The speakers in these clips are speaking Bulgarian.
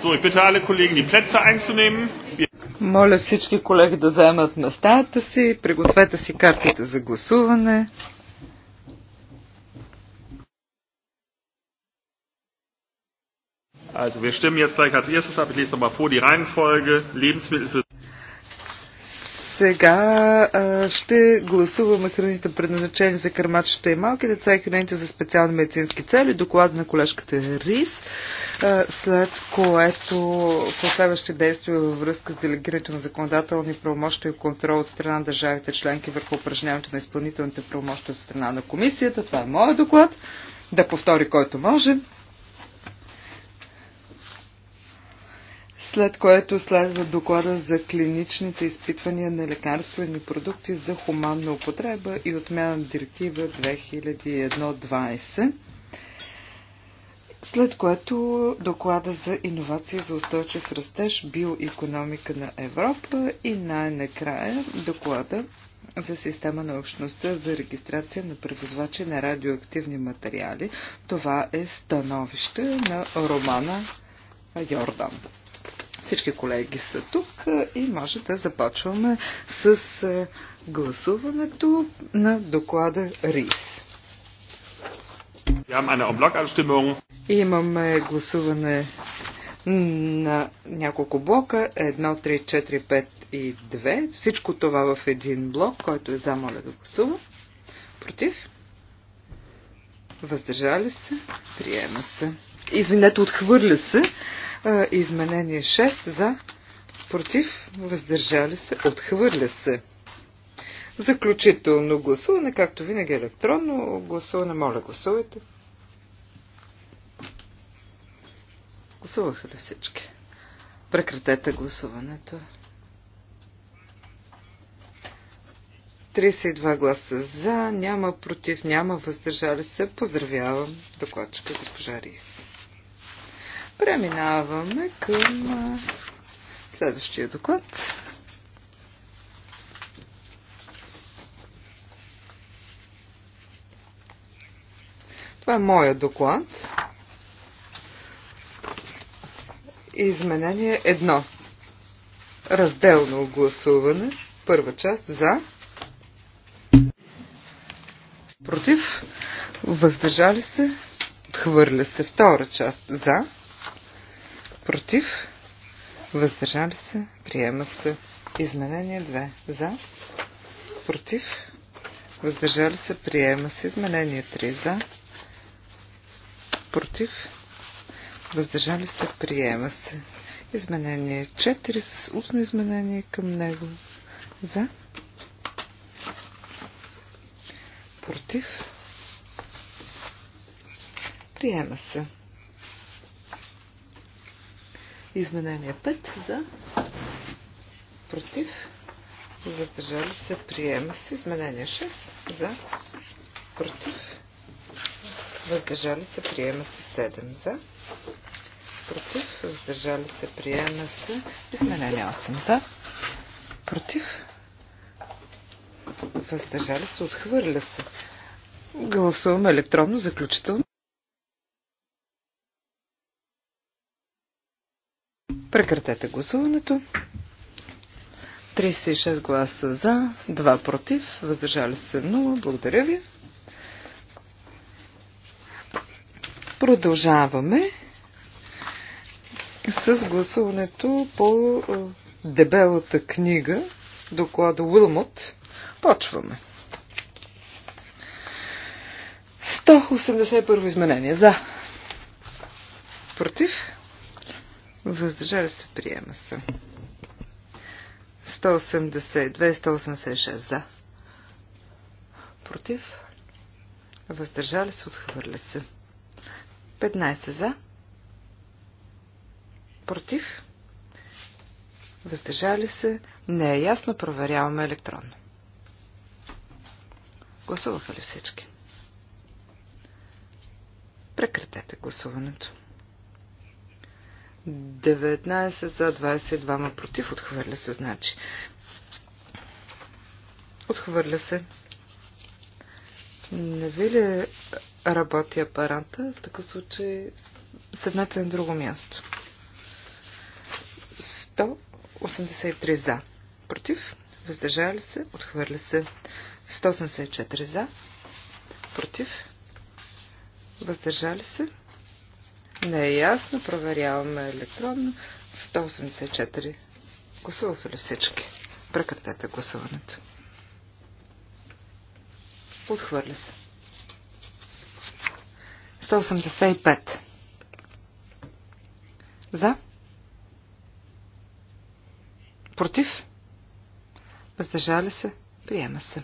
So, ich bitte alle Kollegen, die Plätze einzunehmen. Моля всички колеги да заемат местата си, пригответе си картите за гласуване. Also wir stimmen jetzt gleich als erstes ab. Ich lese nochmal vor die Reihenfolge. Lebensmittel für сега а, ще гласуваме храните предназначени за кърмачета и малки деца и храните за специални медицински цели. Доклада на колежката Рис, а, след което последващи действия във връзка с делегирането на законодателни правомощи и контрол от страна на държавите членки върху упражняването на изпълнителните правомощи от страна на комисията. Това е моят доклад. Да повтори който може. след което следва доклада за клиничните изпитвания на лекарствени продукти за хуманна употреба и отмяна на директива 2001-20, след което доклада за иновации за устойчив растеж, биоекономика на Европа и най-накрая доклада за система на общността за регистрация на превозвачи на радиоактивни материали. Това е становище на Романа Йордан. Всички колеги са тук и може да започваме с гласуването на доклада РИС. Имаме гласуване на няколко блока Едно, три, четири, пет и две. Всичко това в един блок, който е замоля да гласува. Против? Въздържали се? Приема се. Извинете, отхвърля се. Изменение 6 за, против, въздържали се, отхвърля се. Заключително гласуване, както винаги електронно гласуване. Моля, гласувайте. Гласуваха ли всички? Прекратете гласуването. 32 гласа за, няма против, няма въздържали се. Поздравявам докладчика госпожа Рис. Преминаваме към следващия доклад. Това е моя доклад. Изменение едно. Разделно гласуване. Първа част за. Против. Въздържали се. Хвърля се. Втора част за против, въздържали се, приема се. Изменение 2 за, против, въздържали се, приема се. Изменение 3 за, против, въздържали се, приема се. Изменение 4 с устно изменение към него за, против, приема се. Изменение 5 за против. Въздържали се. Приема се. Изменение 6 за против. Въздържали се. Приема се 7 за против. Въздържали се. Приема се. Изменение 8 за против. Въздържали се. Отхвърля се. Гласуваме електронно заключително. Прекратете гласуването. 36 гласа за, 2 против, въздържали се 0. Благодаря ви. Продължаваме с гласуването по дебелата книга, доклада Уилмот. Почваме. 181 изменение за. Против. Въздържали се, приема се. 182, 186 за. Против. Въздържали се, отхвърля се. 15 за. Против. Въздържали се. Не е ясно, проверяваме електронно. Гласуваха ли всички? Прекратете гласуването. 19 за 22 ма против. Отхвърля се, значи. Отхвърля се. Не ви ли работи апарата? В такъв случай седнете на друго място. 183 за. Против. Въздържали се. Отхвърля се. 184 за. Против. Въздържали се. Не е ясно. Проверяваме електронно. 184. Гласуваха ли всички? Прекратете гласуването. Отхвърля се. 185. За. Против. Въздържали се. Приема се.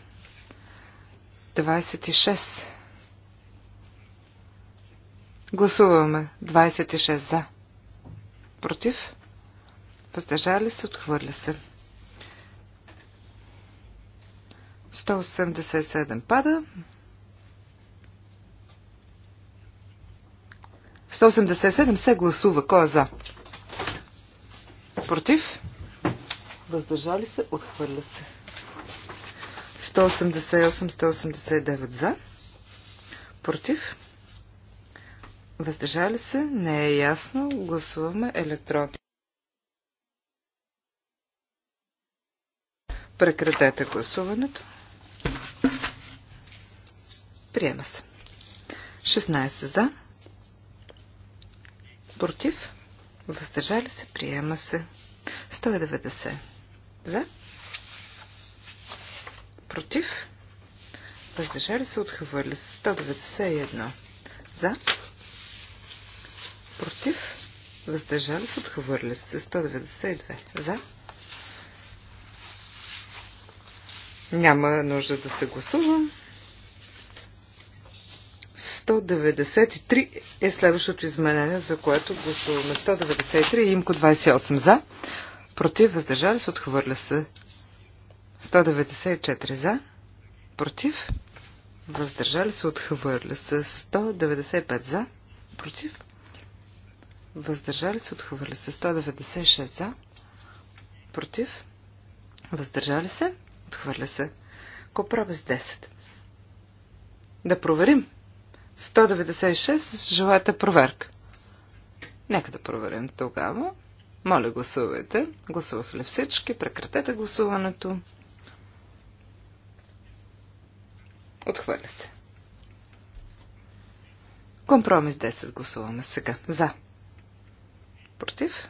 26. Гласуваме 26 за. Против. Въздържали се, отхвърля се. 187 пада. 187 се гласува. Кой е за? Против? Въздържали се? Отхвърля се. 188-189 за. Против? Въздържали се? Не е ясно. Гласуваме електронно. Прекратете гласуването. Приема се. 16 за. Против. Въздържали се. Приема се. 190 за. Против. Въздържали се. Отхвърли се. 191 за против, въздържали се, отхвърля се 192 за. Няма нужда да се гласувам. 193 е следващото изменение, за което гласуваме. 193 и имко 28 за. Против, въздържали се, отхвърля се. 194 за. Против, въздържали се, отхвърля се. 195 за. Против, въздържали се, отхвърля се. 196 за, против, въздържали се, отхвърля се. Копра 10. Да проверим. 196 желаете проверка. Нека да проверим тогава. Моля, гласувайте. Гласуваха ли всички? Прекратете гласуването. Отхвърля се. Компромис 10 гласуваме сега. За против,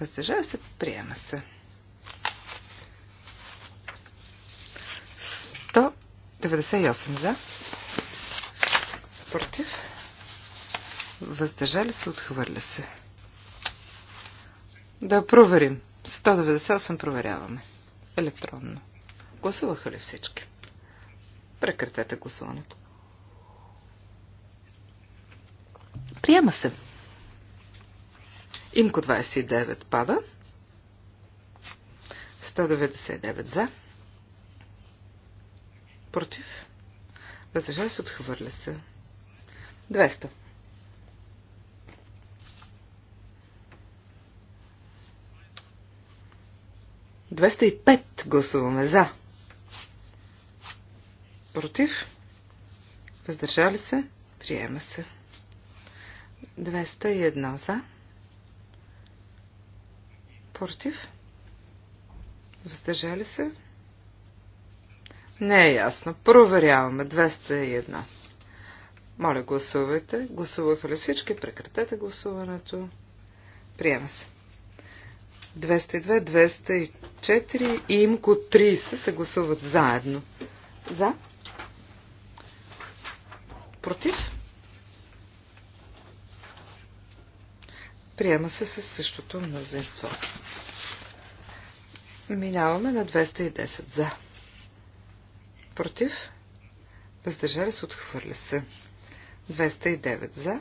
въздържали се, приема се. 198 за, против, въздържали се, отхвърля се. Да проверим. 198 проверяваме. Електронно. Гласуваха ли всички? Прекратете гласуването. Приема се. Имко 29 пада. 199 за. Против. Въздържали се, отхвърля се. 200. Двеста и пет гласуваме за. Против. Въздържали се. Приема се. 201 за. Против? Въздържали се? Не е ясно. Проверяваме. 201. Моля, гласувайте. Гласуваха ли всички? Прекратете гласуването. Приема се. 202, 204 и имко 30 се гласуват заедно. За? Против? Приема се със същото мнозинство. Минаваме на 210 за. Против. Въздържали се, отхвърля се. 209 за.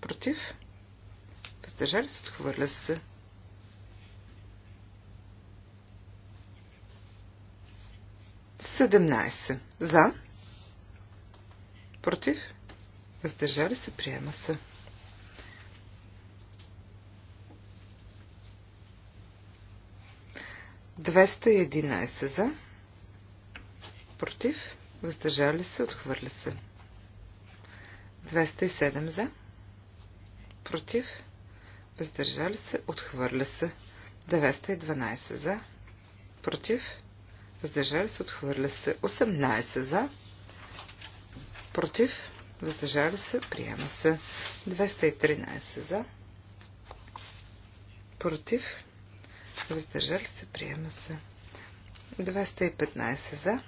Против. Въздържали се, отхвърля се. 17. За. Против. Въздържали се, приема се. 211 за. Против. Въздържали се. Отхвърля се. 207 за. Против. Въздържали се. Отхвърля се. 912 за. Против. Въздържали се. Отхвърля се. 18 за. Против. Въздържали се. Приема се. 213 за. Против въздържали се, приема се. 215 за,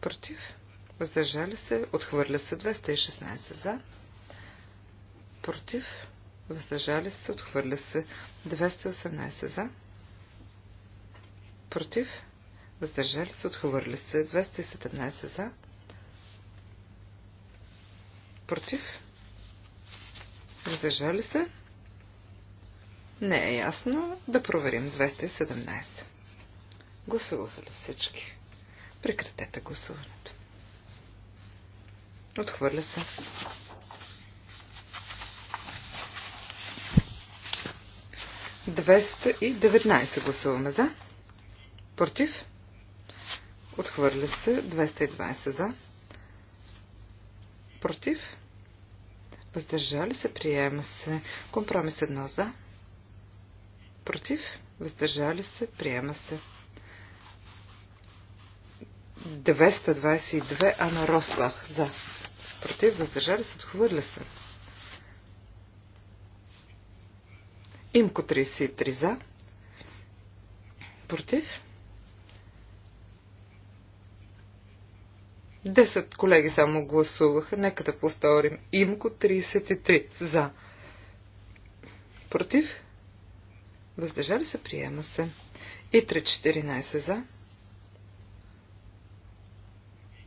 против, въздържали се, отхвърля се 216 за, против, въздържали се, отхвърля се 218 за, против, въздържали се, отхвърля се 217 за, против, въздържали се, не е ясно. Да проверим 217. Гласуваха ли всички? Прекратете гласуването. Отхвърля се. Двеста и 19 гласуваме за. Против? Отхвърля се. 220 за. Против? Въздържали се. Приема се. Компромис едно за. Против. Въздържали се. Приема се. 222 Ана Росбах. За. Против. Въздържали се. Отхвърля се. Имко 33 за. Против. 10 колеги само гласуваха. Нека да повторим. Имко 33 за. Против. Въздържали се, приема се. И 3-14 за.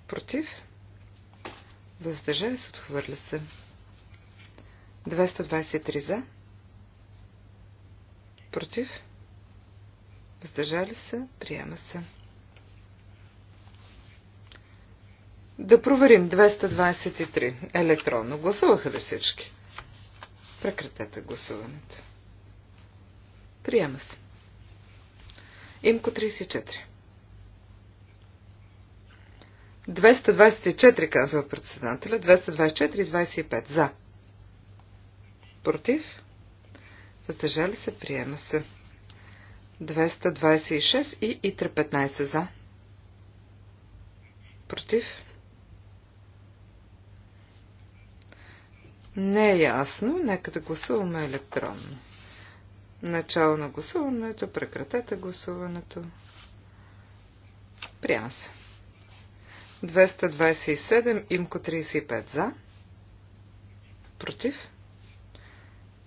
Против. Въздържали се, отхвърля се. 223 за. Против. Въздържали се, приема се. Да проверим 223. Електронно. Гласуваха ли всички? Прекратете гласуването. Приема се. Имко 34. 224, казва председателя. 224 и 25. За. Против. Въздържали се. Приема се. 226 и и 15 за. Против. Не е ясно. Нека да гласуваме електронно. Начало на гласуването, прекратете гласуването. Приема се. 227, имко 35 за. Против.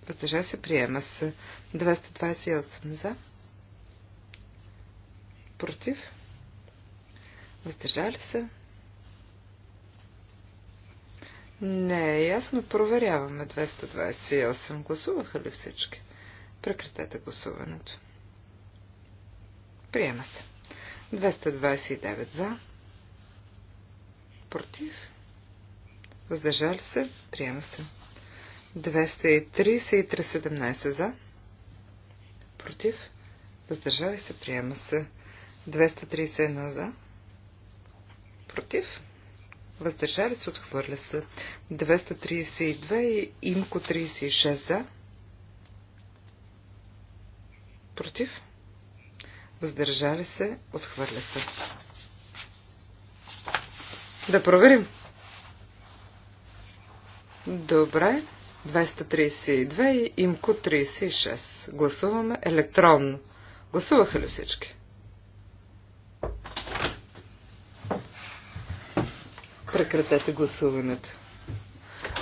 Въздържа се, приема се. 228 за. Против. Въздържали се. Не е ясно. Проверяваме 228. Гласуваха ли всички? 228. Прекратете гласуването. Приема се. 229 за. Против. Въздържали се. Приема се. 230 и 317 за. Против. Въздържали се. Приема се. 231 за. Против. Въздържали се. Отхвърля се. 232 и имко 36 за. Против. Въздържали се. Отхвърля се. Да проверим. Добре. 232 и имко 36. Гласуваме електронно. Гласуваха ли всички? Прекратете гласуването.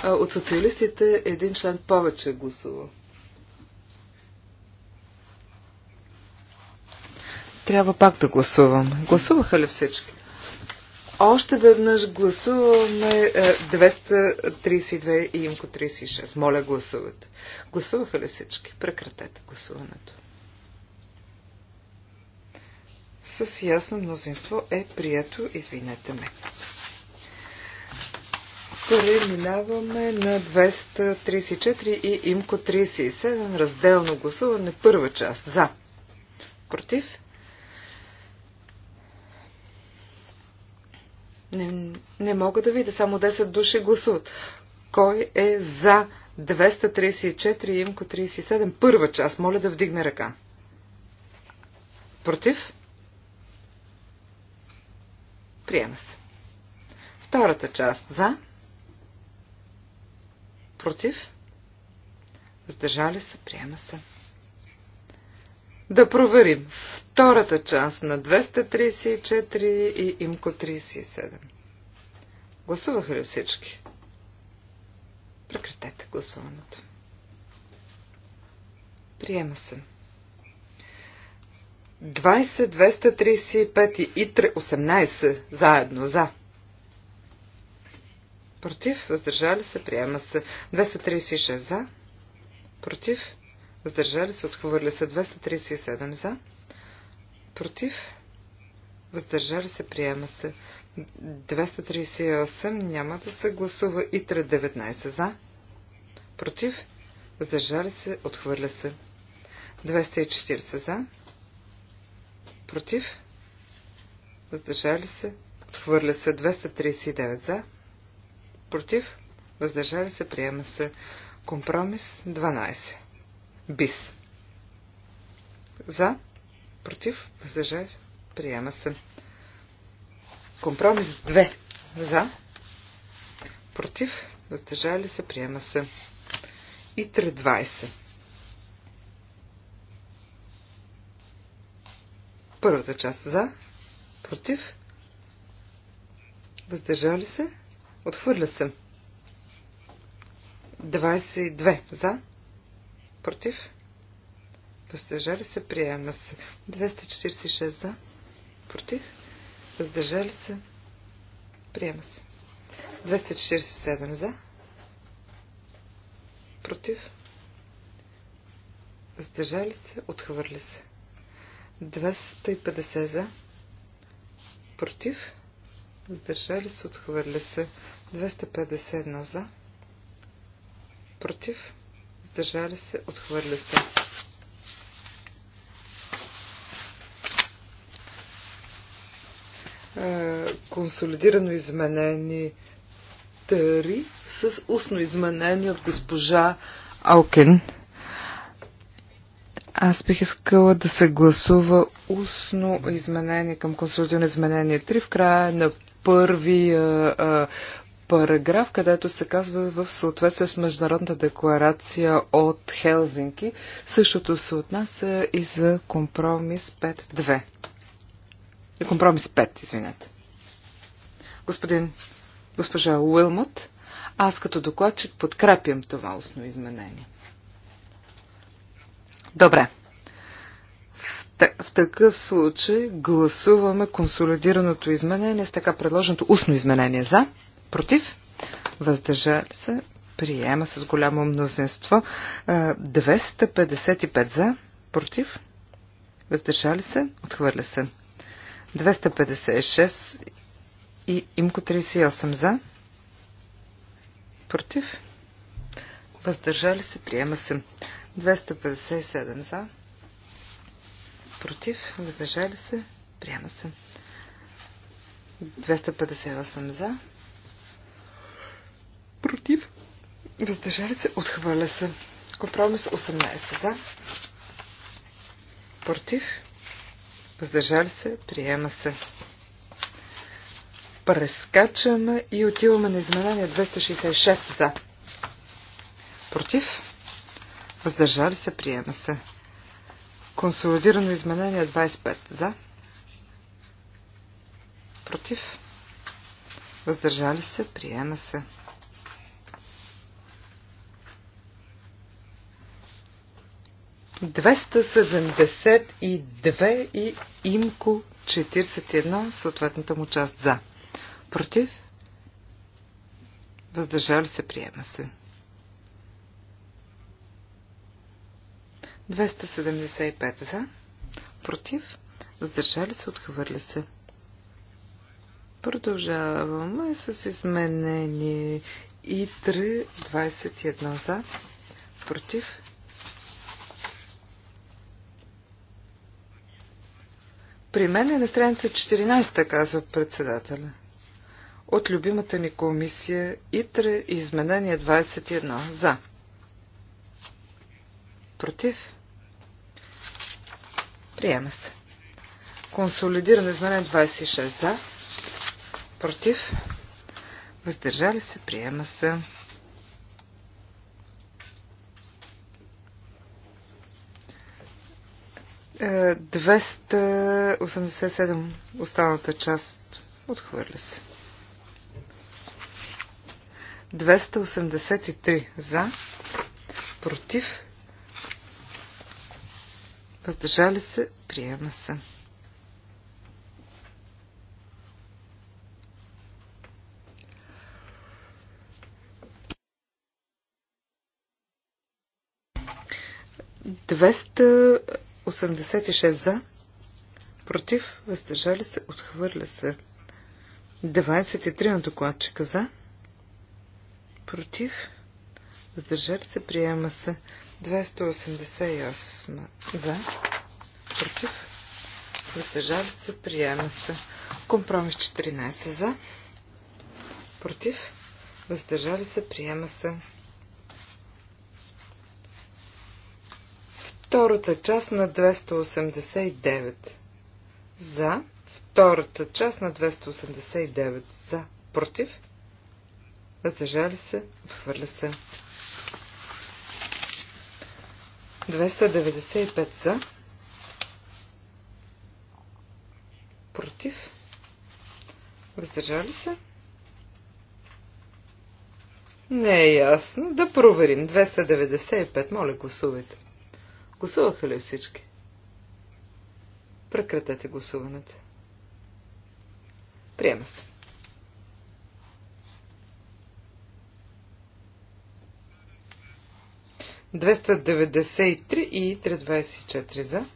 От социалистите един член повече гласува. трябва пак да гласуваме. Гласуваха ли всички? Още веднъж гласуваме 232 е, и имко 36. Моля, гласувате. Гласуваха ли всички? Прекратете гласуването. С ясно мнозинство е прието, извинете ме. Преминаваме на 234 и имко 37, разделно гласуване, първа част. За. Против? Не, не мога да видя. Само 10 души гласуват. Кой е за 234 и имко 37? Първа част. Моля да вдигне ръка. Против? Приема се. Втората част. За? Против? Сдържали се? Приема се. Да проверим втората част на 234 и имко 37. Гласуваха ли всички? Прекратете гласуването. Приема се. 20, 235 и 3, 18 заедно за. Против, въздържали се, приема се. 236 за. Против, въздържали се, отхвърля се 237 за, против, въздържали се, приема се 238, няма да се гласува и 319 за, против, въздържали се, отхвърля се 240 за, против, въздържали се, отхвърля се 239 за, против, въздържали се, приема се компромис 12 Бис. За, против, въздържай, се, приема се. Компромис 2. За, против, въздържали се, приема се. И 3.20. Първата част за, против, въздържали се, отхвърля се. 22 за, Против? Въздържали се. Приема се. 246 за. Против? Въздържали се. Приема се. 247 за. Против? Въздържали се. Отхвърли се. 250 за. Против? Въздържали се. Отхвърли се. 251 за. Против? въздържали се, отхвърля се. Консолидирано изменени търи с устно изменение от госпожа Алкен. Аз бих искала да се гласува устно изменение към консолидирано изменение 3 в края на първия параграф, където се казва в съответствие с Международната декларация от Хелзинки. Същото се отнася и за компромис 5.2. И компромис 5, извинете. Господин, госпожа Уилмот, аз като докладчик подкрепям това устно изменение. Добре. В такъв случай гласуваме консолидираното изменение с така предложеното устно изменение за, Против? Въздържали се? Приема с голямо мнозинство. 255 за. Против? Въздържали се? Отхвърля се. 256 и имко 38 за. Против? Въздържали се? Приема се. 257 за. Против? Въздържали се? Приема се. 258 за Против. Въздържали се. Отхвърля се. Компромис 18 за. Против. Въздържали се. Приема се. Прескачаме и отиваме на изменение 266 за. Против. Въздържали се. Приема се. Консолидирано изменение 25 за. Против. Въздържали се. Приема се. 272 и имко 41, съответната му част за. Против? Въздържали се, приема се. 275 за. Против? Въздържали се, отхвърля се. Продължаваме с изменение и 3, 21 за. Против? При мен е на страница 14, казва председателя. От любимата ни комисия ИТРЕ и изменение 21. За. Против. Приема се. Консолидирано изменение 26. За. Против. Въздържали се. Приема се. 287 останалата част отхвърля се. 283 за, против, въздържали се, приема се. Двеста 86 за, против, въздържали се, отхвърля се. 23 на докладчика за, против, въздържали се, приема се. 288 за, против, въздържали се, приема се. Компромис 14 за, против, въздържали се, приема се. втората част на 289. За. Втората част на 289. За. Против. Въздържали се. Отхвърля се. 295 за. Против. Въздържали се. Не е ясно. Да проверим. 295. Моля, гласувайте. 295. Гласуваха ли всички? Прекратете гласуването. Приема се. Двеста и 324 за.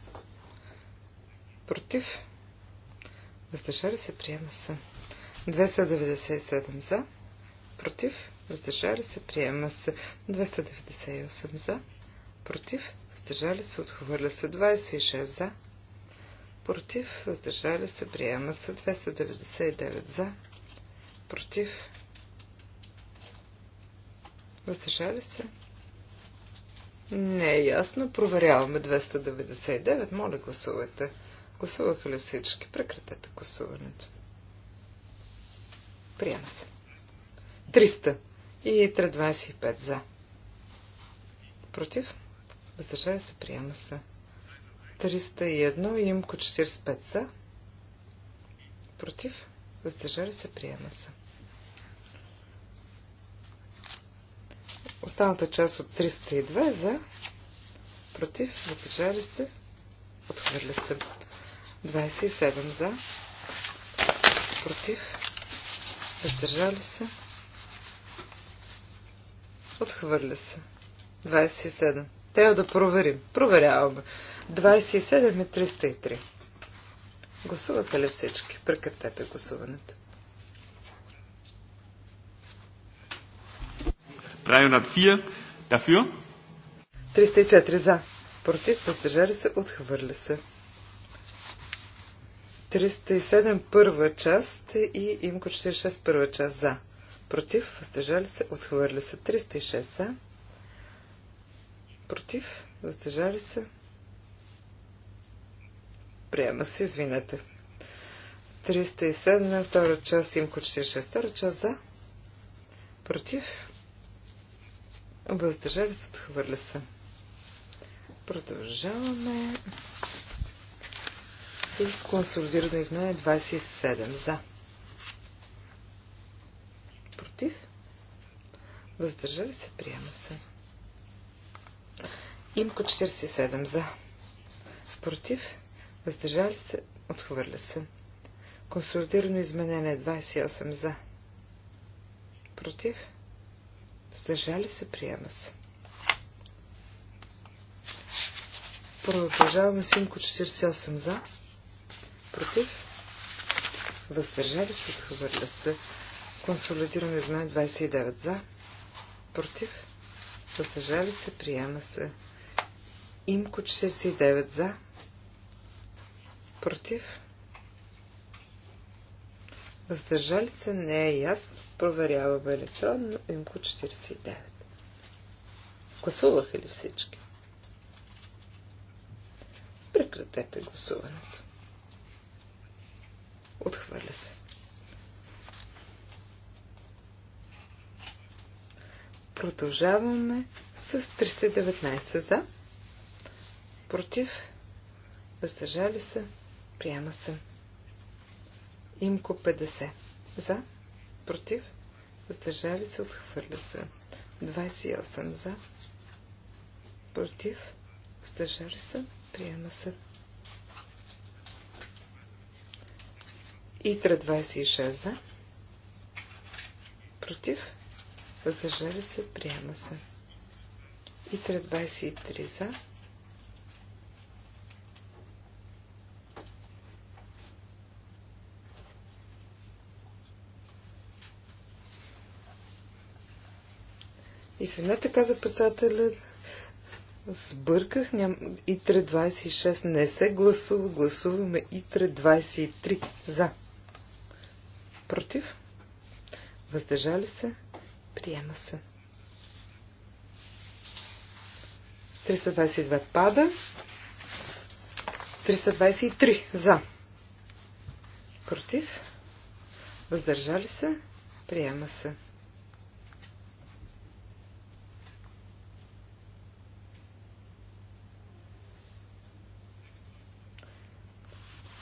Против. Въздържали се, приема се. 297 за. Против. Въздържали се, приема се. 298 за. Против въздържали се, отхвърля се 26 за, против, въздържали се, приема се 299 за, против, въздържали се. Не е ясно. Проверяваме 299. Моля, гласувайте. Гласуваха ли всички? Прекратете гласуването. Приема се. 300 и 325 за. Против? Въздържали се, приема се. 301 и имко 45 са. Против. Въздържали се, приема се. Останата част от 302 за. Против. Въздържали се. Отхвърля се. 27 за. Против. Въздържали се. Отхвърля се. 27. Трябва да проверим. Проверяваме. 27 и 303. Гласувате ли всички? Прекратете гласуването. фия дафюр. 304 за. Против, въздържали се, отхвърля се. 307 първа част и имко 46 първа част за. Против, въздържали се, отхвърля се. 306 за. Против? Въздържали се? Приема се, извинете. 307, втора част, имко 46, втора част за. Против? Въздържали се, отхвърля се. Продължаваме с консолидирано изменение 27 за. Против? Въздържали се, приема се. Имко 47 за. Против. Въздържали се. Отхвърля се. Консолидирано изменение 28 за. Против. Въздържали се. Приема се. Продължаваме с Имко 48 за. Против. Въздържали се. Отхвърля се. Консолидирано изменение 29 за. Против. Въздържали се. Приема се. Имко 49 за. Против. Въздържали се не е ясно. Проверяваме електронно. Имко 49. Гласуваха ли всички? Прекратете гласуването. Отхвърля се. Продължаваме с 319 за против, въздържали се, приема се. Имко 50. За, против, въздържали се, отхвърля се. 28 за, против, въздържали се, приема се. Итра 26 за, против, въздържали се, приема се. Итра 23 за, Извинете, каза председателя, сбърках ням... ИТРЕ 26 не се гласува, гласуваме ИТРЕ 23 за. Против? Въздържали се? Приема се. 322 пада. 323 за. Против? Въздържали се? Приема се.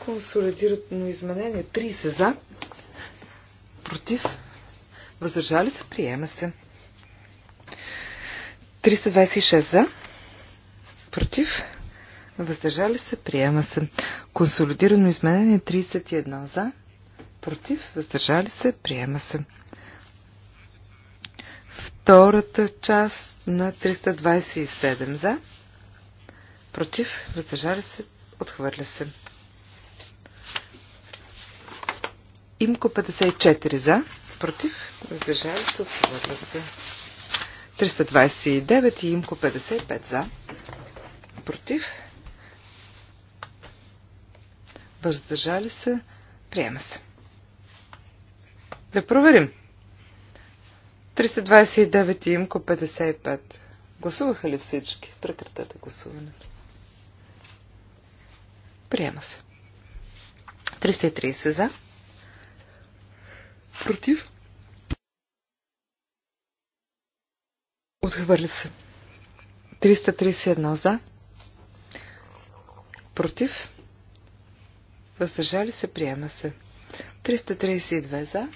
Консолидирано изменение 30 за. Против. Въздържали се. Приема се. 326 за. Против. Въздържали се. Приема се. Консолидирано изменение 31 за. Против. Въздържали се. Приема се. Втората част на 327 за. Против. Въздържали се. Отхвърля се. Имко 54 за, против, въздържали се, отхвърля се. 329 и Имко 55 за, против, въздържали се, приема се. Да проверим. 329 и Имко 55. Гласуваха ли всички? Прекратете гласуването. Приема се. 330 за. Против. Отхвърля се. 331 за. Против. Въздържали се, приема се. 332 за.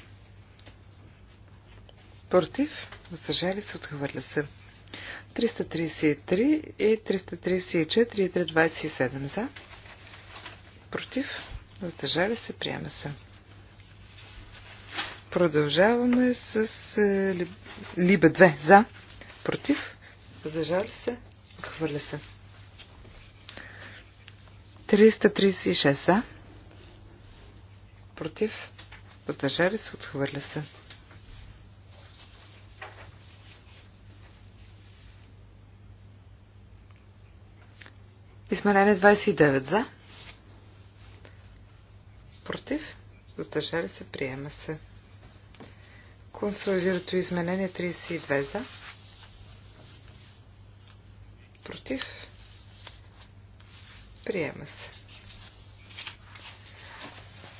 Против. Въздържали се, отхвърля се. 333 и 334 и 327 за. Против. Въздържали се, приема се. Продължаваме с е, Либе 2. За. Против. зажали се. Хвърля се. 336 за. Против. Въздържали се. Отхвърля се. Измерение 29 за. Против. Въздържали се. Приема се. Консолидирато изменение 32 за. Против. Приема се.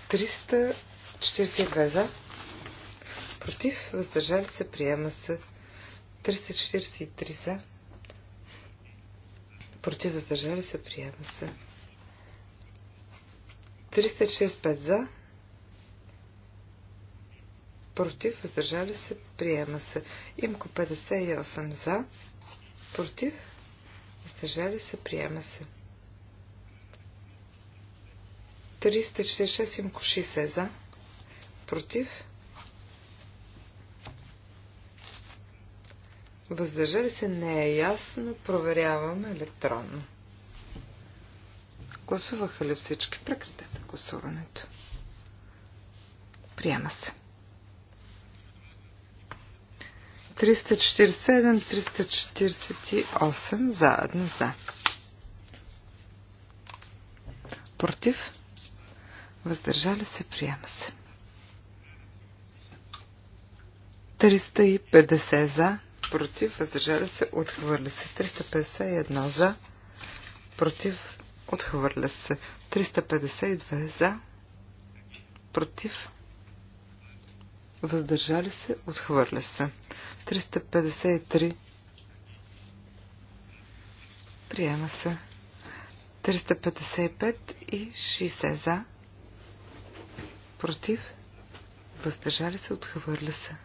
342 за. Против. Въздържали се. Приема се. 343 за. Против. Въздържали се. Приема се. 365 за против, въздържали се, приема се. Имко 58 за, против, въздържали се, приема се. 366 имко 60 за, против, въздържали се, не е ясно, проверяваме електронно. Гласуваха ли всички? Прекратете гласуването. Приема се. 347-348 заедно за. Против. Въздържали се. Приема се. 350 за. Против. Въздържали се. Отхвърля се. 351 за. Против. Отхвърля се. 352 за. Против. Въздържали се. Отхвърля се. 353. Приема се. 355 и 60 за. Против. Въздържали се, отхвърля се.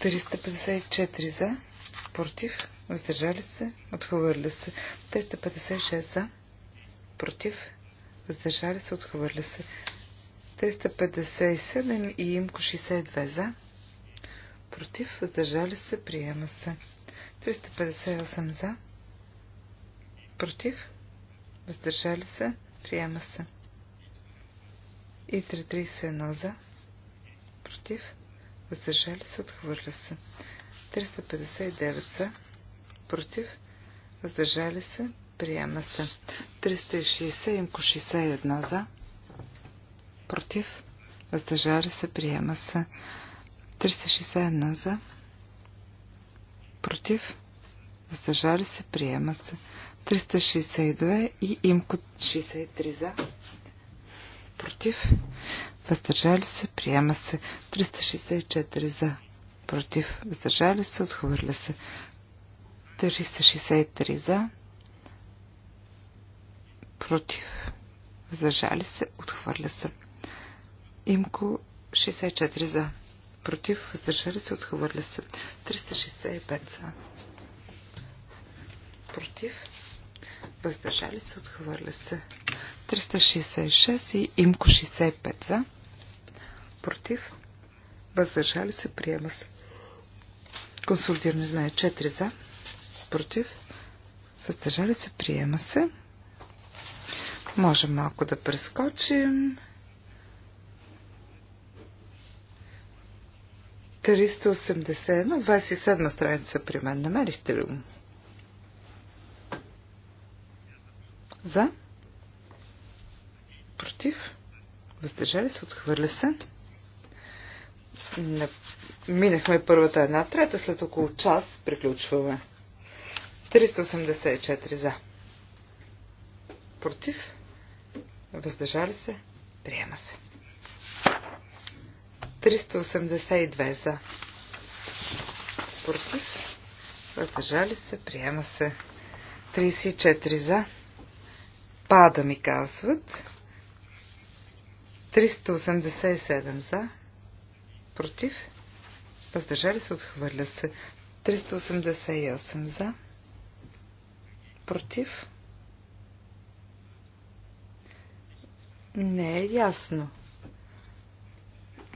354 за. Против. Въздържали се, отхвърля се. 356 за. Против. Въздържали се, отхвърля се. 357 и имко 62 за. Против, въздържали се, приема се. 358 за. Против, въздържали се, приема се. И 331 за. Против, въздържали се, отхвърля се. 359 за. Против, въздържали се, приема се. 360 имко 61 за против, въздържали се, приема се. 361 за, против, въздържали се, приема се. 362 и имко 63 за, против, въздържали се, приема се. 364 за, против, въздържали се, отхвърля се. 363 за, против, въздържали се, отхвърля се. Имко 64 за. Против, въздържали се, отхвърля се. 365 за. Против, въздържали се, отхвърля се. 366 и Имко 65 за. Против, въздържали се, приема се. Консолидирано измене 4 за. Против, въздържали се, приема се. Можем малко да прескочим. 380 на 27 страница при мен. Намерихте ли го? За? Против? Въздържали се? Отхвърля се? Не... Минахме първата една трета, след около час приключваме. 384 за. Против? Въздържали се? Приема се. 382 за. Против. Въздържали се. Приема се. 34 за. Пада ми казват. 387 за. Против. Въздържали се. Отхвърля се. 388 за. Против. Не е ясно.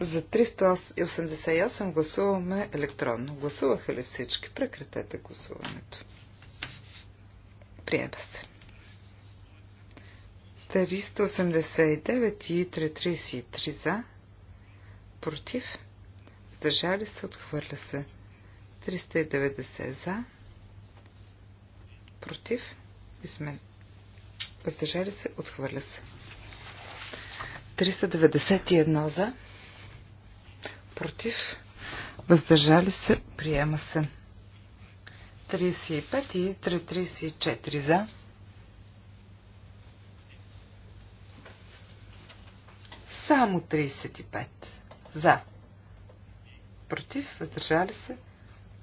За 388 гласуваме електронно. Гласуваха ли всички? Прекратете гласуването. Приема се. 389 и 333 за. Против. Сдържали се, отхвърля се. 390 за. Против. Измен. Въздържали се, отхвърля се. 391 за против, въздържали се, приема се. 35 и 34 за. Само 35 за. Против, въздържали се,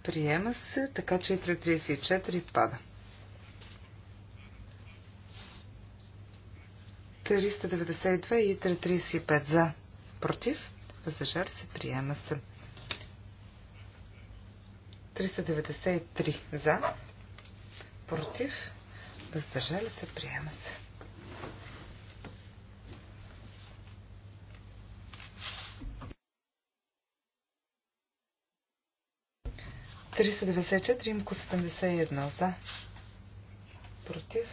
приема се, така че и 334 пада. 392 и 335 за. Против, въздържали се, приема се. 393 за, против, въздържали се, приема се. Триста четири, имко 71 за, против,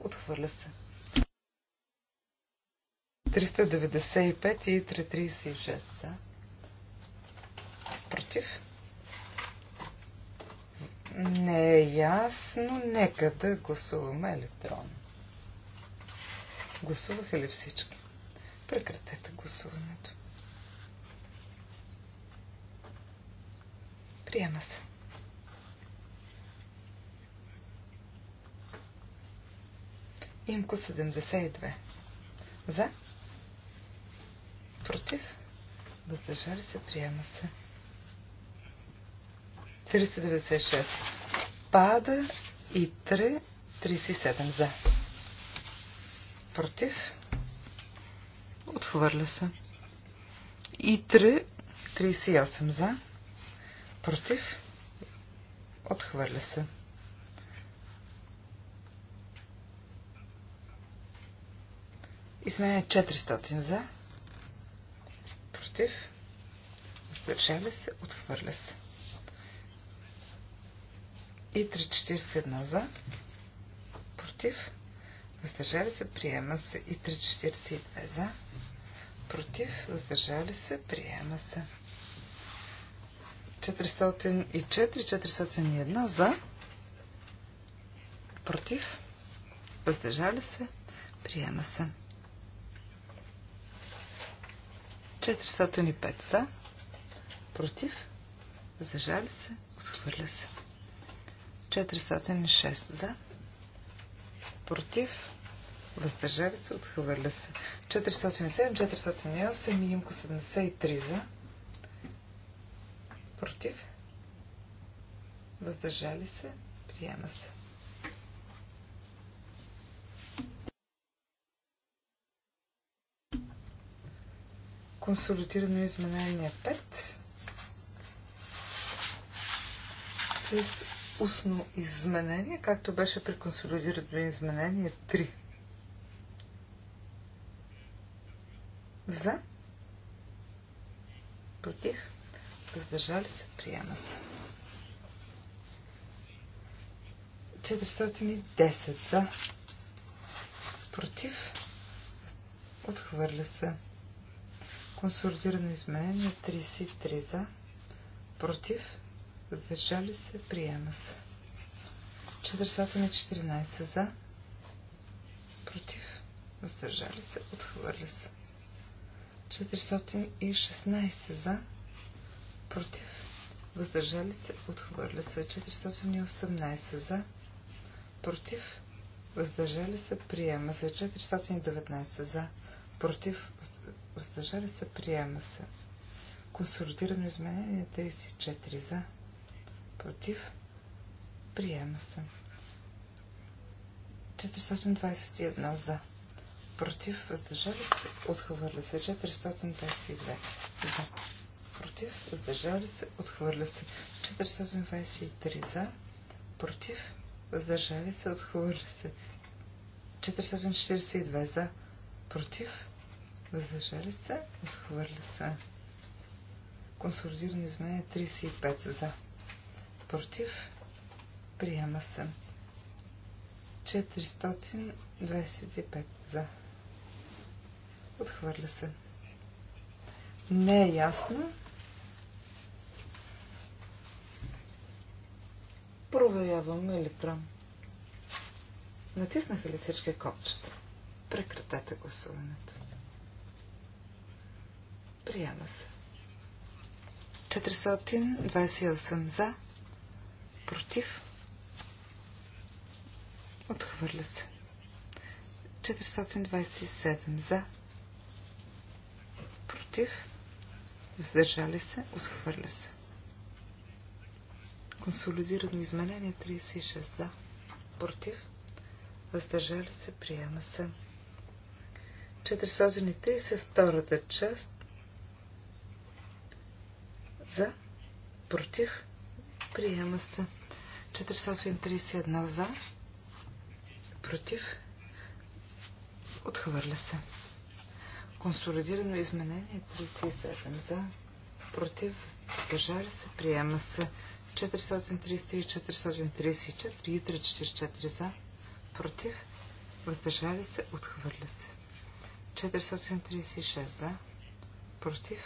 отхвърля се. 395 и 336 Против? Не е ясно. Нека да гласуваме електронно. Гласуваха ли всички? Прекратете гласуването. Приема се. Имко 72. За? Против. Въздържали се. Приема се. 396. Пада и 3. 37 за. Против. Отхвърля се. И 3. 38 за. Против. Отхвърля се. Изменя 400 за против, въздържали се, отхвърля се. И 341 за, против, въздържали се, приема се. И 342 за, против, въздържали се, приема се. 404, 401 за, против, въздържали се, приема се. 405 са. Против. Въздържали се. Отхвърля се. 406 за. Против. Въздържали се. Отхвърля се. 407, 408 и имко 73 за. Против. Въздържали се. Приема се. консолидирано изменение 5 с устно изменение, както беше при консолидирано изменение 3. За. Против. Въздържали се. Приема се. 410 за. Против. Отхвърля се. Консолидирано изменение 33 за. Против. Въздържали се. Приема се. 414 за. Против. Въздържали се. Отхвърля се. 416 за. Против. Въздържали се. Отхвърля се. 418 за. Против. Въздържали се. Приема се. 419 за против, въздържали се, приема се. Консолидирано изменение 34 за, против, приема се. 421 за, против, въздържали се, отхвърля се. 422 за, против, въздържали се, отхвърля се. 423 за, против, въздържали се, отхвърля се. 442 за, против, Въздържали се. Отхвърля се. Консолидирано измене 35 за. Против. Приема се. 425 за. Отхвърля се. Не е ясно. Проверяваме електрон. Натиснаха ли всички копчета? Прекратете гласуването. Приема се. 428 за. Против. Отхвърля се. 427 за. Против. Въздържали се. Отхвърля се. Консолидирано изменение 36 за. Против. Въздържали се. Приема се. 430 втората част за. Против. Приема се. 431 за. Против. Отхвърля се. Консолидирано изменение 37 за. Против. Въздържали се. Приема се. 433, 434 и 344 за. Против. Въздържали се. Отхвърля се. 436 за. Против.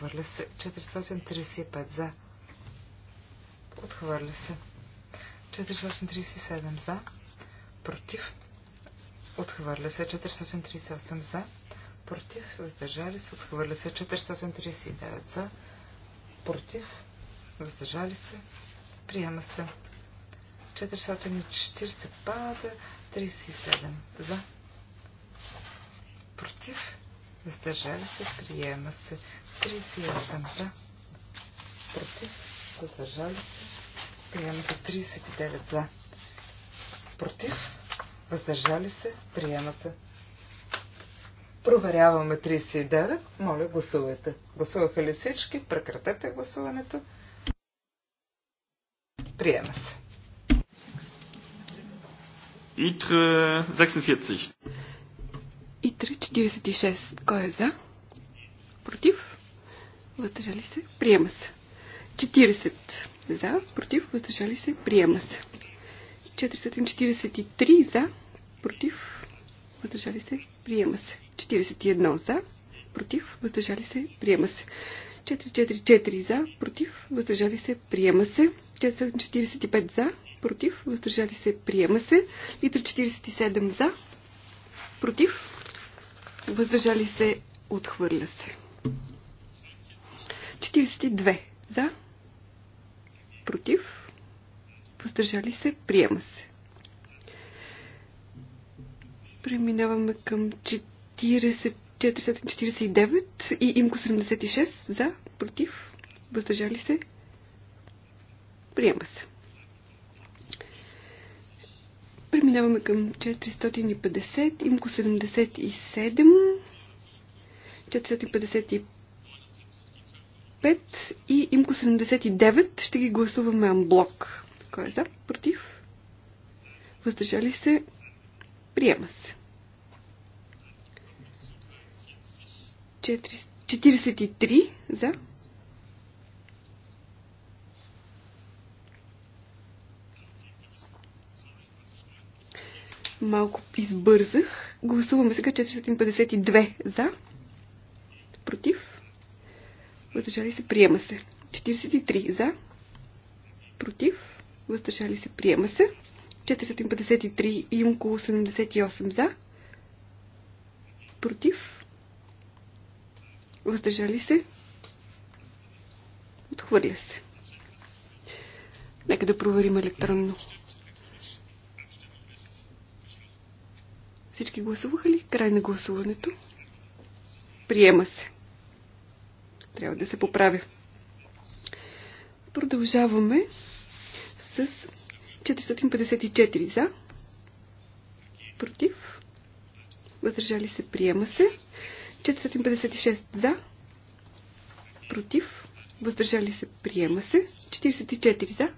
Отхвърля се. 435 за. Отхвърля се. 437 за. Против. Отхвърля се. 438 за. Против. Въздържали се. Отхвърля се. 439 за. Против. Въздържали се. Приема се. 440 пада. 37 за. Против. Въздържали се, приема се. 38 за, против, въздържали се, приема се 39 за, против, въздържали се, приема се. Проверяваме 39, моля гласувайте. Гласуваха ли всички? Прекратете гласуването. Приема се. Итре 46. Итре 46. Кой е за? Против? въздържали се, приема се. 40 за, против, въздържали се, приема се. 443 за, против, въздържали се, приема се. 41 за, против, въздържали се, приема се. 444 за, против, въздържали се, приема се. 445 за, против, въздържали се, приема се. И 347 за, против, въздържали се, отхвърля се. 42 за, против, въздържали се, приема се. Преминаваме към 40, 449 и имко 76 за, против, въздържали се, приема се. Преминаваме към 450, имко 77, 455 5 и имко 79. Ще ги гласуваме анблок. Кой е за? Против? Въздържали се? Приема се. 43 за. Малко избързах. Гласуваме сега 452 за. Против? въздържали се, приема се. 43 за, против, въздържали се, приема се. 453 и около 78 за, против, въздържали се, отхвърля се. Нека да проверим електронно. Всички гласуваха ли? Край на гласуването. Приема се. Трябва да се поправя. Продължаваме с 454 за. Против. Въздържали се. Приема се. 456 за. Против. Въздържали се. Приема се. 44 за.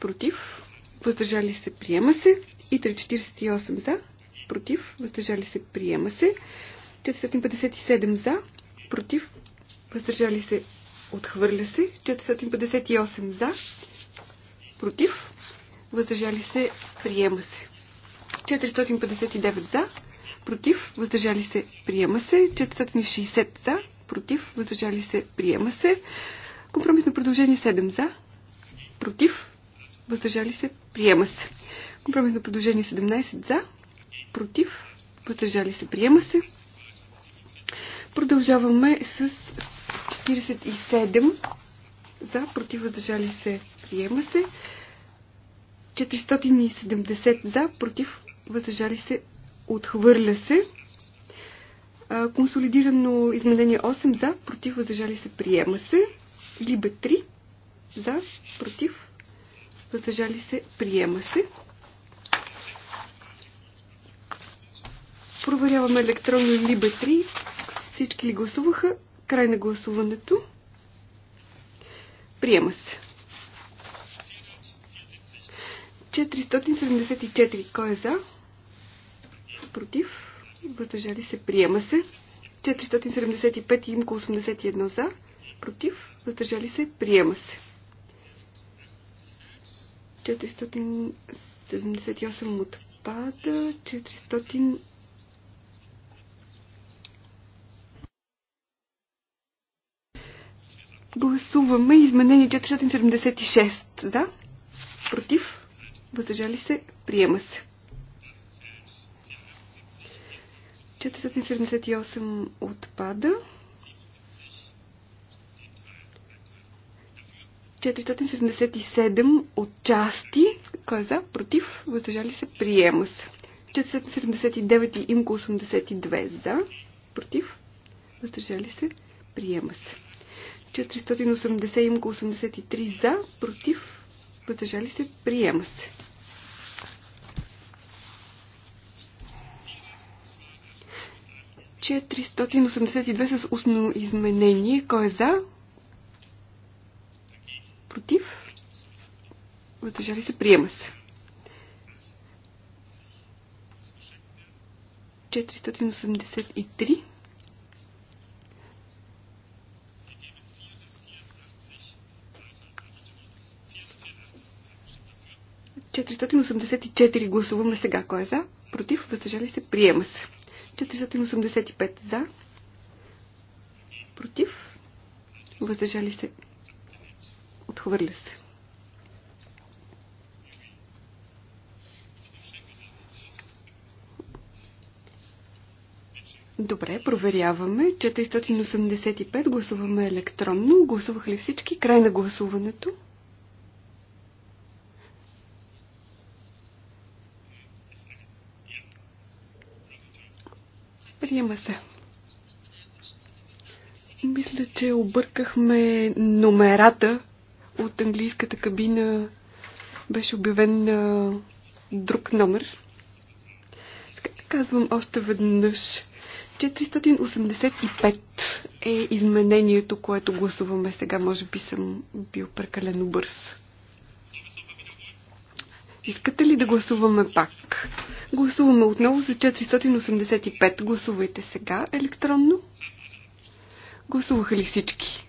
Против. Въздържали се. Приема се. И 348 за. Против. Въздържали се. Приема се. 457 за против, въздържали се, отхвърля се. 458 за, против, въздържали се, приема се. 459 за, против, въздържали се, приема се. 460 за, против, въздържали се, приема се. Компромисно предложение 7 за, против, въздържали се, приема се. Компромисно предложение 17 за, против, въздържали се, приема се. Продължаваме с 47 за, против, въздържали се, приема се. 470 за, против, въздържали се, отхвърля се. Консолидирано изменение 8 за, против, въздържали се, приема се. Либе 3 за, против, въздържали се, приема се. Проверяваме електронно Либе 3 всички ли гласуваха? Край на гласуването. Приема се. 474. Кой е за? Против? Въздържали се? Приема се. 475 и имко 81 за. Против? Въздържали се? Приема се. 478 отпада. 400 Гласуваме изменение 476. За? Против? Въздържали се? Приема се. 478 отпада. 477 от части. Кой е за? Против? Въздържали се? Приема се. 479 и имко 82 за. Против? Въздържали се? Приема се. 480 имко 83 за, против, въздържали се, приема се. че 382 с устно изменение. Кой е за? Против? Въздържали се? Приема се. 483. 484 гласуваме сега. Кой е за? Против? Въздържали се? Приема се. 485 за. Против? Въздържали се? Отхвърля се. Добре, проверяваме. 485 гласуваме електронно. Гласуваха ли всички? Край на гласуването. снима се. Мисля, че объркахме номерата от английската кабина. Беше обявен а, друг номер. Казвам още веднъж. 485 е изменението, което гласуваме сега. Може би съм бил прекалено бърз. Искате ли да гласуваме пак? Гласуваме отново за 485. Гласувайте сега електронно. Гласуваха ли всички?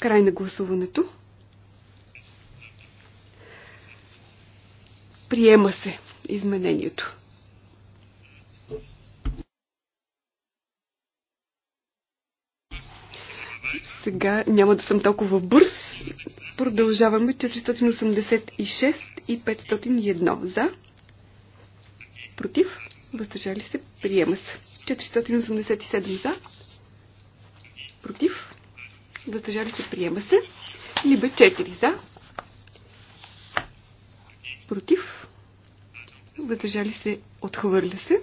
Край на гласуването. Приема се изменението. Сега няма да съм толкова бърз. Продължаваме 486 и 501 за. Против. Въздържали се. Приема се. 487 за. Против. Въздържали се. Приема се. Либе 4 за. Против. Въздържали се. Отхвърля се.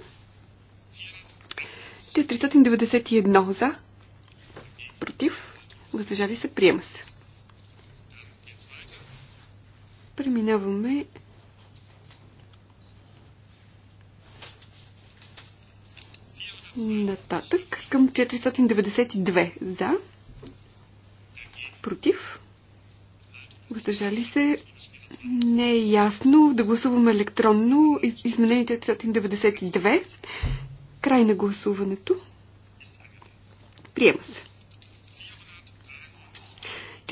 491 за. Против. Въздържали се. Приема се. Преминаваме нататък към 492 за, против, въздържали се, не е ясно да гласуваме електронно изменение 492, край на гласуването, приема се.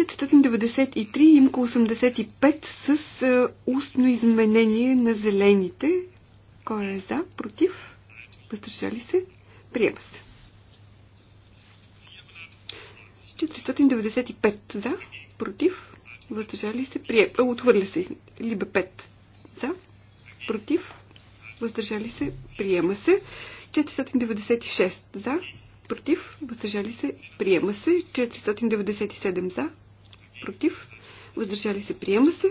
493 и имко 85 с а, е, устно изменение на зелените. Кой е за? Против? Въздържали се? Приема се. 495 за, против, въздържали се, Приема. Е, отхвърля се, либе 5 за, против, въздържали се, приема се, 496 за, против, въздържали се, приема се, 497 за, против, въздържали се, приема се.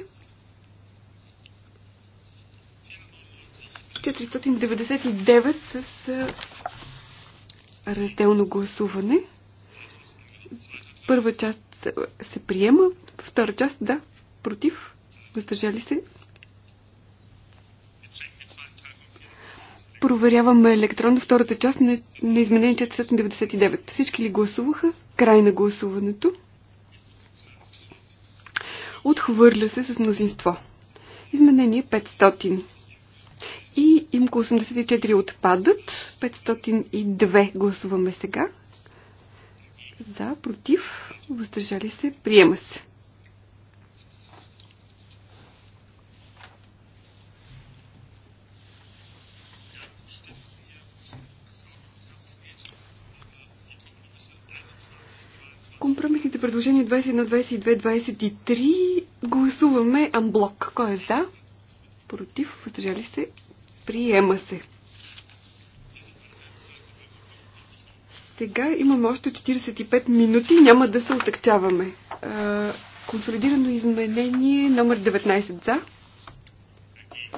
499 с разделно гласуване. Първа част се приема, втора част да, против, въздържали се. Проверяваме електронно втората част на, на изменение 499. Всички ли гласуваха? Край на гласуването. Отхвърля се с мнозинство. Изменение 500. И имко 84 отпадат. 502 гласуваме сега. За, против, въздържали се, приема се. предложение 21, 22, 23 гласуваме амблок. Кой е за? Против? Въздържали се? Приема се. Сега имаме още 45 минути. Няма да се отъкчаваме. Консолидирано изменение номер 19 за.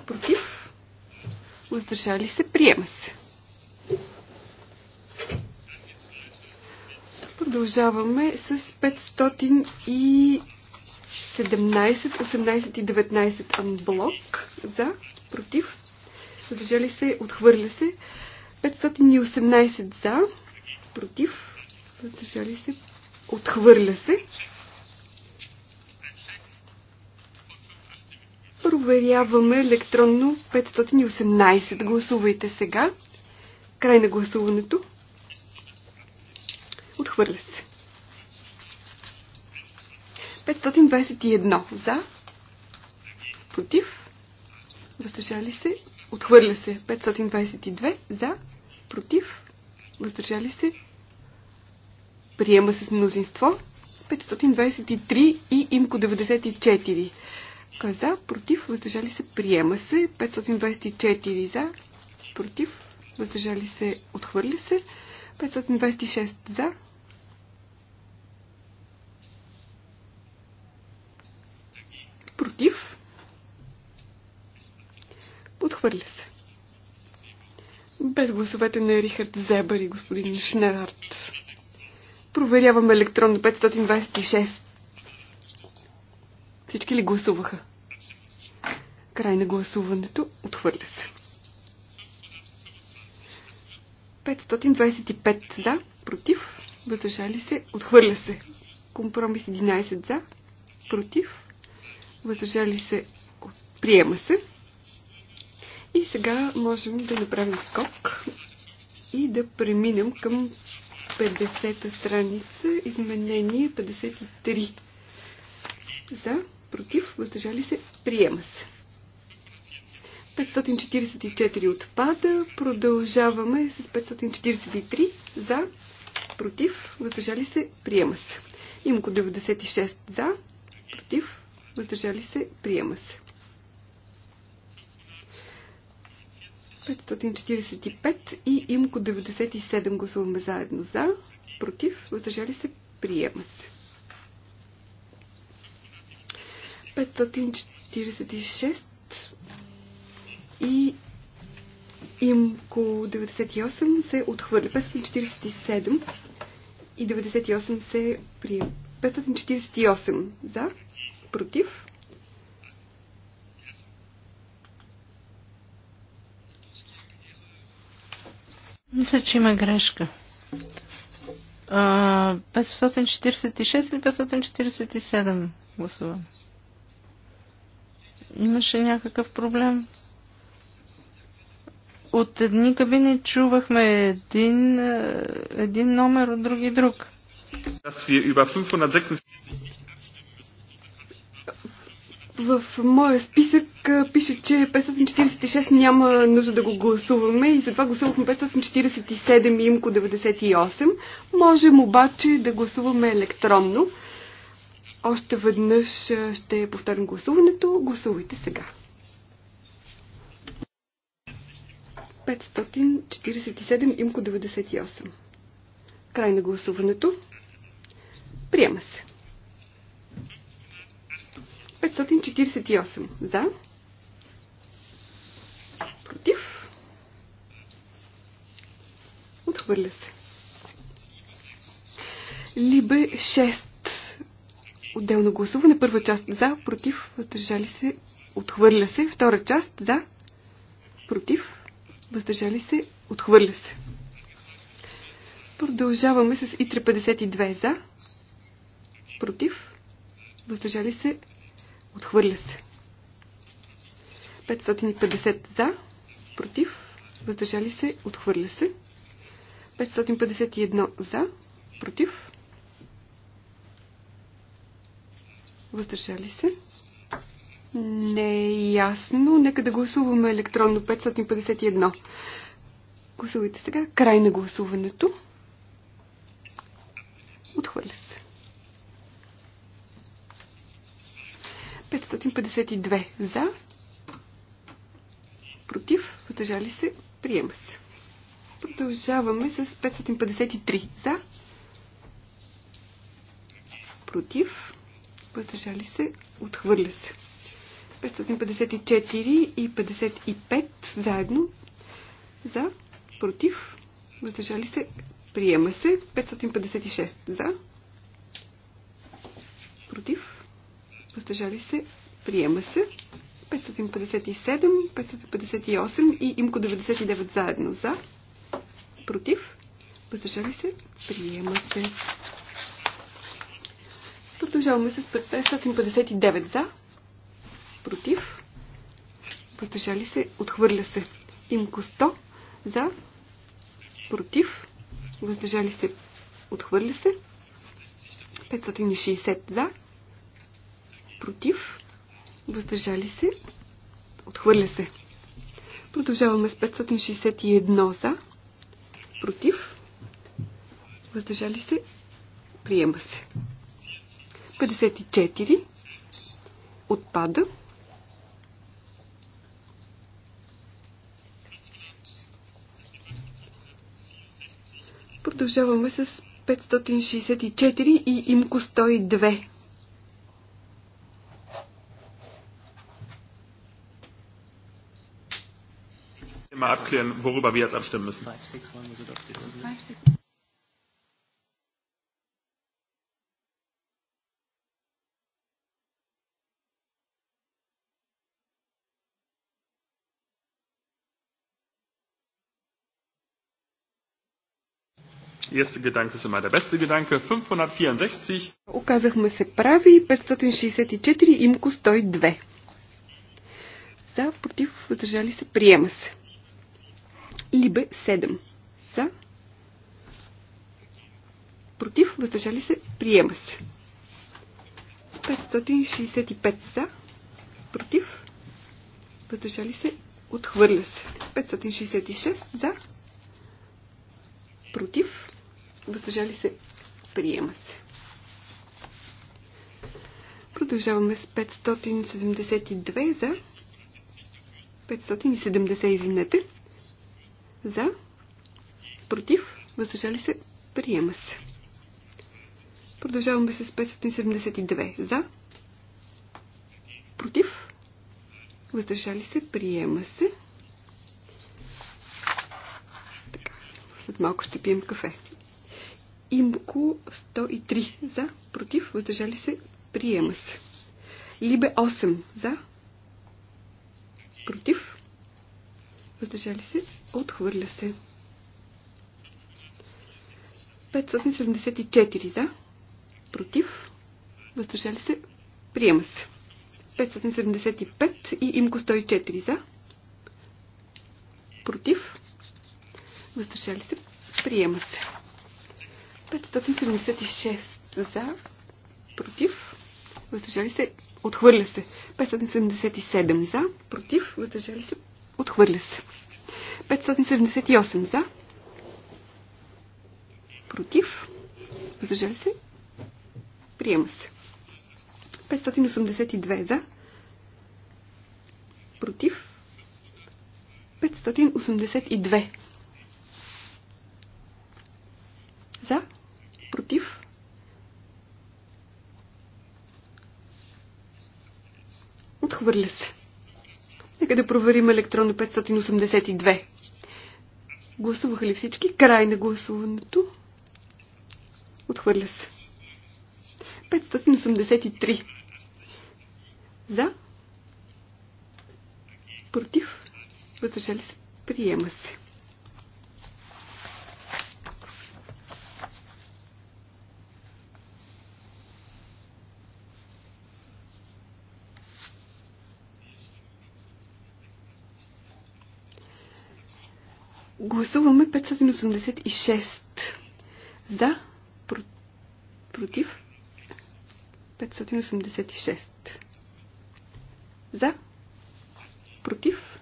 Против? Въздържали се? Приема се. Продължаваме с 517, 18 и 19 анблок. За, против, задържали се, отхвърля се. 518 за, против, въздържали се, отхвърля се. Проверяваме електронно 518. Гласувайте сега. Край на гласуването. Отхвърля се. 521 за. Против. Въздържали се. Отхвърля се. 522 за. Против. Въздържали се. Приема се с мнозинство. 523 и имко 94. Е за, против, въздържали се, приема се. 524 за, против, въздържали се, отхвърли се. 526 за, Отхвърля се. Без гласовете на Рихард Зебър и господин Шнерард. Проверяваме електронно 526. Всички ли гласуваха? Край на гласуването. Отхвърля се. 525 за, против, въздържали се, отхвърля се. Компромис 11 за, против, въздържали се, приема се. И сега можем да направим скок и да преминем към 50-та страница, изменение 53. За, против, въздържали се, приема се. 544 отпада. Продължаваме с 543 за, против, въздържали се, приема се. Имко 96 за, против, въздържали се, приема се. 545 и имко 97 гласуваме заедно за, против, въздържали се, приема се. 546 и имко 98 се отхвърля. 547 и 98 се приема. 548 за, против, Мисля, че има грешка. 546 или 547 гласува. Имаше някакъв проблем. От едни кабини чувахме един, е, един номер, от други друг. В моя списък пише, че 546 няма нужда да го гласуваме и затова гласувахме 547 и имко 98. Можем обаче да гласуваме електронно. Още веднъж ще повторим гласуването. Гласувайте сега. 547 имко 98. Край на гласуването. Приема се. 548 за. Против. Отхвърля се. Либе 6. Отделно гласуване. Първа част за, против, въздържали се, отхвърля се. Втора част за, против, въздържали се, отхвърля се. Продължаваме с ИТРА 52 за, против, въздържали се, Отхвърля се. 550 за, против, въздържали се, отхвърля се. 551 за, против, въздържали се. Не е ясно. Нека да гласуваме електронно 551. Гласувайте сега. Край на гласуването. Отхвърля се. 552 за, против, въздържали се, приема се. Продължаваме с 553 за, против, въздържали се, отхвърля се. 554 и 55 заедно за, против, въздържали се, приема се. 556 за, против, въздържали се, приема се. 557, 558 и имко 99 заедно за, против, въздържали се, приема се. Продължаваме с 559 за, против, въздържали се, отхвърля се. Имко 100 за, против, въздържали се, отхвърля се. 560 за, против, въздържали се, отхвърля се. Продължаваме с 561 за, против, въздържали се, приема се. 54 отпада. Продължаваме с 564 и имко 102 einmal abklären, worüber wir jetzt abstimmen müssen. Erste Gedanke ist immer der beste Gedanke. 564. Оказахме се прави. 564 имко 102. За, против, въздържали се, приема се. Либе 7. За. Против. Въздържали се. Приема се. 565 за. Против. Въздържали се. Отхвърля се. 566 за. Против. Въздържали се. Приема се. Продължаваме с 572 за. 570, извинете. За. Против. Въздържали се. Приема се. Продължаваме с 572. За. Против. Въздържали се. Приема се. Така. След малко ще пием кафе. Имко 103. За. Против. Въздържали се. Приема се. Либе 8. За. Против въздържали се, отхвърля се. 574 за, против, въздържали се, приема се. 575 и имко 104 за, против, въздържали се, приема се. 576 за, против, въздържали се, отхвърля се. 577 за, против, въздържали се, Отхвърля се. 578 за. Против. Въздържали се. Приема се. 582 за. Против. 582. За. Против. Отхвърля се. Нека да проверим електронно 582. Гласуваха ли всички? Край на гласуването. Отхвърля се. 583. За. Против. Въздържали се. Приема се. Гласуваме 586. За. Против. 586. За. Против.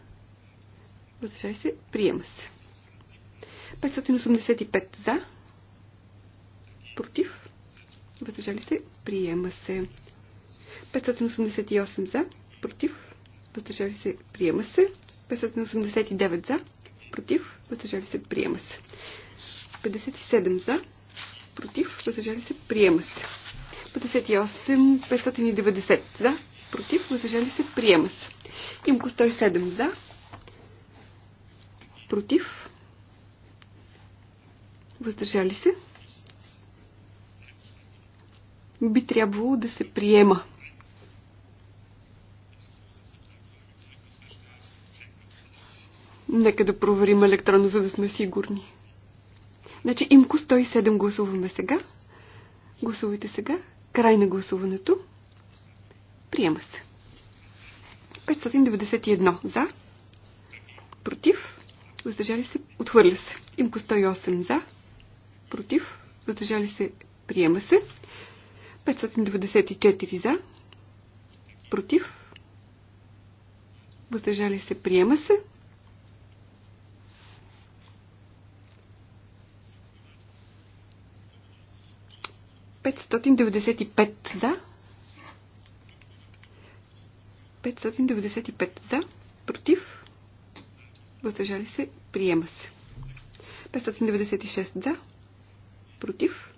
Въздържай се. Приема се. 585 за. Против. Въздържали се. Приема се. 588 за. Против. Въздържали се. Приема се. 589 за. Против въздържали се, приема се. 57 за, против, въздържали се, приема се. 58, 590 за, против, въздържали се, приема се. Имко 107 за, против, въздържали се. Би трябвало да се приема. Нека да проверим електронно, за да сме сигурни. Значи имко 107 гласуваме сега. Гласувайте сега. Край на гласуването. Приема се. 591 за. Против. Въздържали се. Отхвърля се. Имко 108 за. Против. Въздържали се. Приема се. 594 за. Против. Въздържали се. Приема се. 595 за. 595 за. Против. Въздържали се. Приема се. 596 за. Против.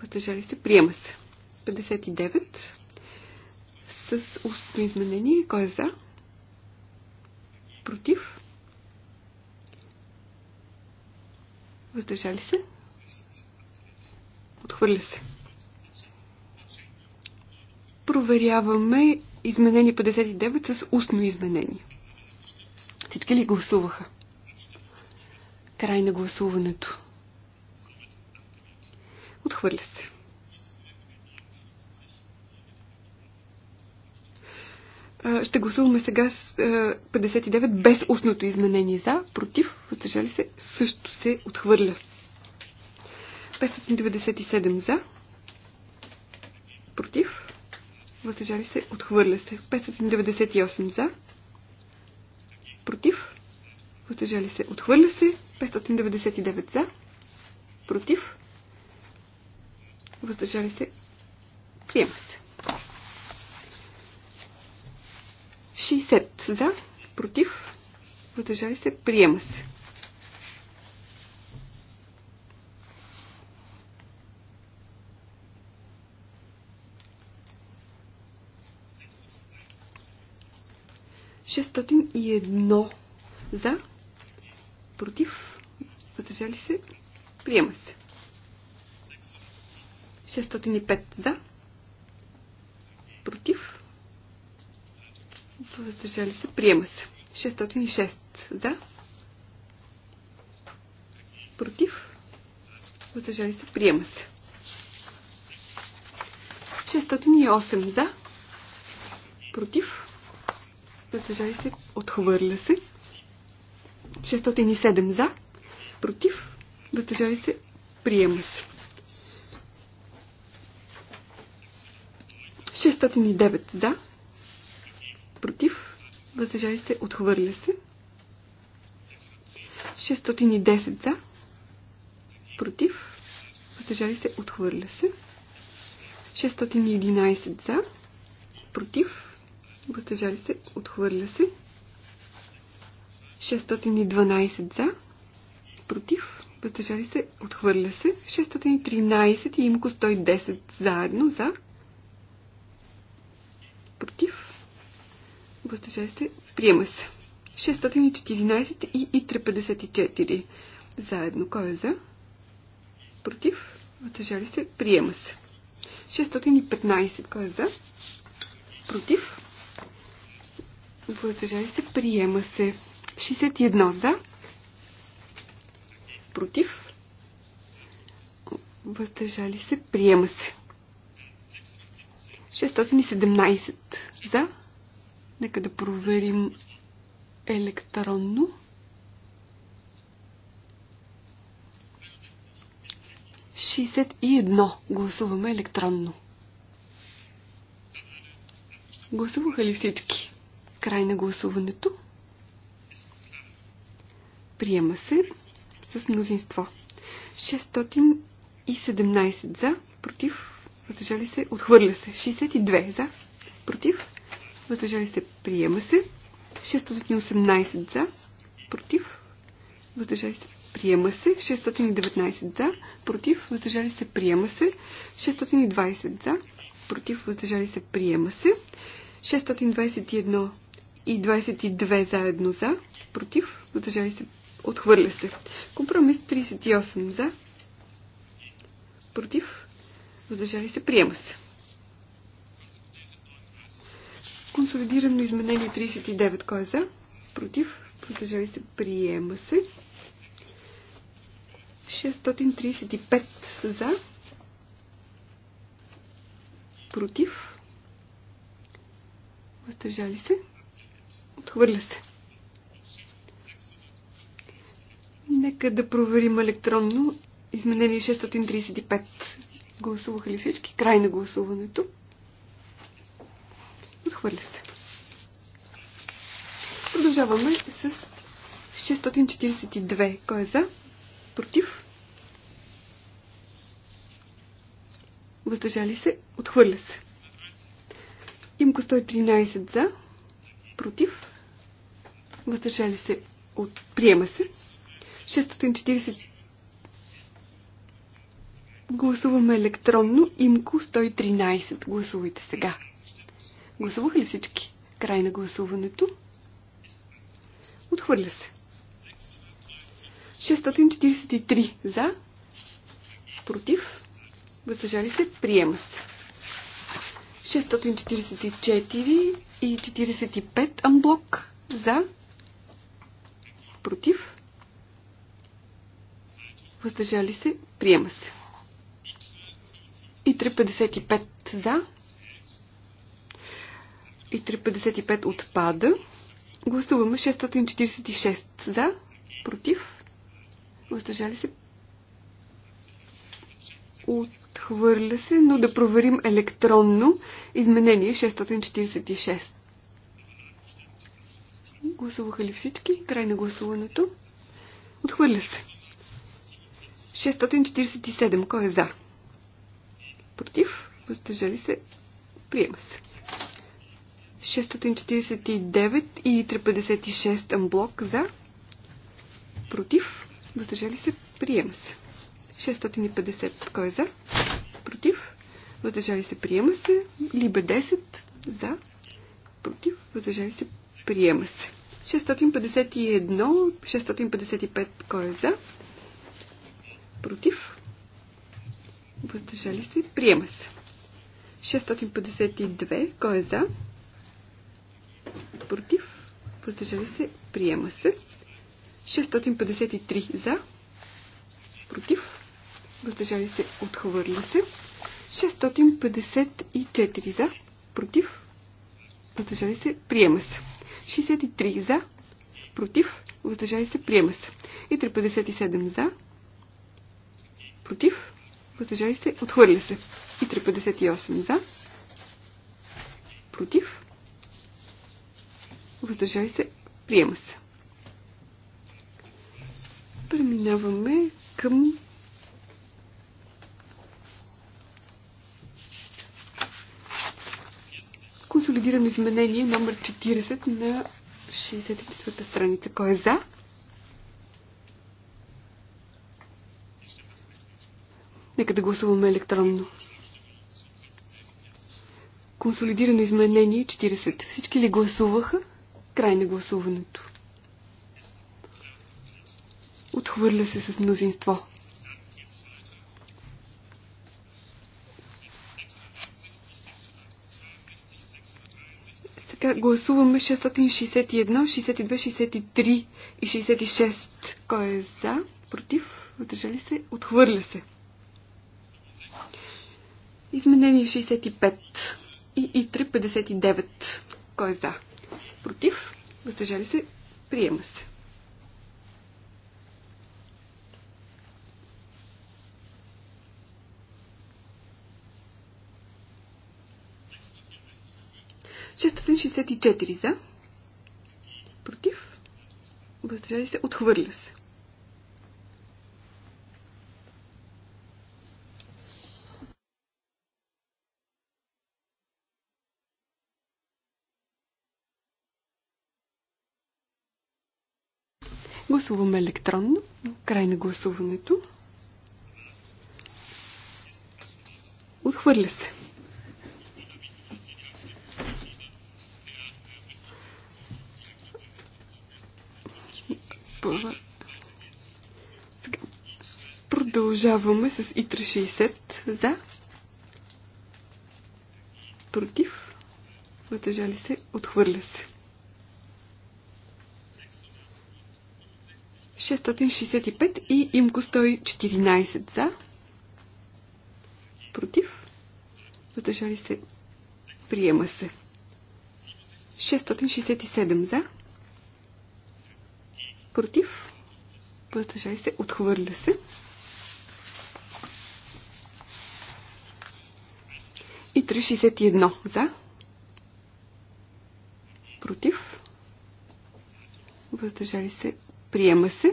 Въздържали се. Приема се. 59 с устно изменение. Кой е за? Против. Въздържали се. Отхвърля се. Проверяваме изменение 59 с устно изменение. Всички ли гласуваха? Край на гласуването. Отхвърля се. Ще гласуваме сега с 59 без устното изменение за, против, въздържали се, също се отхвърля. 597 за. Против. Въздържали се. Отхвърля се. 598 за. Против. Въздържали се. Отхвърля се. 599 за. Против. Въздържали се. Приема се. 60 за. Против. Въздържали се. Приема се. 601 за, против, въздържали се, приема се. 605 за, против, въздържали се, приема се. 606 за, против, въздържали се, приема се. 608 за, против, въздържали се, отхвърля се. 607 за, против, въздържали се, приема се. 609 за, против, въздържали се, отхвърля се. 610 за, против, въздържали се, отхвърля се. 611 за, против, Въздържали се. Отхвърля се. 612 за. Против. Въздържали се. Отхвърля се. 613 и имко 110 заедно за. Против. Въздържали се. Приема се. 614 и, и 354 заедно. Кой е за? Против. Въздържали се. Приема се. 615. Кой е за? Против. Въздържали се. Приема се. 61 за. Против. Въздържали се. Приема се. 617 за. Нека да проверим електронно. 61. Гласуваме електронно. Гласуваха ли всички? Край на гласуването. Приема се с мнозинство. 617 за, против, въздържали се, отхвърля се. 62 за, против, въздържали се, приема се. 618 за, против, въздържали се, приема се. 619 за, против, въздържали се, приема се. 620 за, против, въздържали се, приема се. 621 и 22 заедно за, против, въздържали се, отхвърля се. Компромис 38 за, против, въздържали се, приема се. Консолидирано изменение 39, кой е за, против, въздържали се, приема се. 635 са за, против, въздържали се, Отхвърля се. Нека да проверим електронно. Изменение 635. Гласуваха ли всички? Край на гласуването. Отхвърля се. Продължаваме с 642. Кой е за? Против? Въздържали се? Отхвърля се. Имко 113 за против, въздържали се, от... приема се. 640 гласуваме електронно, имко 113, гласувайте сега. Гласуваха ли всички? Край на гласуването. Отхвърля се. 643 за, против, въздържали се, приема се. 644 и 45 амблок за, против, въздържали се, приема се. И 355 за, и 355 отпада. Гласуваме 646 за, против, въздържали се. От Отхвърля се, но да проверим електронно. Изменение 646. Гласуваха ли всички? Край на гласуването. Отхвърля се. 647. Кой е за? Против? Въздържали се? Приема се. 649 и 356 амблок за. Против? Въздържали се? Приема се. 650. Кой е за? против, въздържали се, приема се. Либе 10 за, против, въздържали се, приема се. 651, 655, кой е за? Против? Въздържали се? Приема се. 652, кой е за? Против? Въздържали се? Приема се. 653 за? Против? въздържали се, отхвърля се. 654 за, против, въздържали се, приема се. 63 за, против, въздържали се, приема се. И 357 за, против, въздържали се, отхвърля се. И 358 за, против, въздържали се, приема се. Преминаваме към Консолидирано изменение номер 40 на 64-та страница. Кой е за? Нека да гласуваме електронно. Консолидирано изменение 40. Всички ли гласуваха? Край на гласуването. Отхвърля се с мнозинство. гласуваме 661, 62, 63 и 66. Кой е за? Против? Въздържали се? Отхвърля се. Изменение 65 и ИТРИ 59. Кой е за? Против? Въздържали се? Приема се. 64 за. Против. Въздържали се. Отхвърля се. Гласуваме електронно. Край на гласуването. Отхвърля се. Пъва. Сега. Продължаваме с ИТРА 60 за. Против. Въздържали се. Отхвърля се. 665 и имко 114 за. Против. Въздържали се. Приема се. 667 за против, въздържай се, отхвърля се. И 3,61 за, против, въздържали се, приема се.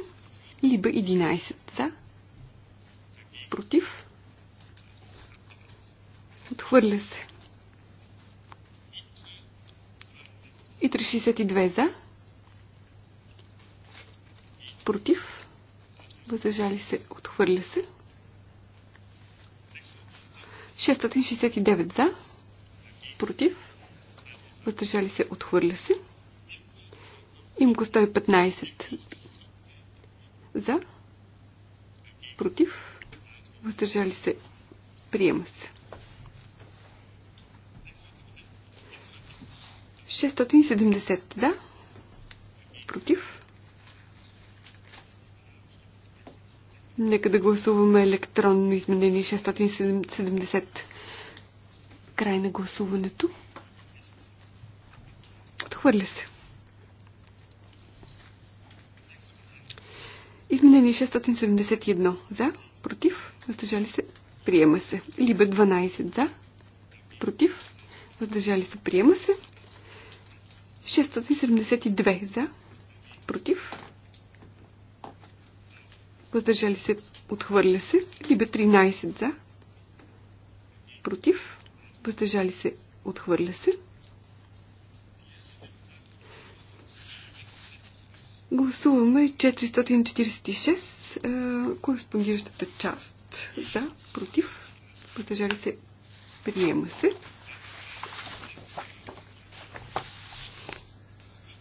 Либо 11 за, против, отхвърля се. И 3,62 за, против, въздържали се, отхвърля се. 669 за, против, въздържали се, отхвърля се. го 115 за, против, въздържали се, приема се. 670 за, против, Нека да гласуваме електронно изменение 670. Край на гласуването. Отхвърля се. Изменение 671. За. Против. Въздържали се. Приема се. Либе 12. За. Против. Въздържали се. Приема се. 672. За. въздържали се, отхвърля се. Либе 13 за, против, въздържали се, отхвърля се. Гласуваме 446, кореспондиращата част за, против, въздържали се, приема се.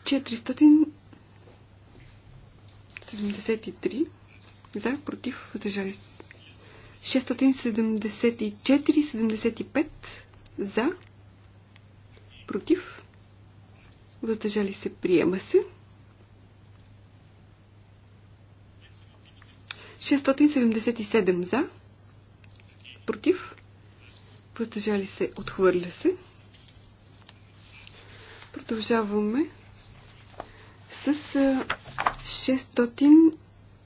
473 за, против, въздържали се. 674-75 за, против, въздържали се, приема се. 677 за, против, въздържали се, отхвърля се. Продължаваме с 600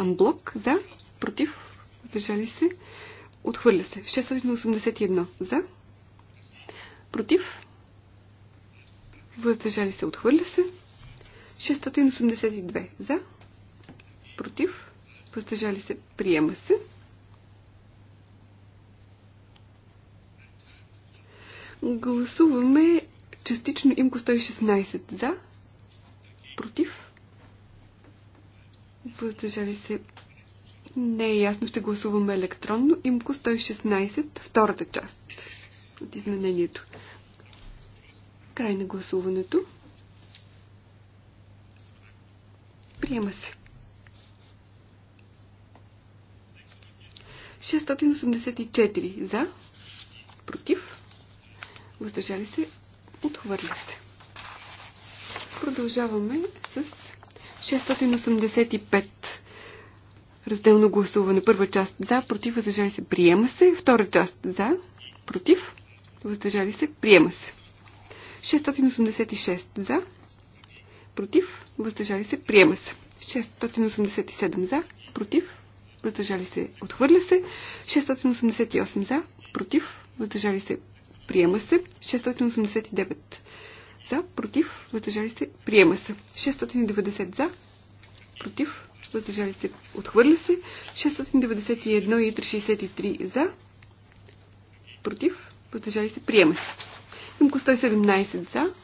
Амблок за, против, въздържали се, отхвърля се. 681 за, против, въздържали се, отхвърля се. 682 за, против, въздържали се, приема се. Гласуваме частично имко 116 за, против, въздържали се. Не е ясно, ще гласуваме електронно. Имко 116, втората част от изменението. Край на гласуването. Приема се. 684 за, против, въздържали се, отхвърля се. Продължаваме с 685. Разделно гласуване. Първа част за, против, въздържали се, приема се. Втора част за, против, въздържали се, приема се. 686 за, против, въздържали се, приема се. 687 за, против, въздържали се, отхвърля се. 688 за, против, въздържали се, приема се. 689 за, против, въздържали се, приема се. 690 за, против, въздържали се, отхвърля се. 691 и 363 за, против, въздържали се, приема се. Имко 117 за,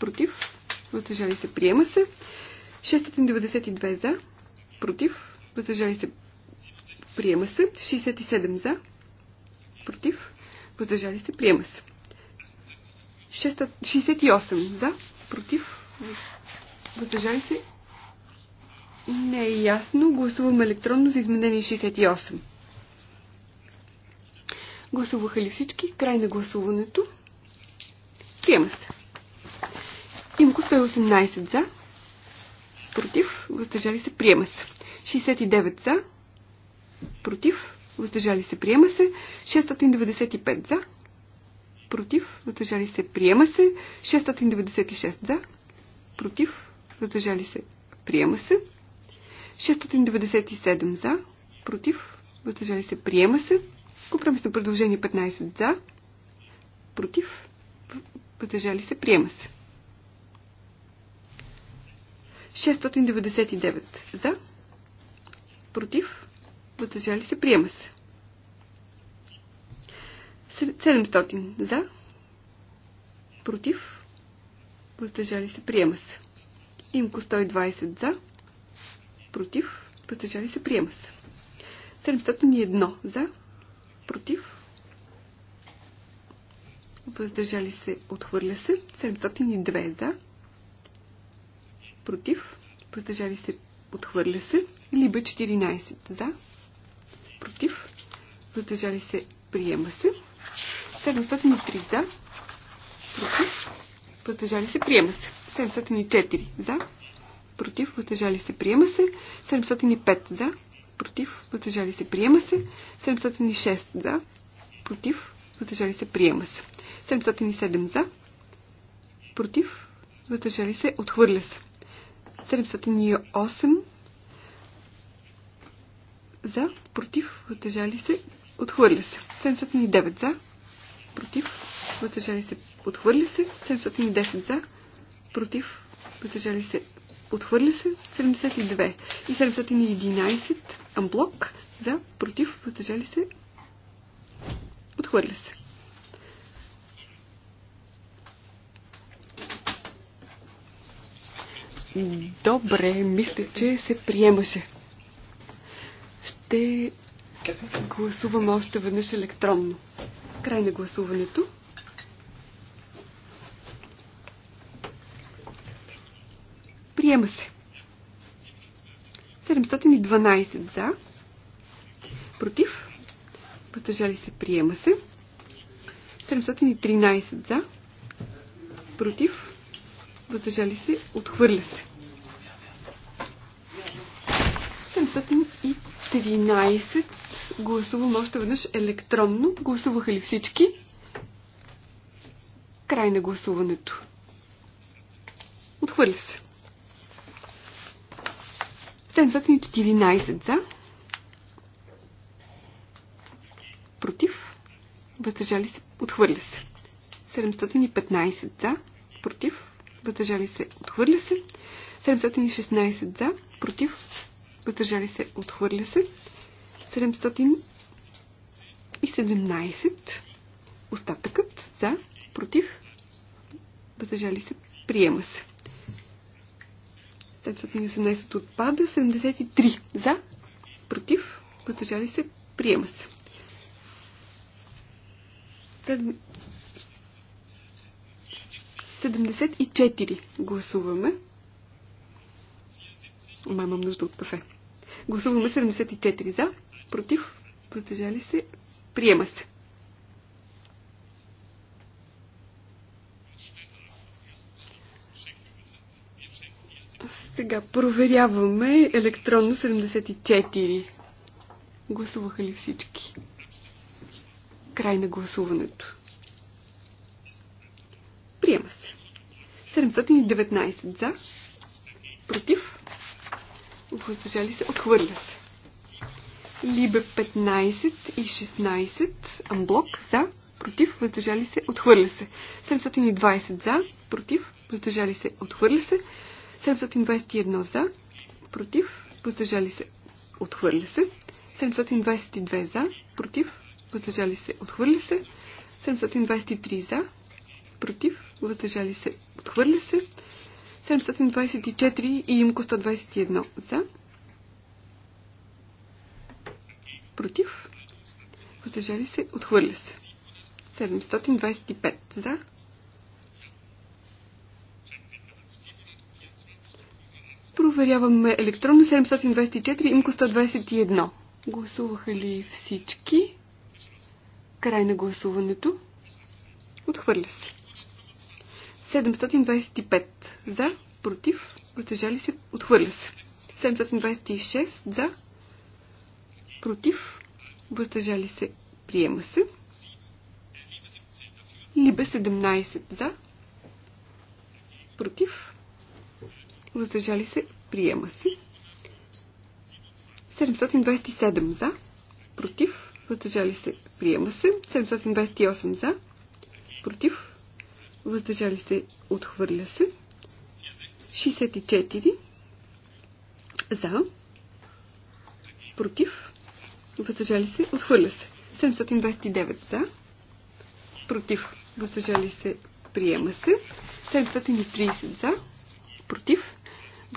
против, въздържали се, приема се. 692 за, против, въздържали се, приема се. 67 за, против, въздържали се, приема се. 68 за, против, въздържали се. Не е ясно. Гласуваме електронно за изменение 68. Гласуваха ли всички? Край на гласуването. Приема се. Имко 118 за. Против. Въздържали се. Приема се. 69 за. Против. Въздържали се. Приема се. 695 за против, въздържали се, приема се. 696 за, против, въздържали се, приема се. 697 за, против, въздържали се, приема се. Компромисно предложение 15 за, против, въздържали се, приема се. 699 за, против, въздържали се, приема се. 700 за. Против. Въздържали се. Приема се. Имко 120 за. Против. Въздържали се. Приема се. 701 за. Против. Въздържали се. Отхвърля се. 702 за. Против. Въздържали се. Отхвърля се. Либо 14 за. Против. Въздържали се. Приема се. 703 за. Против. Въздържали се. Приема се. 704 за. Против. Въздържали се. Приема се. 705 за. Против. Въздържали се. Приема се. 706 за. Против. Въздържали се. Приема се. 707 за. Против. Въздържали се. Отхвърля се. 708 за. Против. Въздържали се. Отхвърля се. 709 за против, въздържали се, отхвърли се, 710 за, против, въздържали се, отхвърли се, 72 и 711 амблок за, против, въздържали се, отхвърли се. Добре, мисля, че се приемаше. Ще гласувам още веднъж електронно. Край на гласуването. Приема се. 712 за. Против. Въздържали се. Приема се. 713 за. Против. Въздържали се. Отхвърля се. 713 гласувам още веднъж електронно. Гласуваха ли всички? Край на гласуването. Отхвърля се. 714 за. Против. Въздържали се. Отхвърля се. 715 за. Против. Въздържали се. Отхвърля се. 716 за. Против. Въздържали се. Отхвърля се. 717. Остатъкът за, против, въздържали се, приема се. 718 отпада, 73 за, против, въздържали се, приема се. 7... 74 гласуваме. Мама, нужда от кафе. Гласуваме 74 за, против, въздържали се, приема се. Сега проверяваме електронно 74. Гласуваха ли всички? Край на гласуването. Приема се. 719 за. Против. Въздържали се. Отхвърля се. Либе 15 и 16 амблок за, против, въздържали се, отхвърля се. 720 за, против, въздържали се, отхвърля се. 721 за, против, въздържали се, отхвърля се. 722 за, против, въздържали се, отхвърля се. 723 за, против, въздържали се, отхвърля се. 724 и имко 121 за, Против. Въздържали се. Отхвърля се. 725 за. Проверяваме електронно 724 имко 121. Гласуваха ли всички? Край на гласуването. Отхвърля се. 725 за, против, въздържали се, отхвърля се. 726 за, против, въздържали се, приема се. Либе 17 за, против, въздържали се, приема се. 727 за, против, въздържали се, приема се. 728 за, против, въздържали се, отхвърля се. 64 за, против, въздържали се, отхвърля се. 729 за, против, въздържали се, приема се. 730 за, против,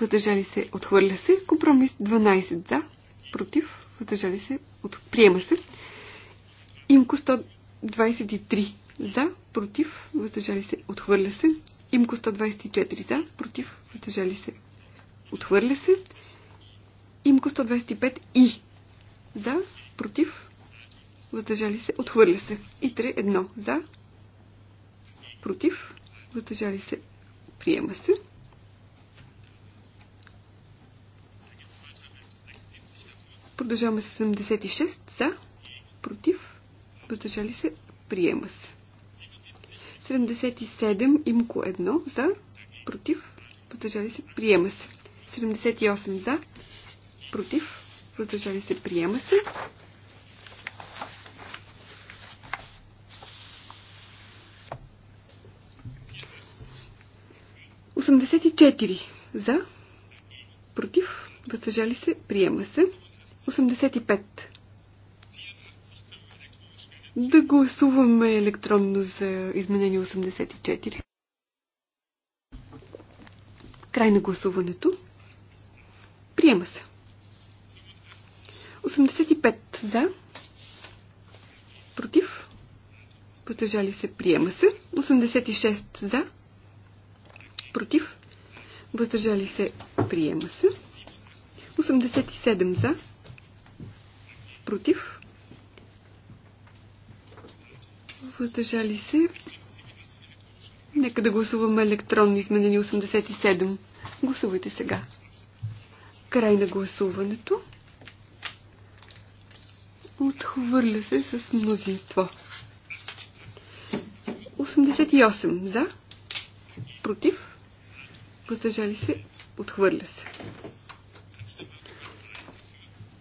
въздържали се, отхвърля се. Компромис 12 за, против, въздържали се, от... приема се. Имко 123 за, против, въздържали се, отхвърля се. Имко 124 за, против, въздържали се, отхвърля се. Имко 125 и за. Против. Въздържали се. Отхвърля се. И 3. едно За. Против. Въздържали се. Приема се. Продължаваме с 76. За. Против. Въздържали се. Приема се. 77. Имко едно За. Против. Въздържали се. Приема се. 78. За. Против въздържали се, приема се. за, против, въздържали се, приема се. 85. Да гласуваме електронно за изменение 84. Край на гласуването. Приема се. 85 за. Против. Въздържали се. Приема се. 86 за. Против. Въздържали се. Приема се. 87 за. Против. Въздържали се. Нека да гласуваме електронно изменени 87. Гласувайте сега. Край на гласуването. Отхвърля се с мнозинство. 88 за. Против. Въздържали се. Отхвърля се.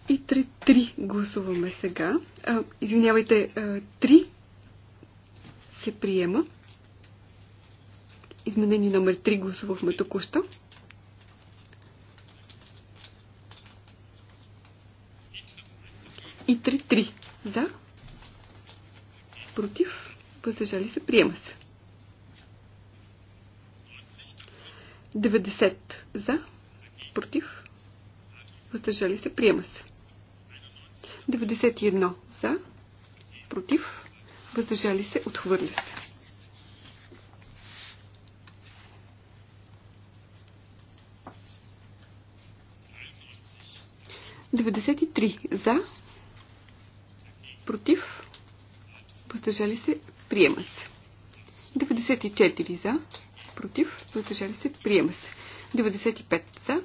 И 3-3 гласуваме сега. А, извинявайте, 3 се приема. Изменени номер 3 гласувахме току-що. въздържали се, приема се. 90 за, против, въздържали се, приема се. 91 за, против, въздържали се, отхвърля се. 93 и три за, против, въздържали се, Приема се. 94 за. Против. Въздържали се. Приема се. 95 за.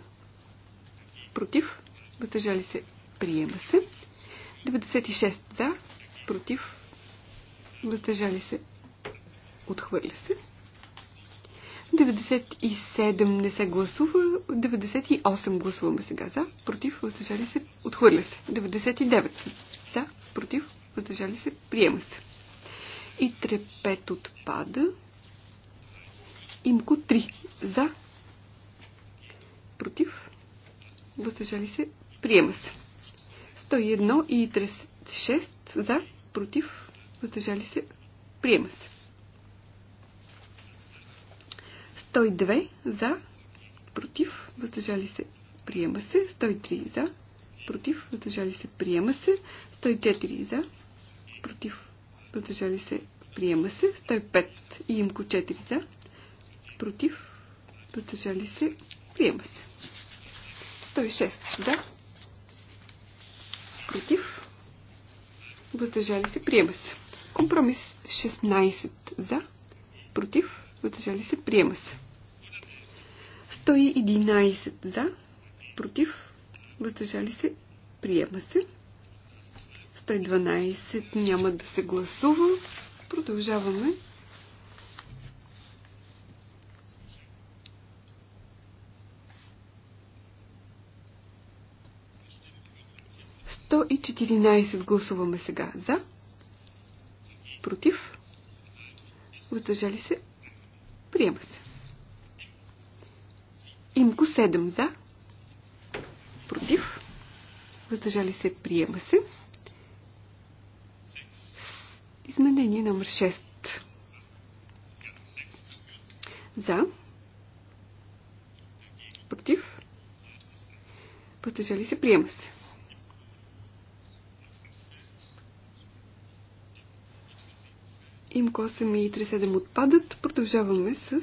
Против. Въздържали се. Приема се. 96 за. Против. Въздържали се. Отхвърля се. 97 не се гласува. 98 гласуваме сега за. Против. Въздържали се. Отхвърля се. 99 за. Против. Въздържали се. Приема се. И трепет отпада. Имко 3. За. Против. Въздържали се. Приема се. 101 и 36 за. Против. Въздържали се. Приема се. 102 за. Против. Въздържали се. Приема се. 103 за. Против. Въздържали се. Приема се. 104 за. Против. Въздържали се. Приема се. 105 и имко 4 за. Против. Въздържали се. Приема се. 106 за. Против. Въздържали се. Приема се. Компромис 16 за. Против. Въздържали се. Приема се. 111 за. Против. Въздържали се. Приема се. 112 няма да се гласува. Продължаваме. Сто и 14 гласуваме сега. За. Против. Въздържали се. Приема се. Имко 7 за. Против. Въздържали се. Приема се. Изменение номер 6. За. Против. Въздържали се. Приема се. Имко 8 и 37 отпадат. Продължаваме с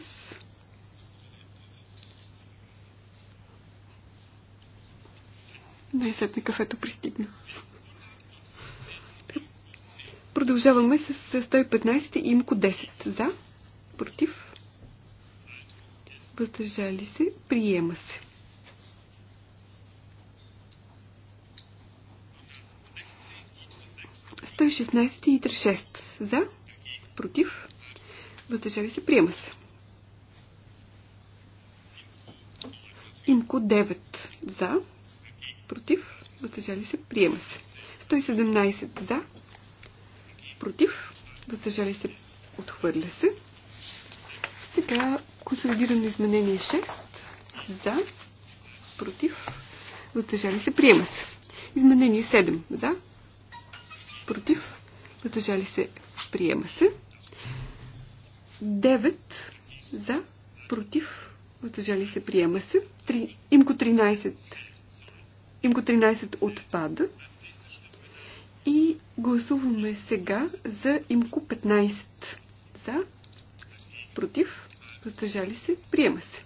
най-сетне кафето пристигна. Продължаваме с 115 имко 10. За, против, въздържали се, приема се. Той 16 и 36. За, против, въздържали се, приема се. Имко 9. За, против, въздържали се, приема се. 117 за, против, въздържали се, отхвърля се. Сега консолидирано изменение 6 за, против, въздържали се, приема се. Изменение 7 за, против, въздържали се, приема се. 9 за, против, въздържали се, приема се. 3, имко 13 Имко 13 отпада. И гласуваме сега за имко 15. За, против, въздържали се, приема се.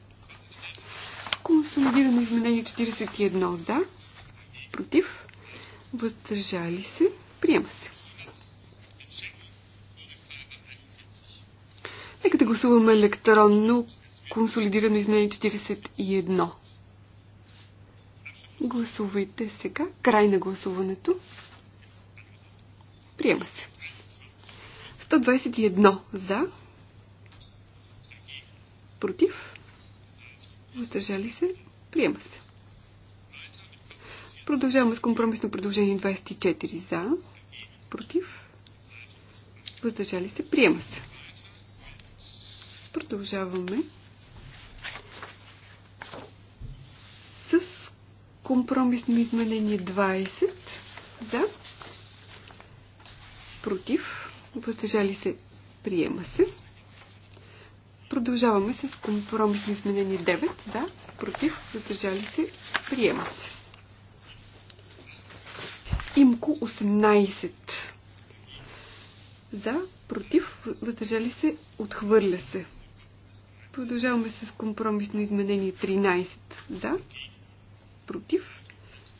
Консолидирано изменение 41 за, против, въздържали се, приема се. Нека да гласуваме електронно консолидирано изменение 41. Гласувайте сега. Край на гласуването. Приема се. 121 за. Против. Въздържали се. Приема се. Продължаваме с компромисно предложение 24 за. Против. Въздържали се. Приема се. Продължаваме с компромисно изменение 20 за против, въздържали се, приема се. Продължаваме с компромисно изменение 9, да, против, въздържали се, приема се. Имко 18. За, против, въздържали се, отхвърля се. Продължаваме с компромисно изменение 13. За, против,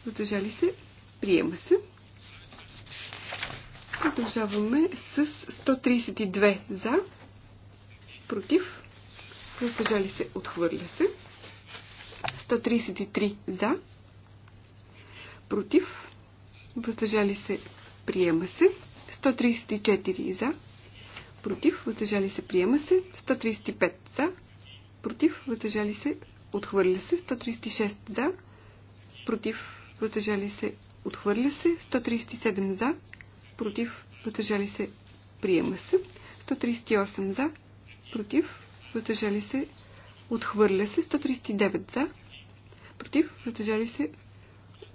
въздържали се, приема се. Продължаваме с 132 за, против, въздържали се, отхвърля се. 133 за, против, въздържали се, приема се. 134 за, против, въздържали се, приема се. 135 за, против, въздържали се, отхвърля се. 136 за, против, въздържали се, отхвърля се. 137 за, против, въздържали се, приема се. 138 за, против, въздържали се, отхвърля се. 139 за, против, въздържали се,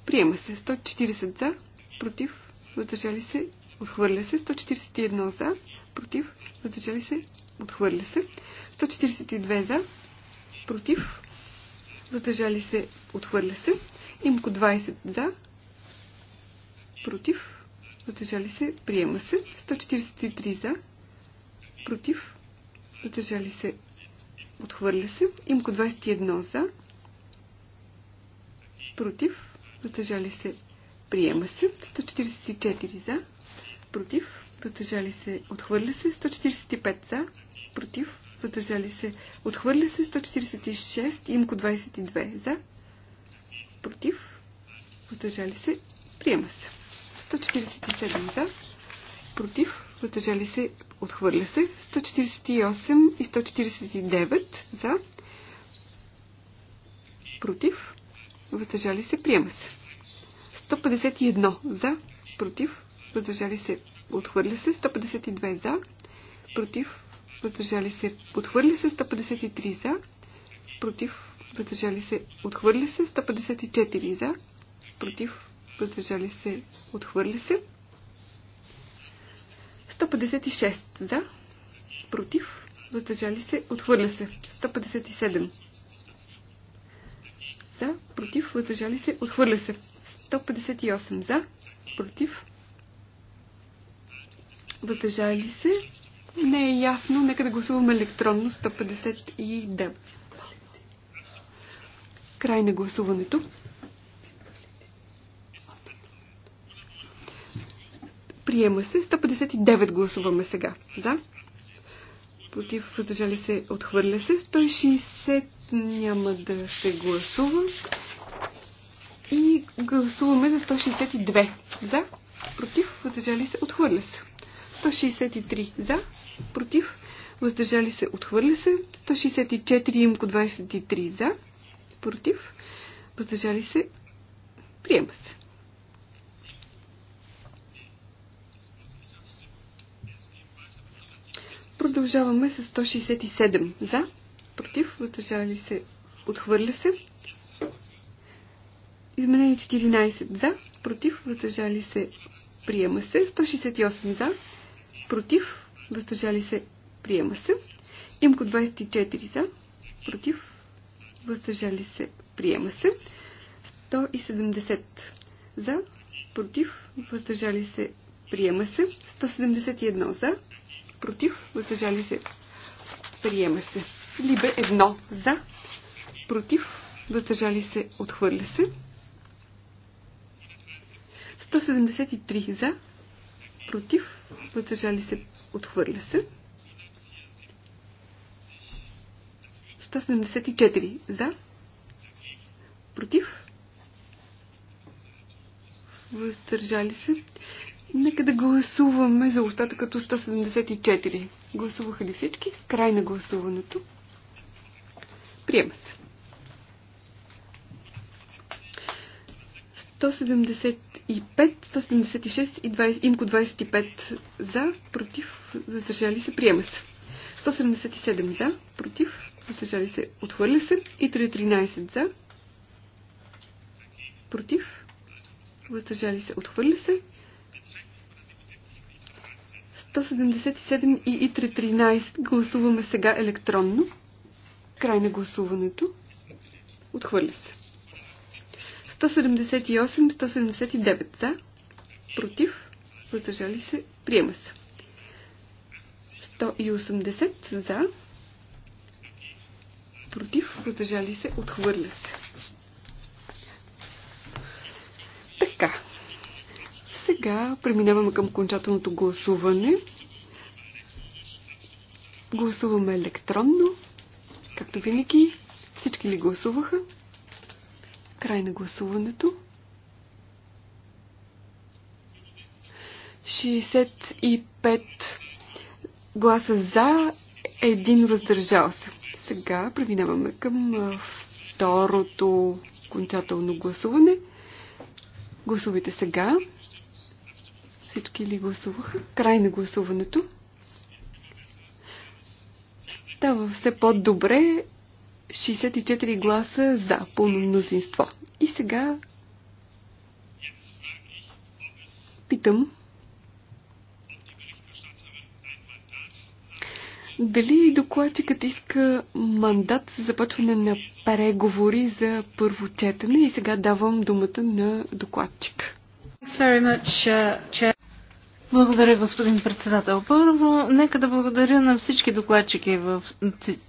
приема се. 140 за, против, въздържали се, отхвърля се. 141 за, против, въздържали се, отхвърля се. 142 за, против, въздържали се, отхвърля се. Имко 20 за, против, въздържали се, приема се. 143 за, против, въздържали се, отхвърля се. Имко 21 за, против, въздържали се, приема се. 144 за, против, въздържали се, отхвърля се. 145 за, против, въздържали се, отхвърля се. 146, имко 22 за, против, въздържали се, приема се. 147 за, против, въздържали се, отхвърля се. 148 и 149 за, против, въздържали се, приема се. 151 за, против, въздържали се, отхвърля се. 152 за, против, въздържали се, отхвърля се. 153 за, против, въздържали се, отхвърля се. 154 за, против, въздържали се, отхвърля се. 156 за, против, въздържали се, отхвърля се. 157 за, против, въздържали се, отхвърля се. 158 за, против, въздържали се. Не е ясно, нека да гласуваме електронно 159. Край на гласуването. Приема се. 159 гласуваме сега. За. Против. Въздържали се. Отхвърля се. 160 няма да се гласува. И гласуваме за 162. За. Против. Въздържали се. Отхвърля се. 163 за. Против. Въздържали се. Отхвърля се. 164 имко 23 за. Против. Въздържали се. Приема се. Продължаваме с 167 за, против, въздържали се, отхвърля се. Изменение 14 за, против, въздържали се, приема се. 168 за, против, въздържали се, приема се. Имко 24 за, против, въздържали се, приема се. 170 за, против, въздържали се, приема се. 171 за, против, въздържали се, приема се. Либе едно за, против, въздържали се, отхвърля се. 173 за, против, въздържали се, отхвърля се. 174 за, против, въздържали се. Нека да гласуваме за устата като 174. Гласуваха ли всички? Край на гласуването. Приема се. 175, 176 и 20, имко 25 за, против, задържали се, приема се. 177 за, против, задържали се, отхвърля се и 313 за, против, въздържали се, отхвърля се 177 и 313 гласуваме сега електронно. Край на гласуването. Отхвърля се. 178, 179 за, против, въздържали се, приема се. 180 за, против, въздържали се, отхвърля се. Така, сега преминаваме към окончателното гласуване. Гласуваме електронно, както винаги. Всички ли гласуваха? Край на гласуването. 65 гласа за, един въздържал се. Сега преминаваме към второто окончателно гласуване. Гласувайте сега. Всички ли гласуваха? Край на гласуването. Става все по-добре. 64 гласа за пълно мнозинство. И сега питам дали докладчикът иска мандат за започване на преговори за първо четене и сега давам думата на докладчик. Благодаря, господин председател. Първо, нека да благодаря на всички докладчики в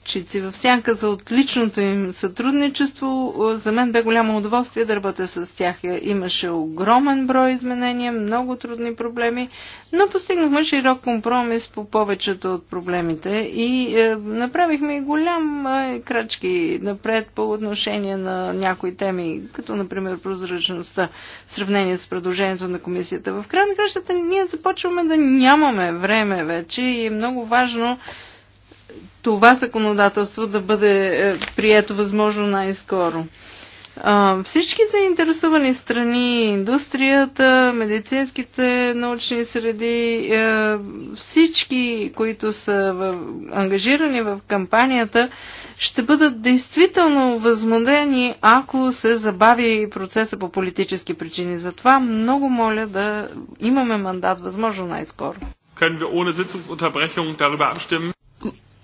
Чици в Сянка за отличното им сътрудничество. За мен бе голямо удоволствие да работя с тях. Имаше огромен брой изменения, много трудни проблеми, но постигнахме широк компромис по повечето от проблемите и е, направихме и голям е, крачки напред по отношение на някои теми, като например прозрачността, в сравнение с предложението на комисията. В край на кращата ние започваме започваме да нямаме време вече и е много важно това законодателство да бъде е, прието възможно най-скоро. Всички заинтересовани страни, индустрията, медицинските научни среди, е, всички, които са ангажирани в кампанията, ще бъдат действително възмодени, ако се забави процеса по политически причини. Затова много моля да имаме мандат възможно най-скоро.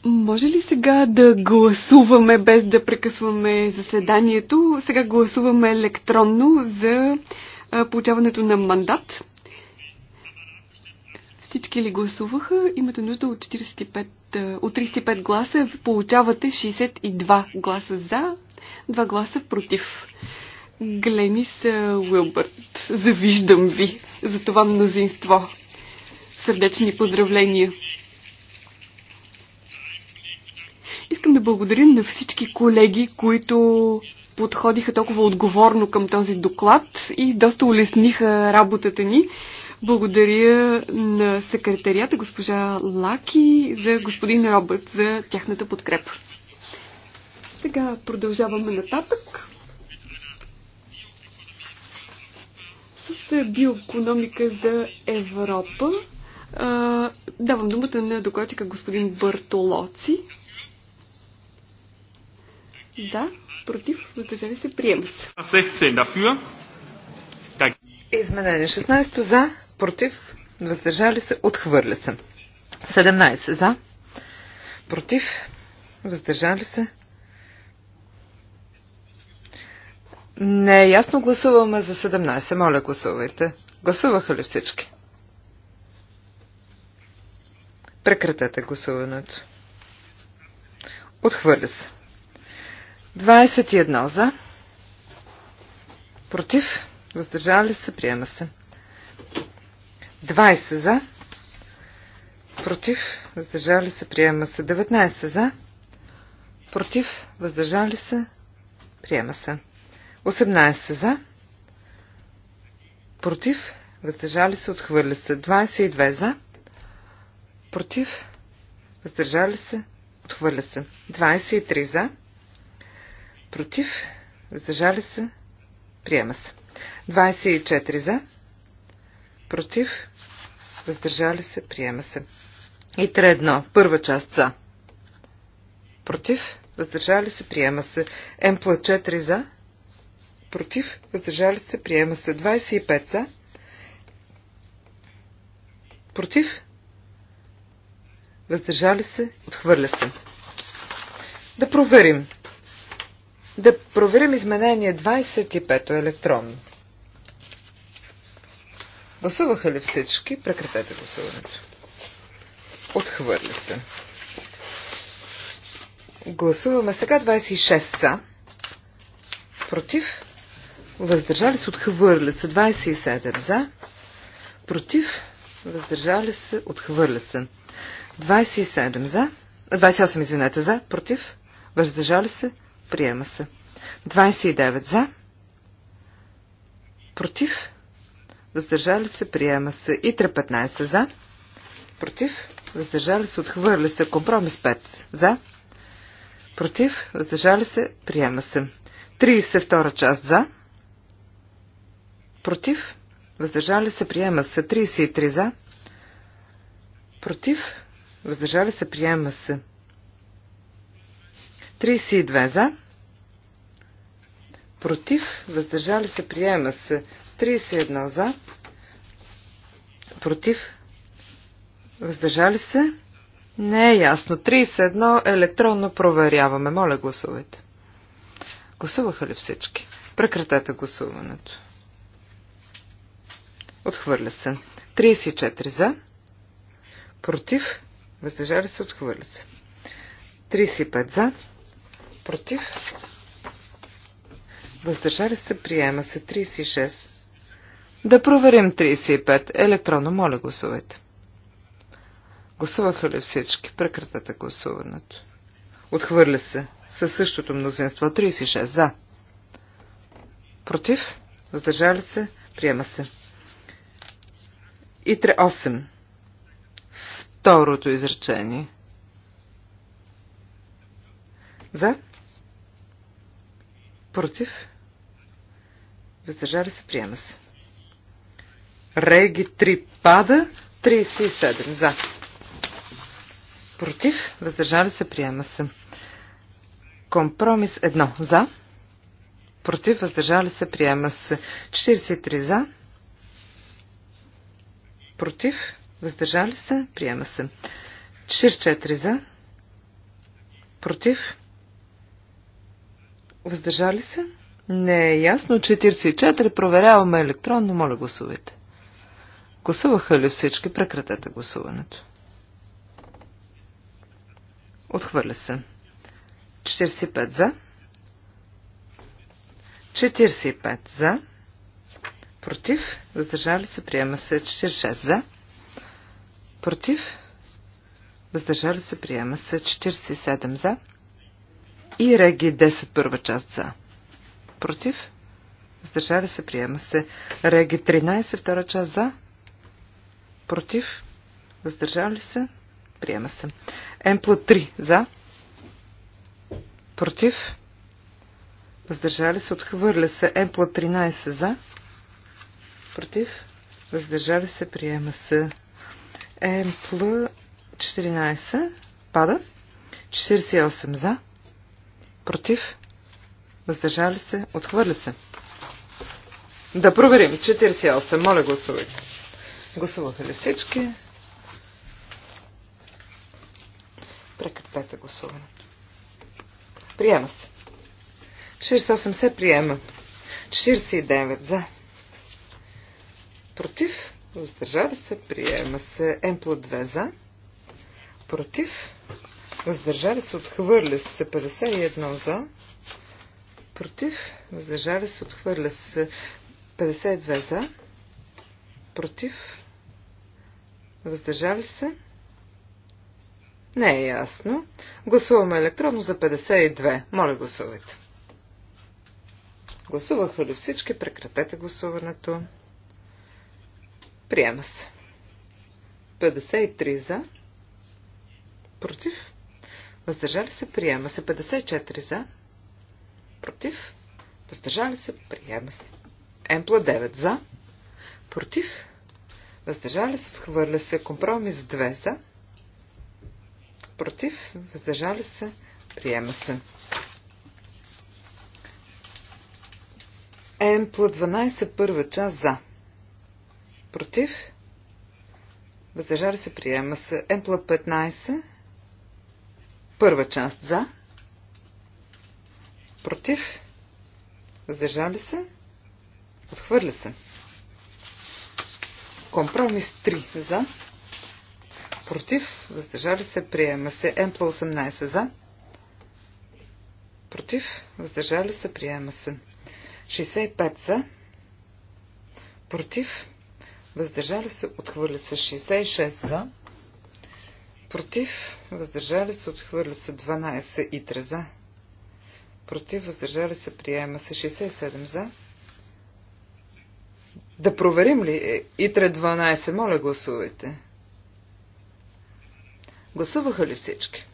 Може ли сега да гласуваме без да прекъсваме заседанието? Сега гласуваме електронно за получаването на мандат. Всички ли гласуваха? Имате нужда от, 45, е, от 35 гласа. Получавате 62 гласа за, 2 гласа против. Гленис е, Уилбърт, завиждам ви за това мнозинство. Сърдечни поздравления! Искам да благодарим на всички колеги, които подходиха толкова отговорно към този доклад и доста улесниха работата ни. Благодаря на секретарията госпожа Лаки за господин Робърт за тяхната подкрепа. Сега продължаваме нататък. С биоекономика за Европа давам думата на докладчика господин Бартолоци. Да, против, въздържали се, приема се. Изменение 16 за, против, въздържали се, отхвърля се. 17 за, против, въздържали се. Не, ясно гласуваме за 17. Моля, гласувайте. Гласуваха ли всички? Прекратете гласуването. Отхвърля се. 21 за. Против. Въздържали се. Приема се. 20 за. Против. Въздържали се. Приема се. 19 за. Против. Въздържали се. Приема се. 18 за. Против. Въздържали се. Отхвърля се. 22 за. Против. Въздържали се. Отхвърля се. 23 за. Против. Въздържали се. Приема се. 24 за. Против. Въздържали се. Приема се. И едно. Първа част за. Против. Въздържали се. Приема се. М 4 за. Против. Въздържали се. Приема се. 25 за. Против. Въздържали се. Отхвърля се. Да проверим. Да проверим изменение 25 електронно. Гласуваха ли всички? Прекратете гласуването. Отхвърля се. Гласуваме сега 26 са. Против. Въздържали се, отхвърля се. 27 за. Против. Въздържали се, отхвърля се. 27 за. 28, извинете, за. Против. Въздържали се, приема се. 29 за. Против въздържали се, приема се. 3 15 за, против, въздържали се, отхвърля се. Компромис 5 за, против, въздържали се, приема се. 32 част за, против, въздържали се, приема се. 33 за, против, въздържали се, приема се. 32 за, против, въздържали се, приема се. 31 за, против, въздържали се. Не е ясно. 31 електронно проверяваме. Моля, гласувайте. Гласуваха ли всички? Прекратете гласуването. Отхвърля се. 34 за. Против. Въздържали се. Отхвърля се. 35 за. Против. Въздържали се. Приема се. 36 да проверим 35. Електронно, моля гласувайте. Гласуваха ли всички? Прекратете гласуването. Отхвърля се. Със същото мнозинство. 36. За. Против? Въздържали се? Приема се. И 3. 8. Второто изречение. За? Против? Въздържали се? Приема се. Реги 3 пада. 37 за. Против. Въздържали се. Приема се. Компромис 1 за. Против. Въздържали се. Приема се. 43 за. Против. Въздържали се. Приема се. 44 за. Против. Въздържали се? Не е ясно. 44. Проверяваме електронно. Моля гласувайте. Гласуваха ли всички? Прекратете гласуването. Отхвърля се. 45 за. 45 за. Против. Въздържали се. Приема се. 46 за. Против. Въздържали се. Приема се. 47 за. И Реги 10 първа част за. Против. Въздържали се. Приема се. Реги 13 втора част за. Против. Въздържали се. Приема се. М 3 за. Против. Въздържали се. Отхвърля се. М 13 за. Против. Въздържали се. Приема се. М 14 пада. 48 за. Против. Въздържали се. Отхвърля се. Да проверим. 48. Моля гласувайте. Гласуваха ли всички? Прекратете гласуването. Приема се. 48 се приема. 49 за. Против. Въздържали се. Приема се. М плюс 2 за. Против. Въздържали се. Отхвърля се. 51 за. Против. Въздържали се. Отхвърля се. 52 за. Против. Въздържали се? Не е ясно. Гласуваме електронно за 52. Моля гласувайте. Гласуваха ли всички? Прекратете гласуването. Приема се. 53 за. Против. Въздържали се. Приема се. 54 за. Против. Въздържали се. Приема се. Емпла 9 за. Против въздържали се, отхвърля се. Компромис 2 за, против, въздържали се, приема се. Емпла 12, първа част за. Против, въздържали се, приема се. Емпла 15, първа част за. Против, въздържали се, отхвърля се. Компромис 3 за. Против. Въздържали се. Приема се. м 18 за. Против. Въздържали се. Приема се. 65 за. Против. Въздържали се. Отхвърля се. 66 за. Против. Въздържали се. Отхвърля се. 12 и 3 за. Против. Въздържали се. Приема се. 67 за да проверим ли? Е, итре 12, моля гласувайте. Гласуваха ли всички?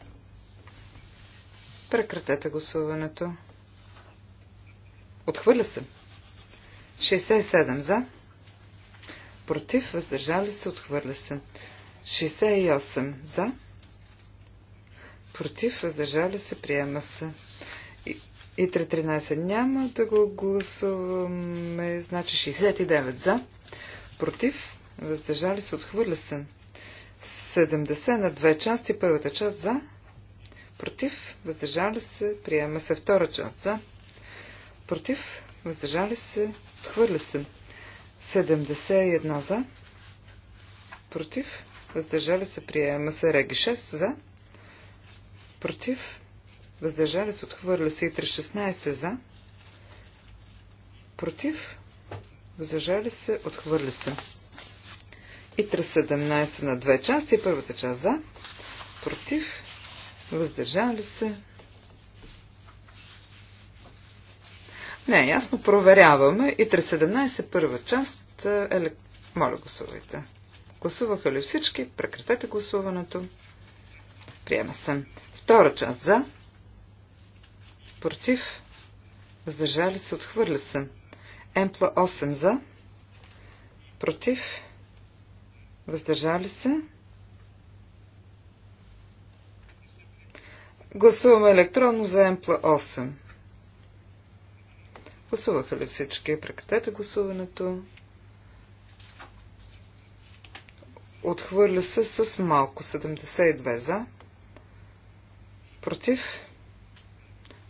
Прекратете гласуването. Отхвърля се. 67 за. Против, въздържали се, отхвърля се. 68 за. Против, въздържали се, приема се. И 3.13 няма да го гласуваме. Значи 69 за. Против. Въздържали се. Отхвърля се. 70 на две части. Първата част за. Против. Въздържали се. Приема се втора част за. Против. Въздържали се. Отхвърля се. 71 за. Против. Въздържали се. Приема се. Реги 6 за. Против въздържали се, отхвърля се. Итре 16 за, против, въздържали се, отхвърля се. Итре 17 на две части, първата част за, против, въздържали се. Не, ясно, проверяваме. И 317, първа част, е... моля гласувайте. Гласуваха ли всички? Прекратете гласуването. Приема се. Втора част за. Против. Въздържали се. Отхвърля се. Емпла 8 за. Против. Въздържали се. Гласуваме електронно за Емпла 8. Гласуваха ли всички? Прекратете гласуването. Отхвърля се с малко 72 за. Против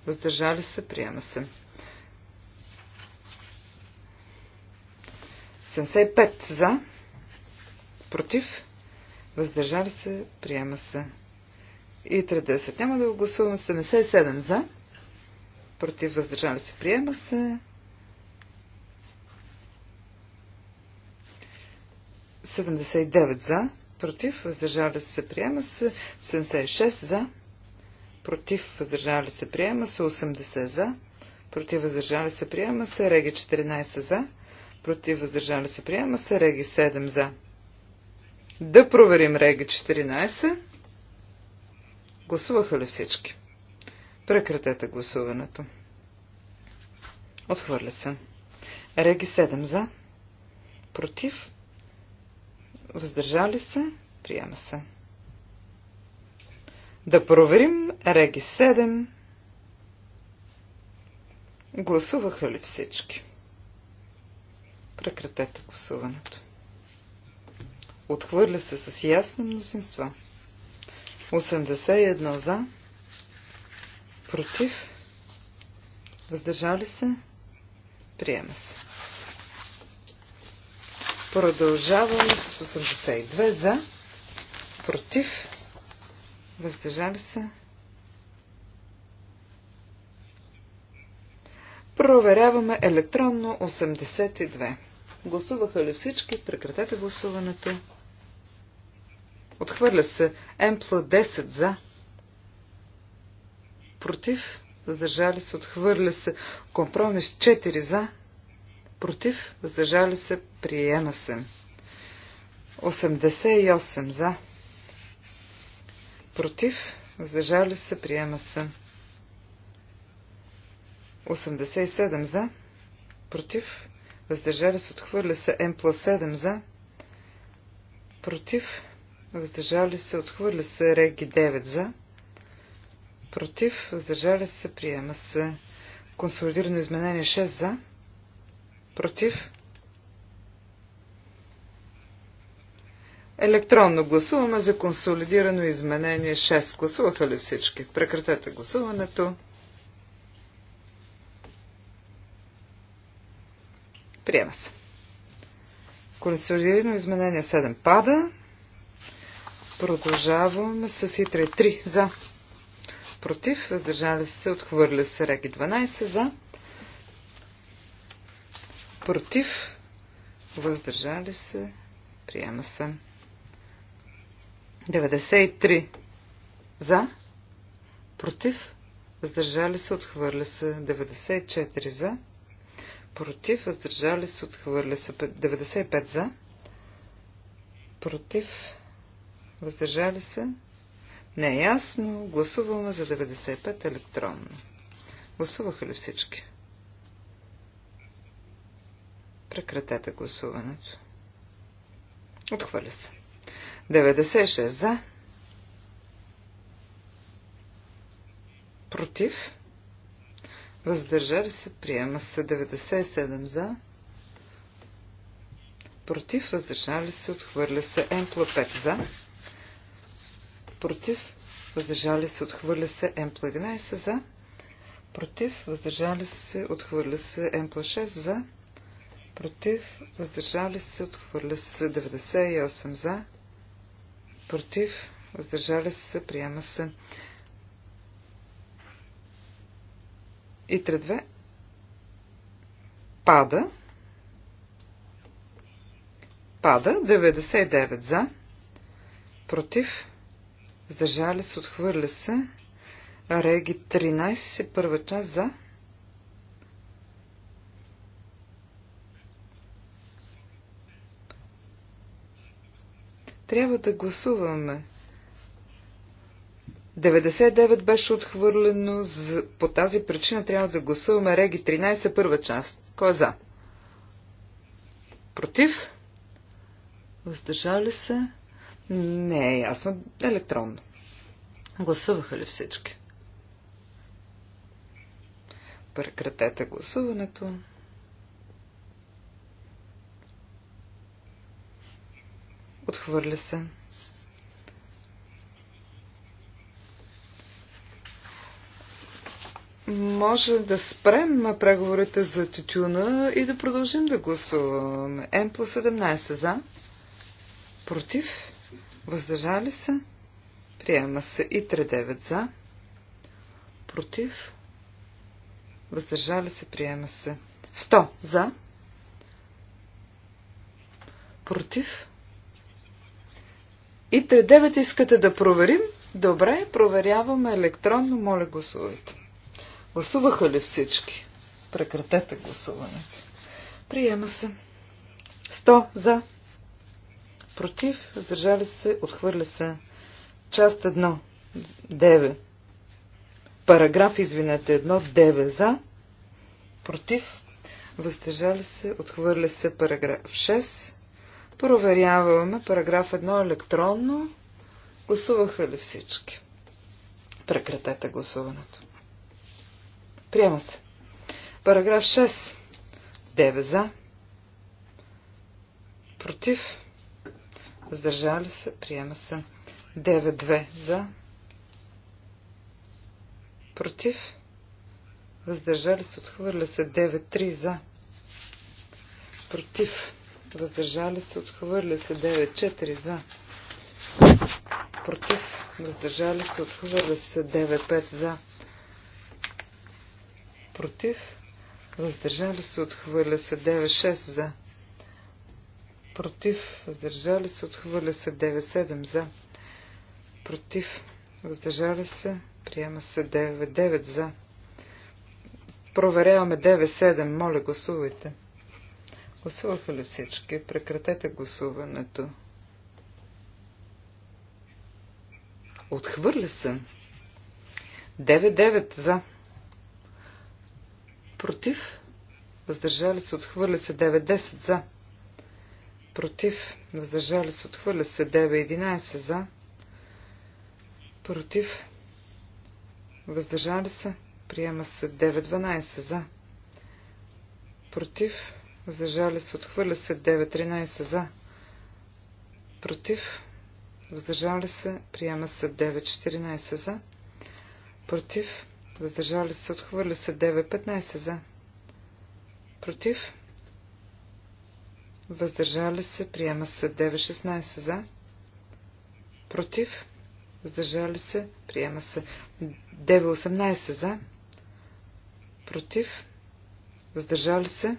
въздържали се, приема се. 75 за, против, въздържали се, приема се. И 30. Няма да го гласувам. 77 за, против, въздържали се, приема се. 79 за, против, въздържали се, приема се. 76 за, против, въздържали се, приема се 80 за, против, въздържали се, приема се Реги 14 за, против, въздържали се, приема се Реги 7 за. Да проверим Реги 14. Гласуваха ли всички? Прекратете гласуването. Отхвърля се. Реги 7 за. Против. Въздържали се. Приема се. Да проверим Реги 7. Гласуваха ли всички? Прекратете гласуването. Отхвърля се с ясно мнозинство. 81 за. Против. Въздържали се. Приема се. Продължаваме с 82 за. Против. Въздържали се. Проверяваме електронно 82. Гласуваха ли всички? Прекратете гласуването. Отхвърля се Емпла 10 за. Против. Въздържали се. Отхвърля се. Компромис 4 за. Против. Въздържали се. Приема се. 88 за. Против. Въздържали се. Приема се. 87 за, против, въздържали се, отхвърля се, М плюс 7 за, против, въздържали се, отхвърля се, Реги 9 за, против, въздържали се, приема се, консолидирано изменение 6 за, против, Електронно гласуваме за консолидирано изменение 6. Гласуваха ли всички? Прекратете гласуването. Приема се. Колесорирано изменение 7 пада. Продължаваме с ИТРЕ 3 за. Против, въздържали се, отхвърля се Реки 12 за. Против, въздържали се, приема се. 93 за. Против, въздържали се, отхвърля се 94 за против, въздържали се, отхвърля се 95 за, против, въздържали се, не е ясно, гласуваме за 95 електронно. Гласуваха ли всички? Прекратете гласуването. Отхвърля се. 96 за. Против. Въздържали се. Приема се 97 за. Против. Въздържали се. Отхвърля се. Емпла 5 за. Против. Въздържали се. Отхвърля се. Емпла 11 за. Против. Въздържали се. Отхвърля се. Емпла 6 за. Против. Въздържали се. Отхвърля се. 98 за. Против. Въздържали се. Приема се. И 32. пада. Пада 99 за. Против. Сдържали се, отхвърля се. Реги 13, първа част за. Трябва да гласуваме 99 беше отхвърлено. По тази причина трябва да гласуваме Реги 13, първа част. Кой е за? Против? Въздържали се? Не е ясно. Електронно. Гласуваха ли всички? Прекратете гласуването. Отхвърля се. може да спрем преговорите за тютюна и да продължим да гласуваме. М плюс 17 за. Против. Въздържали се. Приема се и 39 за. Против. Въздържали се. Приема се. 100 за. Против. И 39 искате да проверим? Добре, проверяваме електронно. Моля, гласувайте. Гласуваха ли всички? Прекратете гласуването. Приема се. 100 за. Против. Въздържали се. Отхвърля се. Част 1. 9. Параграф, извинете, 1. 9 за. Против. Въздържали се. Отхвърля се. Параграф 6. Проверяваме параграф 1 електронно. Гласуваха ли всички? Прекратете гласуването. Приема се. Параграф 6. 9 за. Против. Въздържали се. Приема се. 9-2 за. Против. Въздържали се. Отхвърля се. 9-3 за. Против. Въздържали се. Отхвърля се. 9-4 за. Против. Въздържали се. Отхвърля се. 9-5 за против, въздържали се, отхвърля се 9-6 за, против, въздържали се, отхвърля се 9-7 за, против, въздържали се, приема се 9-9 за. Проверяваме 9-7, моля гласувайте. Гласуваха ли всички? Прекратете гласуването. Отхвърля се. 9-9 за против, въздържали се, отхвърля се 9-10 за, против, въздържали се, отхвърля се 9-11 за, против, въздържали се, приема се 9-12 за, против, въздържали се, отхвърля се 9-13 за, против, въздържали се, приема се 9-14 за, против, въздържали се, отхвърля се 9 15 за. Против. Въздържали се, приема се 9 16 за. Против. Въздържали се, приема се 9.18 за. Против. Въздържали се.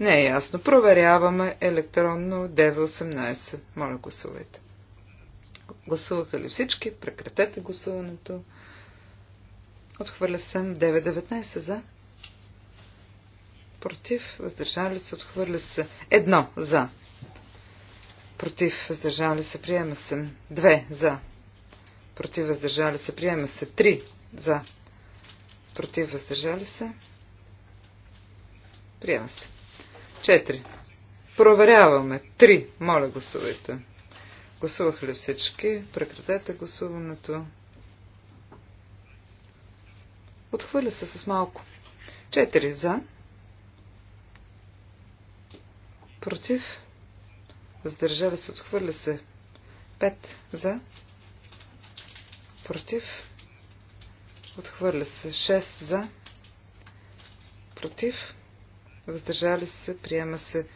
Не е ясно. Проверяваме електронно 9.18. Моля, гласувайте. Гласуваха ли всички? Прекратете гласуването. Отхвърля се 9.19 за. Против. Въздържали се. Отхвърля се. Едно. За. Против. Въздържали се. Приема се. Две. За. Против. Въздържали се. Приема се. Три. За. Против. Въздържали се. Приема се. Четири. Проверяваме. Три. Моля, гласувайте. Гласуваха ли всички? Прекратете гласуването. Отхвърля се с малко. 4 за. Против. Въздържава се. Отхвърля се. 5 за. Против. Отхвърля се. 6 за. Против. Въздържали се. Приема се.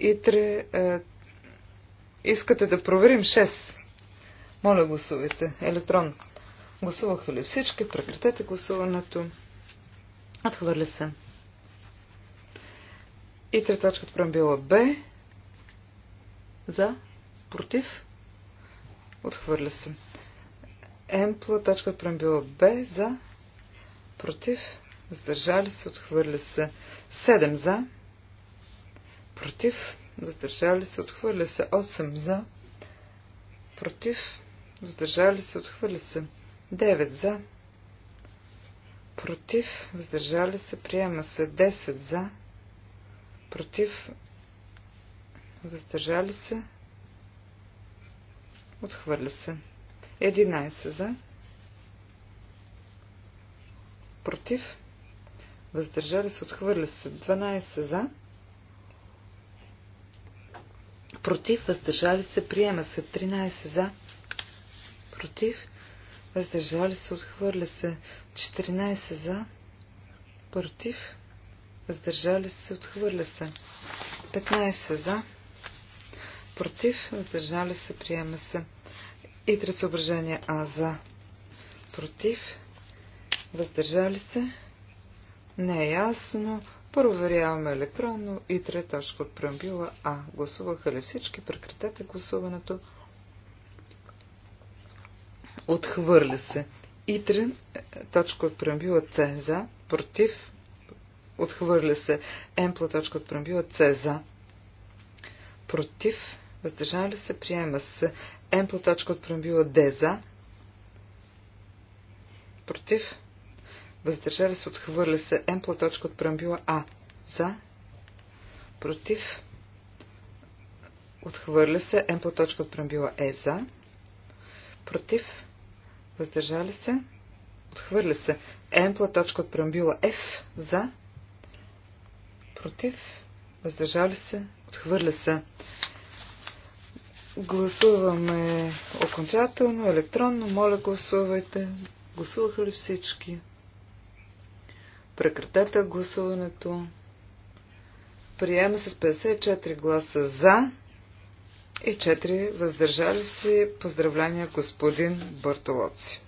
Итре. Е, искате да проверим 6. Моля гласувайте. Електронно. Гласуваха ли всички? Прекратете гласуването. Отхвърля се. И три точка от била Б. За. Против. Отхвърля се. Емпла точка от била Б. За. Против. Въздържали се. Отхвърля се. 7 за. Против. Въздържали се. Отхвърля се. 8 за. Против. Въздържали се. Отхвърля се. 9 за. Против. Въздържали се. Приема се. 10 за. Против. Въздържали се. Отхвърля се. 11 за. Против. Въздържали се. Отхвърля се. 12 за. Против. Въздържали се. Приема се. 13 за. Против въздържали се, отхвърля се 14 за, против, въздържали се, отхвърля се 15 за, против, въздържали се, приема се и три съображения А за, против, въздържали се, не е ясно, проверяваме електронно и трета точка от преамбила А. Гласуваха ли всички? Прекратете гласуването. Отхвърля се. Итре, точка от преамбила С за, против, отхвърля се. Емпла, точка от преамбила С за, против, въздържали се, приема се. Емпла, точка от преамбила Д за, против, въздържали се, отхвърля се. Емпла, точка от преамбила А за, против, отхвърля се. Емпла, точка от преамбила Е за, против, Въздържали се? Отхвърля се. Емпла точка от преамбюла F. За. Против. Въздържали се? Отхвърля се. Гласуваме окончателно, електронно. Моля, гласувайте. Гласуваха ли всички? Прекратете гласуването. Приема се с 54 гласа за и 4 въздържали се. Поздравления господин Бартолоци.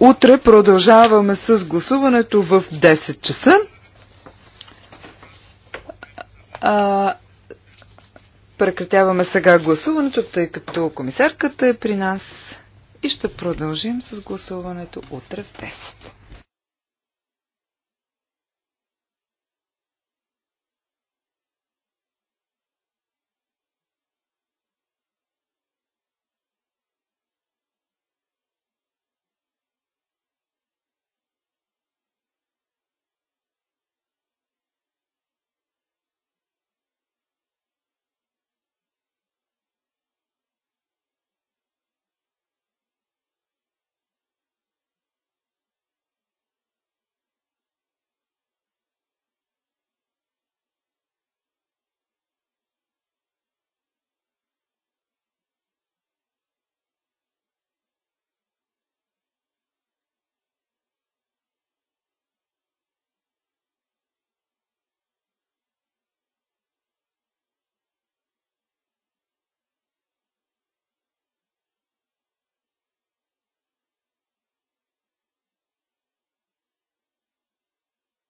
Утре продължаваме с гласуването в 10 часа. А, прекратяваме сега гласуването, тъй като комисарката е при нас и ще продължим с гласуването утре в 10.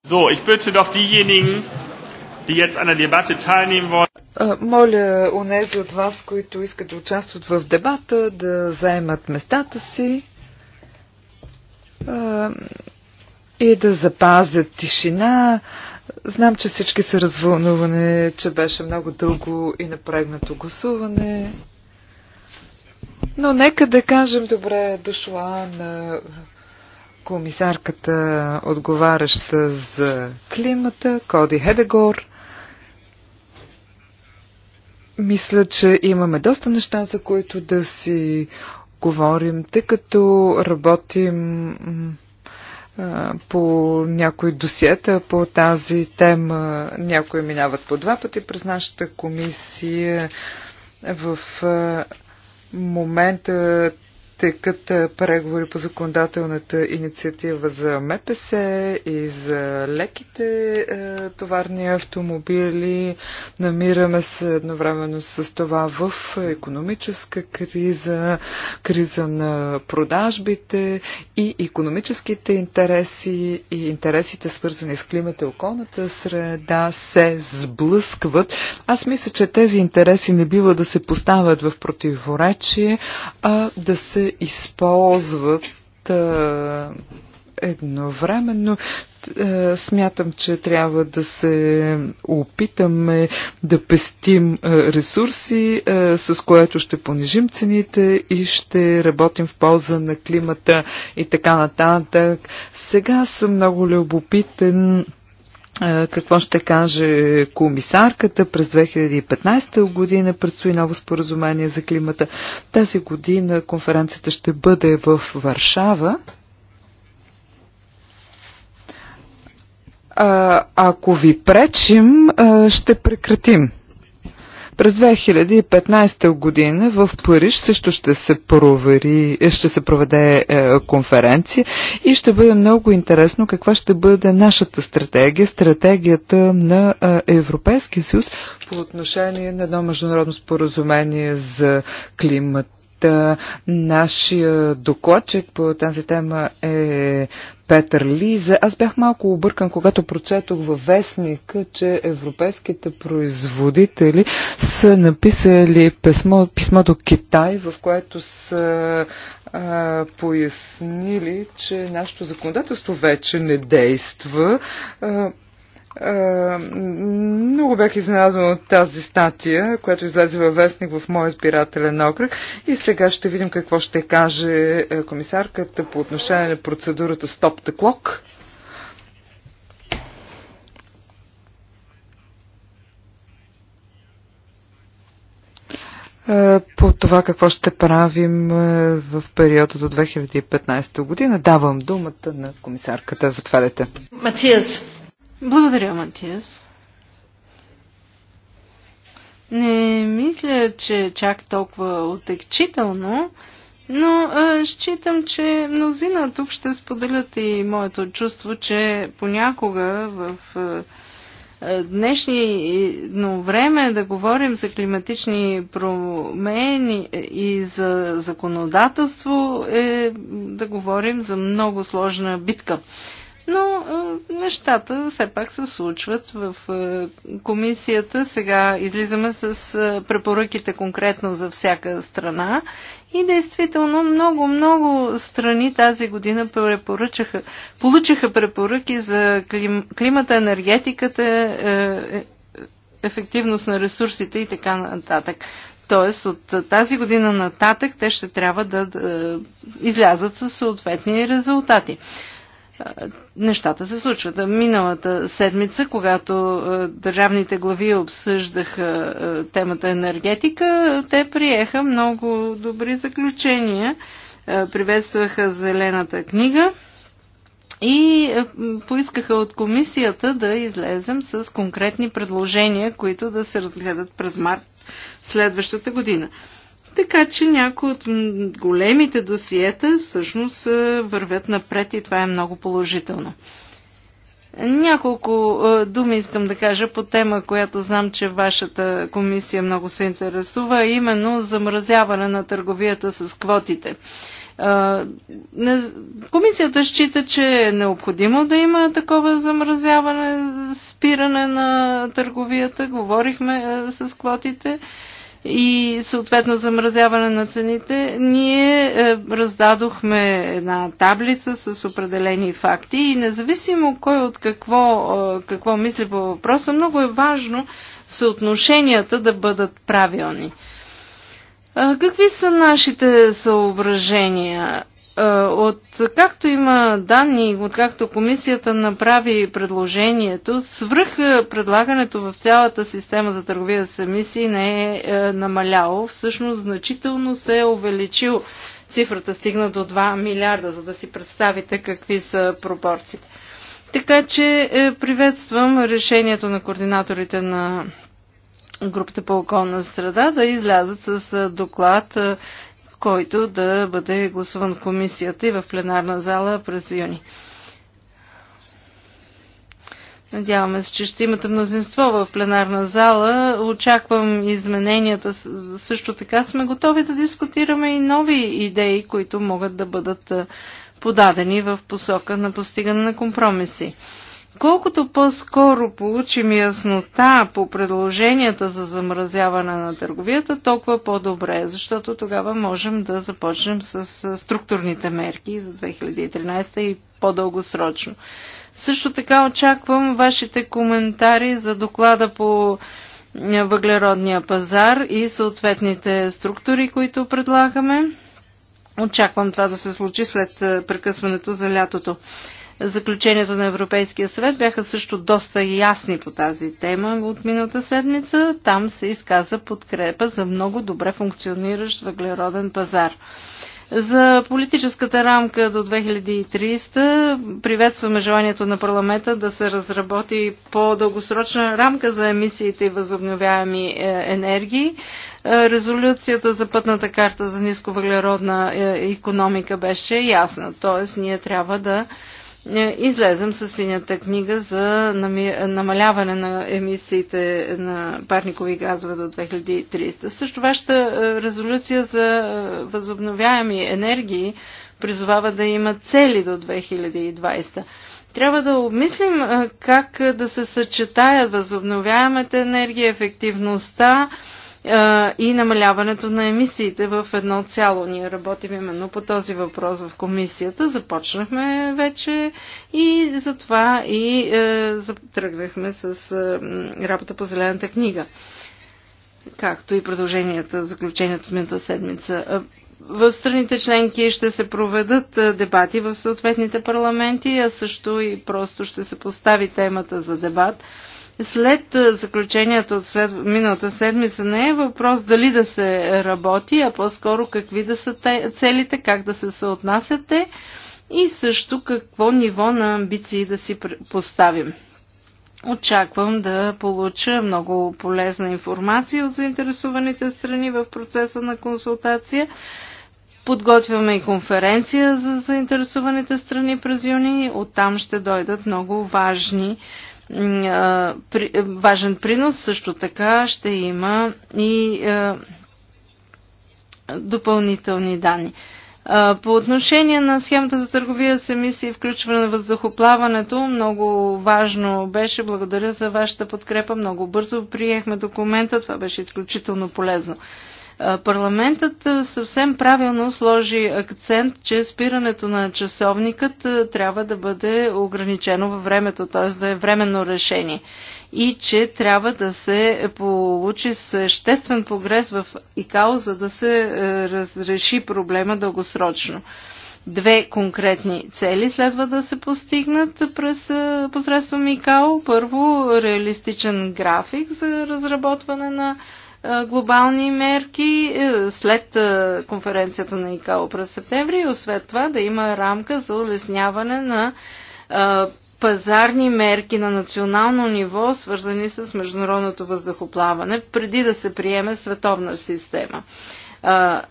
So, ich bitte doch diejenigen, die jetzt an der Debatte teilnehmen wollen. Е, моля онези от вас, които искат да участват в дебата, да заемат местата си е, и да запазят тишина. Знам, че всички са развълнувани, че беше много дълго и напрегнато гласуване. Но нека да кажем добре е дошла на комисарката, отговаряща за климата, Коди Хедегор. Мисля, че имаме доста неща, за които да си говорим, тъй като работим по някои досиета по тази тема. Някои минават по два пъти през нашата комисия. В момента текат е, преговори по законодателната инициатива за МПС и за леките е, товарни автомобили. Намираме се едновременно с това в економическа криза, криза на продажбите и економическите интереси и интересите свързани с климата и околната среда се сблъскват. Аз мисля, че тези интереси не бива да се поставят в противоречие, а да се използват а, едновременно. А, смятам, че трябва да се опитаме да пестим а, ресурси, а, с което ще понижим цените и ще работим в полза на климата и така нататък. Сега съм много любопитен какво ще каже комисарката през 2015 година предстои ново споразумение за климата. Тази година конференцията ще бъде в Варшава. А, ако ви пречим, ще прекратим. През 2015 година в Париж също ще се, провери, е, ще се проведе е, конференция и ще бъде много интересно каква ще бъде нашата стратегия, стратегията на е, Европейския съюз по отношение на едно международно споразумение за климат нашия докладчик по тази тема е Петър Лиза. Аз бях малко объркан, когато прочетох във вестника, че европейските производители са написали писмо, писмо до Китай, в което са а, пояснили, че нашето законодателство вече не действа. А, много бях изненадан от тази статия, която излезе във вестник в моя избирателен окръг. И сега ще видим какво ще каже е, комисарката по отношение на процедурата Stop the Clock. Е, по това какво ще правим е, в периода до 2015 година, давам думата на комисарката. Заповядайте. Матиас, благодаря, Матиас. Не мисля, че чак толкова отекчително, но а, считам, че мнозина тук ще споделят и моето чувство, че понякога в а, днешно време да говорим за климатични промени и за законодателство е да говорим за много сложна битка. Но нещата все пак се случват в комисията. Сега излизаме с препоръките конкретно за всяка страна. И действително много, много страни тази година препоръчаха, получиха препоръки за клим, климата, енергетиката, е, е, ефективност на ресурсите и така нататък. Тоест от тази година нататък те ще трябва да, да излязат със съответни резултати нещата се случват. Миналата седмица, когато държавните глави обсъждаха темата енергетика, те приеха много добри заключения. Приветстваха зелената книга и поискаха от комисията да излезем с конкретни предложения, които да се разгледат през март следващата година. Така че някои от големите досиета всъщност е, вървят напред и това е много положително. Няколко е, думи искам да кажа по тема, която знам, че вашата комисия много се интересува, именно замразяване на търговията с квотите. Е, комисията счита, че е необходимо да има такова замразяване, спиране на търговията. Говорихме с квотите и съответно замразяване на цените, ние е, раздадохме една таблица с определени факти и независимо кой от какво, е, какво мисли по въпроса, много е важно съотношенията да бъдат правилни. Е, какви са нашите съображения? Е, от както има данни, от както комисията направи предложението, свръх е, предлагането в цялата система за търговия с емисии не е, е намаляло. Всъщност значително се е увеличил цифрата, стигна до 2 милиарда, за да си представите какви са пропорциите. Така че приветствам решението на координаторите на групата по околна среда да излязат с доклад който да бъде гласуван в комисията и в пленарна зала през юни. Надяваме се, че ще имате мнозинство в пленарна зала. Очаквам измененията. Също така сме готови да дискутираме и нови идеи, които могат да бъдат подадени в посока на постигане на компромиси. Колкото по-скоро получим яснота по предложенията за замразяване на търговията, толкова по-добре, защото тогава можем да започнем с структурните мерки за 2013 и по-дългосрочно. Също така очаквам вашите коментари за доклада по въглеродния пазар и съответните структури, които предлагаме. Очаквам това да се случи след прекъсването за лятото. Заключенията на Европейския съвет бяха също доста ясни по тази тема от миналата седмица. Там се изказа подкрепа за много добре функциониращ въглероден пазар. За политическата рамка до 2030 приветстваме желанието на парламента да се разработи по-дългосрочна рамка за емисиите и възобновяеми е, енергии. Е, резолюцията за пътната карта за нисковъглеродна економика беше ясна, т.е. ние трябва да е, излезем с синята книга за намаляване на емисиите на парникови газове до 2030. Също вашата е, резолюция за е, възобновяеми енергии призовава да има цели до 2020. Трябва да обмислим как да се съчетаят възобновяемата енергия, ефективността, и намаляването на емисиите в едно цяло. Ние работим именно по този въпрос в комисията. Започнахме вече и затова и тръгнахме с работа по зелената книга. Както и продълженията, заключението ми за седмица. В страните членки ще се проведат дебати в съответните парламенти, а също и просто ще се постави темата за дебат след заключението от след, миналата седмица не е въпрос дали да се работи, а по-скоро какви да са те, целите, как да се съотнасяте и също какво ниво на амбиции да си поставим. Очаквам да получа много полезна информация от заинтересованите страни в процеса на консултация. Подготвяме и конференция за заинтересованите страни през юни. Оттам ще дойдат много важни е, важен принос. Също така ще има и е, допълнителни данни. По отношение на схемата за търговия с емисии и включване на въздухоплаването, много важно беше, благодаря за вашата подкрепа, много бързо приехме документа, това беше изключително полезно. Парламентът съвсем правилно сложи акцент, че спирането на часовникът трябва да бъде ограничено във времето, т.е. да е временно решение и че трябва да се получи съществен прогрес в ИКАО, за да се е, разреши проблема дългосрочно. Две конкретни цели следва да се постигнат през е, посредством ИКАО. Първо, реалистичен график за разработване на глобални мерки е, след конференцията на ИКАО през септември и освен това да има рамка за улесняване на пазарни мерки на национално ниво, свързани с международното въздухоплаване, преди да се приеме световна система.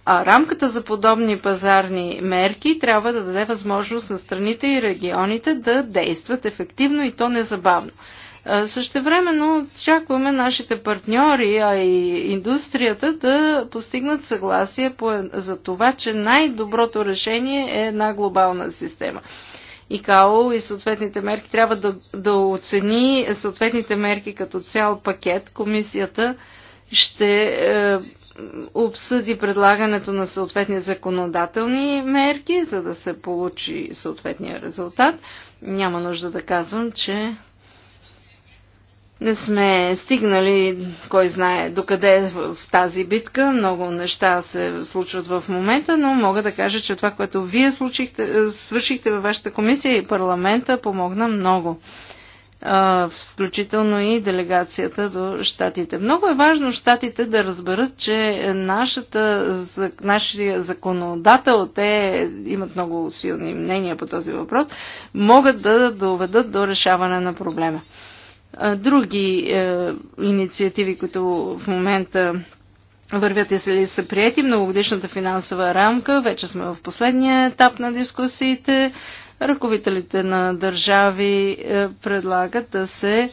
А, рамката за подобни пазарни мерки трябва да даде възможност на страните и регионите да действат ефективно и то незабавно. Същевременно очакваме нашите партньори, а и индустрията да постигнат съгласие за това, че най-доброто решение е една глобална система. ИКАО и съответните мерки трябва да, да оцени съответните мерки като цял пакет. Комисията ще е, обсъди предлагането на съответни законодателни мерки, за да се получи съответния резултат. Няма нужда да казвам, че не сме стигнали, кой знае докъде в тази битка. Много неща се случват в момента, но мога да кажа, че това, което вие случихте, е, свършихте във вашата комисия и парламента, помогна много. Включително и делегацията до щатите. Много е важно щатите да разберат, че нашата, нашия законодател, те имат много силни мнения по този въпрос, могат да доведат до решаване на проблема други е, инициативи, които в момента вървят и са, са прияти. Многогодишната финансова рамка, вече сме в последния етап на дискусиите. ръковителите на държави е, предлагат да се е,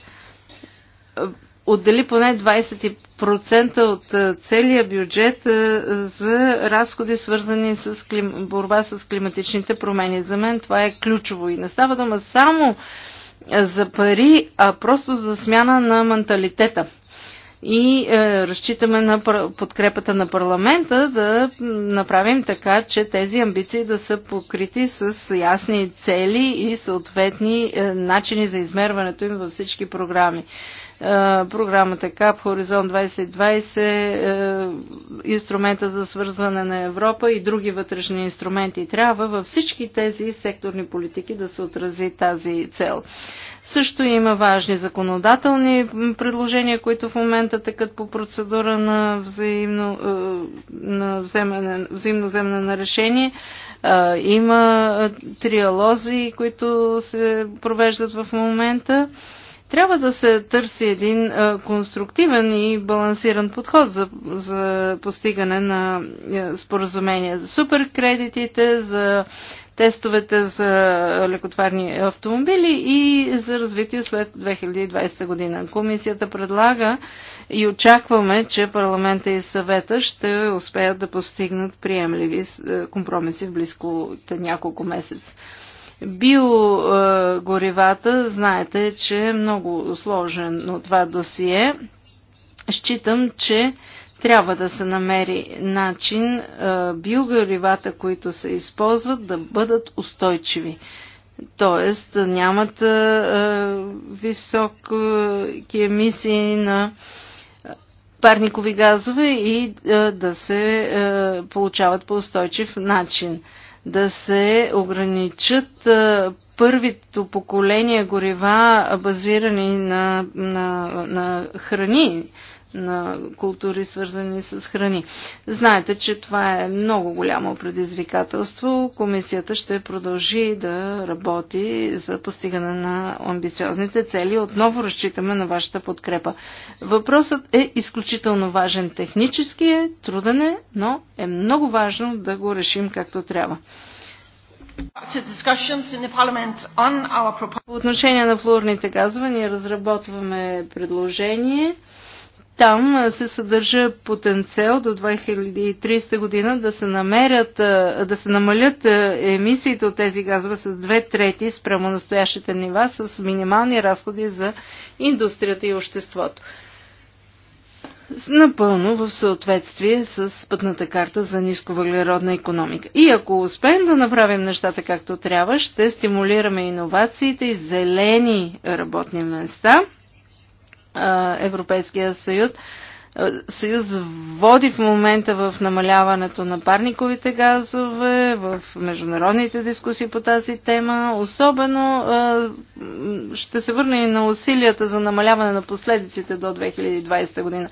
отдели поне 20% от е, целия бюджет е, за разходи, свързани с клим... борба с климатичните промени. За мен това е ключово и не става дума само за пари, а просто за смяна на менталитета. И е, разчитаме на подкрепата на парламента да направим така, че тези амбиции да са покрити с ясни цели и съответни е, начини за измерването им във всички програми. Е, програмата КАП, Хоризонт 2020, е, инструмента за свързване на Европа и други вътрешни инструменти. Трябва във всички тези секторни политики да се отрази тази цел. Също има важни законодателни предложения, които в момента тъкат по процедура на взаимно, е, на вземане, взаимно вземане на решение. Има триалози, които се провеждат в момента. Трябва да се търси един е, конструктивен и балансиран подход за, за постигане на е, споразумения за суперкредитите, за тестовете за лекотварни автомобили и за развитие след 2020 година. Комисията предлага и очакваме, че парламента и съвета ще успеят да постигнат приемливи е, компромиси в близките няколко месеца. Биогоривата, знаете, че е много сложено това досие. Считам, че трябва да се намери начин е, биогоривата, които се използват, да бъдат устойчиви. Тоест, нямат е, е, високи емисии на парникови газове и да се получават по устойчив начин да се ограничат първито поколение горива, базирани на, на, на храни на култури, свързани с храни. Знаете, че това е много голямо предизвикателство. Комисията ще продължи да работи за постигане на амбициозните цели. Отново разчитаме на вашата подкрепа. Въпросът е изключително важен технически, е, труден е, но е много важно да го решим както трябва. По отношение на флуорните газове, ние разработваме предложение. Там се съдържа потенциал до 2030 година да се, намерят, да се намалят емисиите от тези газове с две трети спрямо настоящите нива с минимални разходи за индустрията и обществото. Напълно в съответствие с пътната карта за нисковъглеродна економика. И ако успеем да направим нещата както трябва, ще стимулираме иновациите и зелени работни места – Европейския съюз, съюз води в момента в намаляването на парниковите газове, в международните дискусии по тази тема. Особено ще се върне и на усилията за намаляване на последиците до 2020 година.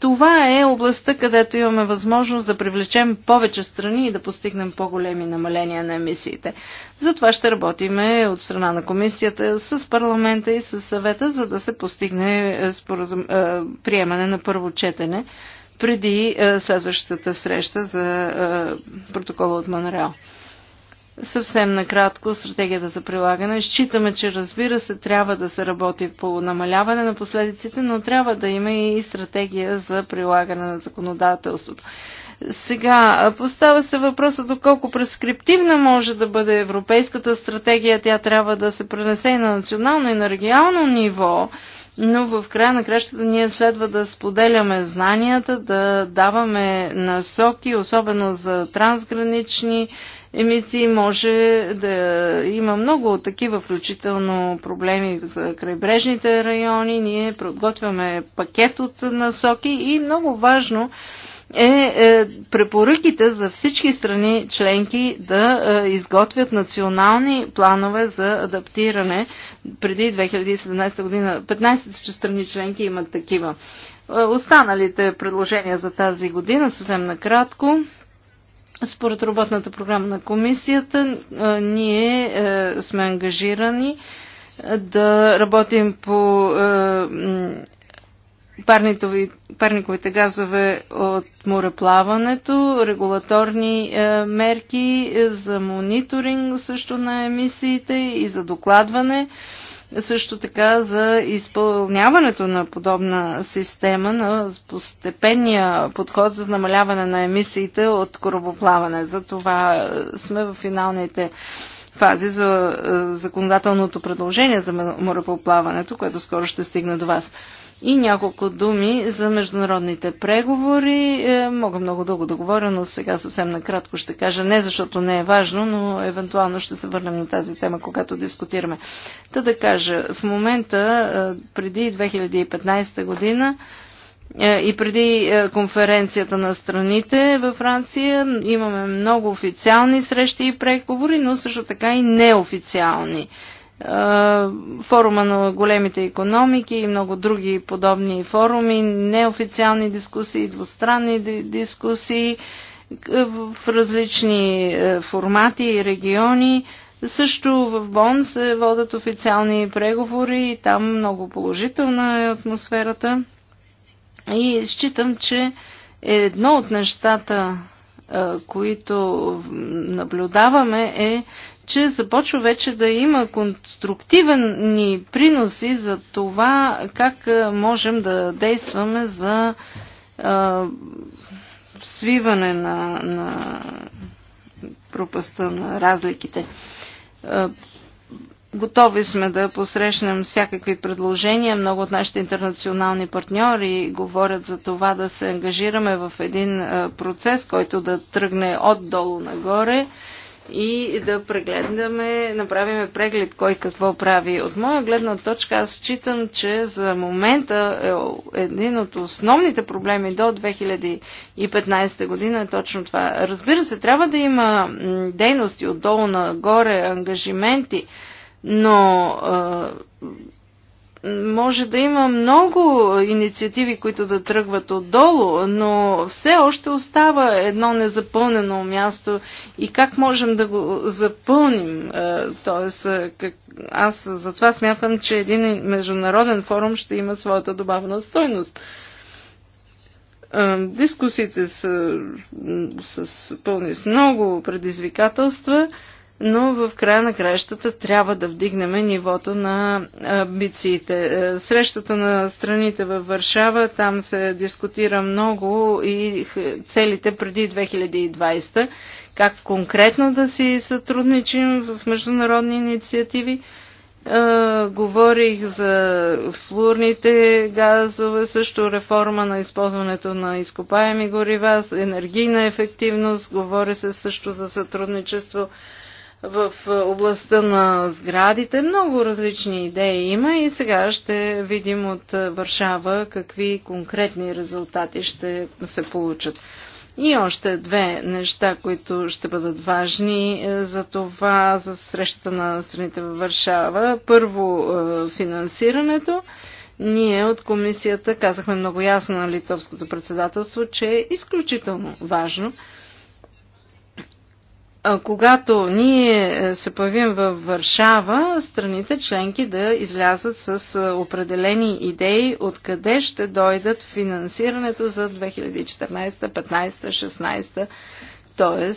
Това е областта, където имаме възможност да привлечем повече страни и да постигнем по-големи намаления на емисиите. Затова ще работиме от страна на комисията с парламента и с съвета, за да се постигне е, споразум... Е, приемане на първо четене преди е, следващата среща за протокола от Монреал. Съвсем накратко, стратегията за прилагане. Считаме, че разбира се, трябва да се работи по намаляване на последиците, но трябва да има и стратегия за прилагане на законодателството. Сега, поставя се въпроса доколко прескриптивна може да бъде европейската стратегия. Тя трябва да се пренесе и на национално и на регионално ниво, но в края на кращата ние следва да споделяме знанията, да даваме насоки, особено за трансгранични емисии може да има много такива, включително проблеми за крайбрежните райони. Ние подготвяме пакет от насоки и много важно е, е препоръките за всички страни членки да е, изготвят национални планове за адаптиране преди 2017 година. 15 страни членки имат такива. Е, останалите предложения за тази година, съвсем накратко, според работната програма на комисията, ние сме ангажирани да работим по парниковите газове от мореплаването, регулаторни мерки за мониторинг също на емисиите и за докладване също така за изпълняването на подобна система на постепенния подход за намаляване на емисиите от корабоплаване. За това е, сме в финалните фази за е, законодателното предложение за морепоплаването, което скоро ще стигне до вас. И няколко думи за международните преговори. Е, мога много дълго да говоря, но сега съвсем накратко ще кажа. Не защото не е важно, но евентуално ще се върнем на тази тема, когато дискутираме. Та да кажа, в момента, е, преди 2015 година, е, и преди конференцията на страните във Франция имаме много официални срещи и преговори, но също така и неофициални е, форума на големите економики и много други подобни форуми, неофициални дискусии, двустранни дискусии е, в различни е, формати и региони. Също в Бон се водят официални преговори и там много положителна е атмосферата. И считам, че едно от нещата, които наблюдаваме е, че започва вече да има конструктивни приноси за това как можем да действаме за а, свиване на, на пропаста на разликите. готови сме да посрещнем всякакви предложения. Много от нашите интернационални партньори говорят за това да се ангажираме в един процес, който да тръгне отдолу нагоре и да прегледаме, направиме преглед кой какво прави. От моя гледна точка аз считам, че за момента е един от основните проблеми до 2015 година е точно това. Разбира се, трябва да има дейности отдолу нагоре, ангажименти, но може да има много инициативи, които да тръгват отдолу, но все още остава едно незапълнено място и как можем да го запълним. Е, тоест, е, аз затова смятам, че един международен форум ще има своята добавна стойност. Е, дискусиите са са пълни с много предизвикателства но в края на краищата трябва да вдигнем нивото на амбициите. Е, срещата на страните във Варшава, там се дискутира много и целите преди 2020, как конкретно да си сътрудничим в международни инициативи. Е, говорих за флурните газове, също реформа на използването на изкопаеми горива, енергийна ефективност, говори се също за сътрудничество в е, областта на сградите. Много различни идеи има и сега ще видим от е, Варшава какви конкретни резултати ще се получат. И още две неща, които ще бъдат важни е, за това, за срещата на страните във Варшава. Първо, финансирането. Ние от комисията казахме много ясно на литовското председателство, че е изключително важно – когато ние е, се появим във Варшава, страните членки да излязат с е, определени идеи откъде ще дойдат финансирането за 2014, 15, 16, т.е.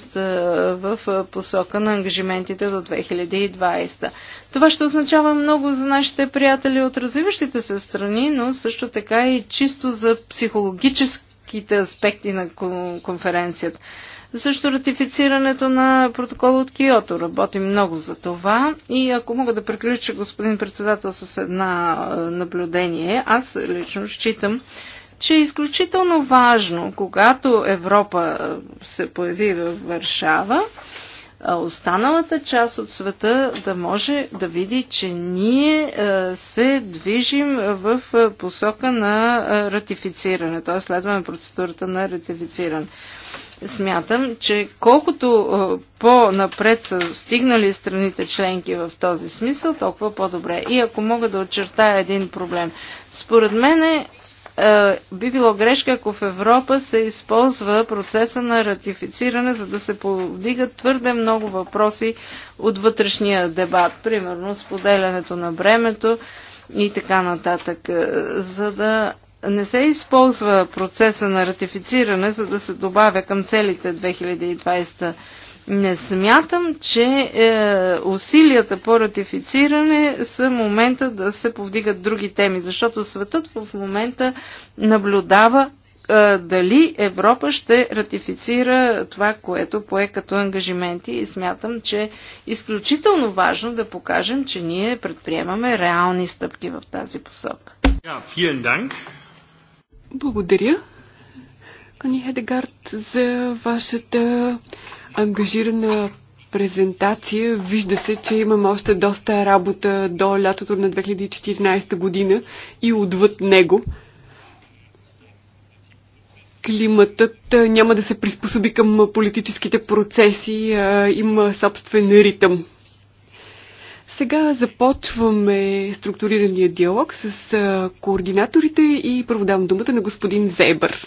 в е, посока на ангажиментите до 2020. Това ще означава много за нашите приятели от развиващите се страни, но също така и чисто за психологическите аспекти на конференцията също ратифицирането на протокола от Киото. Работим много за това. И ако мога да приключа, господин председател, с една наблюдение, аз лично считам, че е изключително важно, когато Европа се появи в Варшава, останалата част от света да може да види, че ние се движим в посока на ратифициране, т.е. следваме процедурата на ратифициране. Смятам, че колкото по-напред са стигнали страните членки в този смисъл, толкова по-добре. И ако мога да очертая един проблем. Според мен е, би било грешка, ако в Европа се използва процеса на ратифициране, за да се повдигат твърде много въпроси от вътрешния дебат, примерно споделянето на бремето и така нататък, е, за да не се използва процеса на ратифициране, за да се добавя към целите 2020 не смятам, че е, усилията по ратифициране са момента да се повдигат други теми, защото светът в момента наблюдава е, дали Европа ще ратифицира това, което пое като ангажименти и смятам, че е изключително важно да покажем, че ние предприемаме реални стъпки в тази посока. Благодаря, Кани Хедегард, за вашата ангажирана презентация. Вижда се, че имам още доста работа до лятото на 2014 година и отвъд него. Климатът няма да се приспособи към политическите процеси, има собствен ритъм. Сега започваме структурирания диалог с координаторите и първо давам думата на господин Зебър.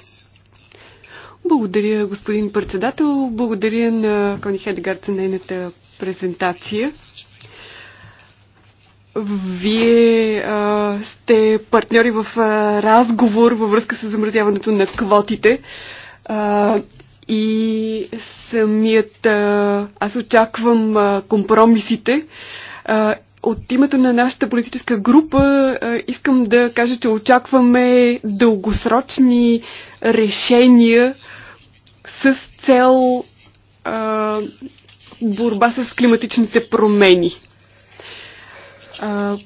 Благодаря, господин председател. Благодаря на Кони Хедгард за нейната презентация. Вие а, сте партньори в а, разговор във връзка с замразяването на квотите. А, и самият а, аз очаквам а, компромисите. А, от името на нашата политическа група а, искам да кажа, че очакваме дългосрочни решения с цел а, борба с климатичните промени. А,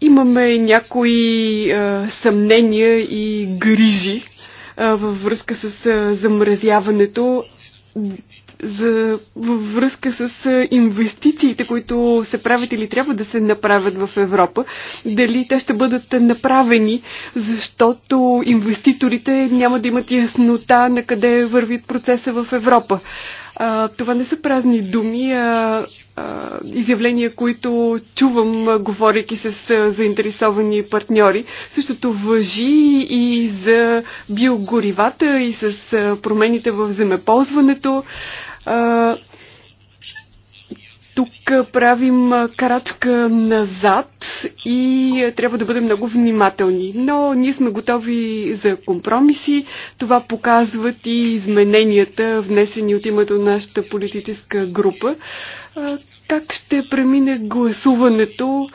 имаме някои а, съмнения и грижи а, във връзка с а, замразяването за, във връзка с инвестициите, които се правят или трябва да се направят в Европа. Дали те ще бъдат направени, защото инвеститорите няма да имат яснота на къде върви процеса в Европа. А, това не са празни думи, а, а изявления, които чувам, говоряки с а, заинтересовани партньори. Същото въжи и за биогоривата, и с а, промените в земеползването. А, тук правим крачка назад и трябва да бъдем много внимателни. Но ние сме готови за компромиси. Това показват и измененията, внесени от името на нашата политическа група. Как ще премине гласуването?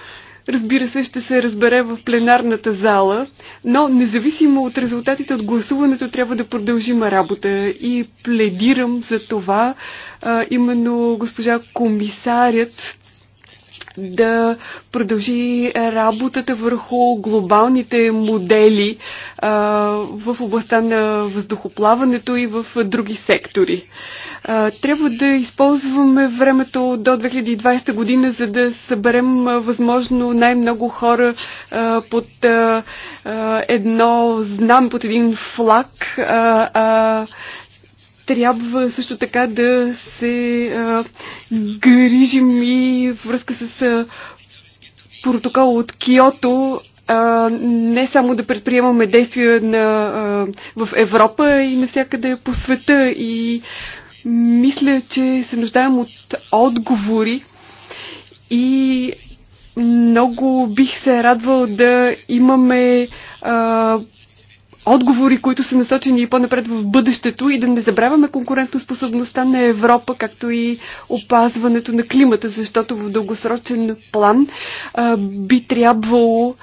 разбира се, ще се разбере в пленарната зала, но независимо от резултатите от гласуването, трябва да продължим работа и пледирам за това а, именно госпожа комисарят да продължи работата върху глобалните модели а, в областта на въздухоплаването и в други сектори. Трябва да използваме времето до 2020 година, за да съберем възможно най-много хора под едно знам, под един флаг трябва също така да се грижим и връзка с протокол от Киото, не само да предприемаме действия на, в Европа и навсякъде по света и мисля, че се нуждаем от отговори и много бих се радвал да имаме а, отговори, които са насочени и по-напред в бъдещето и да не забравяме конкурентоспособността на Европа, както и опазването на климата, защото в дългосрочен план а, би трябвало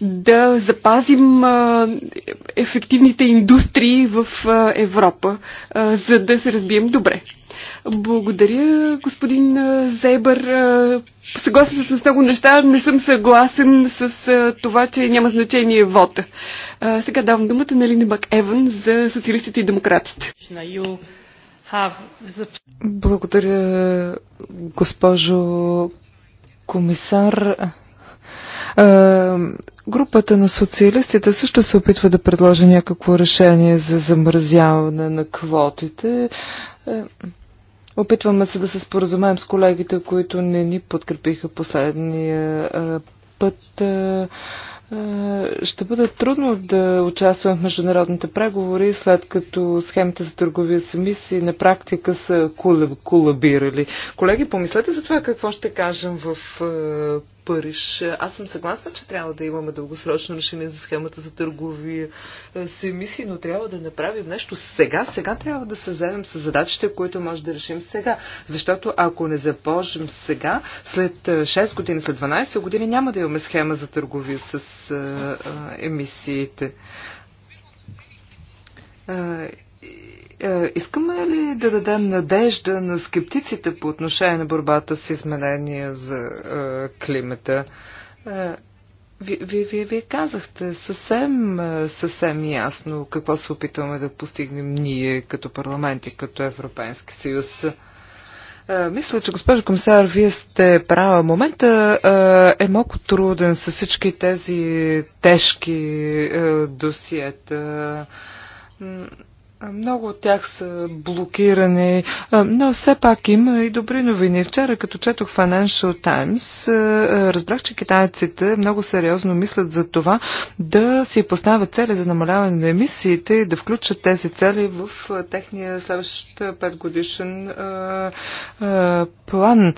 да запазим а, ефективните индустрии в а, Европа, а, за да се разбием добре. Благодаря, господин Зейбър. Съгласен съм с много неща. Не съм съгласен с това, че няма значение вота. Сега давам думата на Лини Бак Еван за социалистите и демократите. Благодаря, госпожо комисар. Групата на социалистите също се опитва да предложи някакво решение за замразяване на квотите. Опитваме се да се споразумеем с колегите, които не ни подкрепиха последния път. Ще бъде трудно да участваме в международните преговори, след като схемите за търговия с емисии на практика са колабирали. Колеги, помислете за това какво ще кажем в Париж. Аз съм съгласна, че трябва да имаме дългосрочно решение за схемата за търговия е, с емисии, но трябва да направим нещо сега. Сега трябва да се вземем с задачите, които може да решим сега. Защото ако не започнем сега, след 6 е, години, след 12 години няма да имаме схема за търговия с е, емисиите е, искаме ли да дадем надежда на скептиците по отношение на борбата с изменения за е, климата? Е, вие ви, ви, казахте съвсем, съвсем ясно какво се опитваме да постигнем ние като парламент и като Европейски съюз. Мисля, че госпожо комисар, вие сте права. Момента е малко труден с всички тези тежки досиета. Много от тях са блокирани, но все пак има и добри новини. Вчера, като четох Financial Times, разбрах, че китайците много сериозно мислят за това да си поставят цели за намаляване на емисиите и да включат тези цели в техния следващ петгодишен план.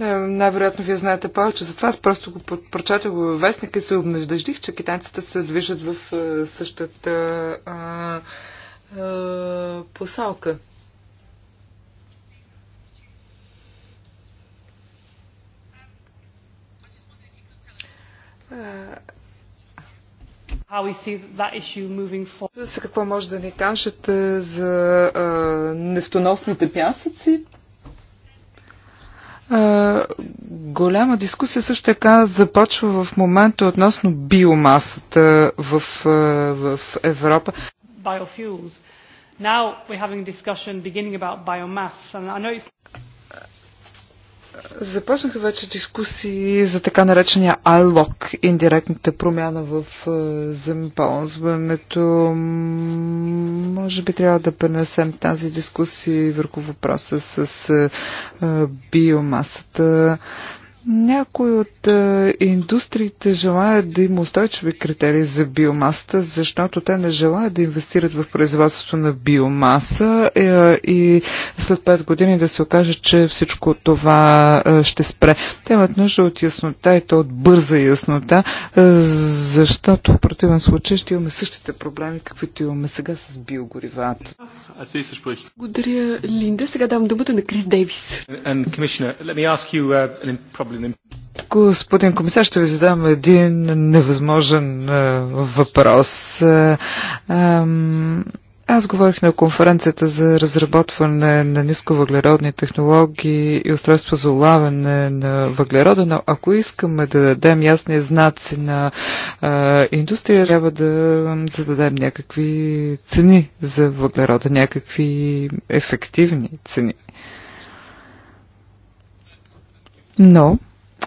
Е, най-вероятно вие знаете повече за това. Аз просто го прочетах във вестника и се обнадеждих, че китайците се движат в е, същата а, а, посалка. How we see that issue moving forward. Какво може да ни кажете за а, нефтоносните пясъци? А, голяма дискусия също така започва в момента относно биомасата в, в Европа. Biofuels. Now we're having discussion beginning about biomass and I know it's Започнаха вече дискусии за така наречения ILOC, индиректната промяна в е, земеползването. Може би трябва да пренесем тази дискусия върху въпроса с е, е, биомасата. Някои от а, е, индустриите желаят да има устойчиви критерии за биомасата, защото те не желаят да инвестират в производството на биомаса а, е, и след 5 години да се окаже, че всичко това а, е, ще спре. Те имат нужда от яснота и то от бърза яснота, а, защото в противен случай ще имаме същите проблеми, каквито имаме сега с биогоривата. Благодаря, Линда. Сега давам думата на Крис Дейвис. And, and Господин комисар, ще ви задам един невъзможен е, въпрос. Е, аз говорих на конференцията за разработване на нисковъглеродни технологии и устройства за улавяне на въглерода, но ако искаме да дадем ясни знаци на а, е, индустрия, трябва да зададем някакви цени за въглерода, някакви ефективни цени. Но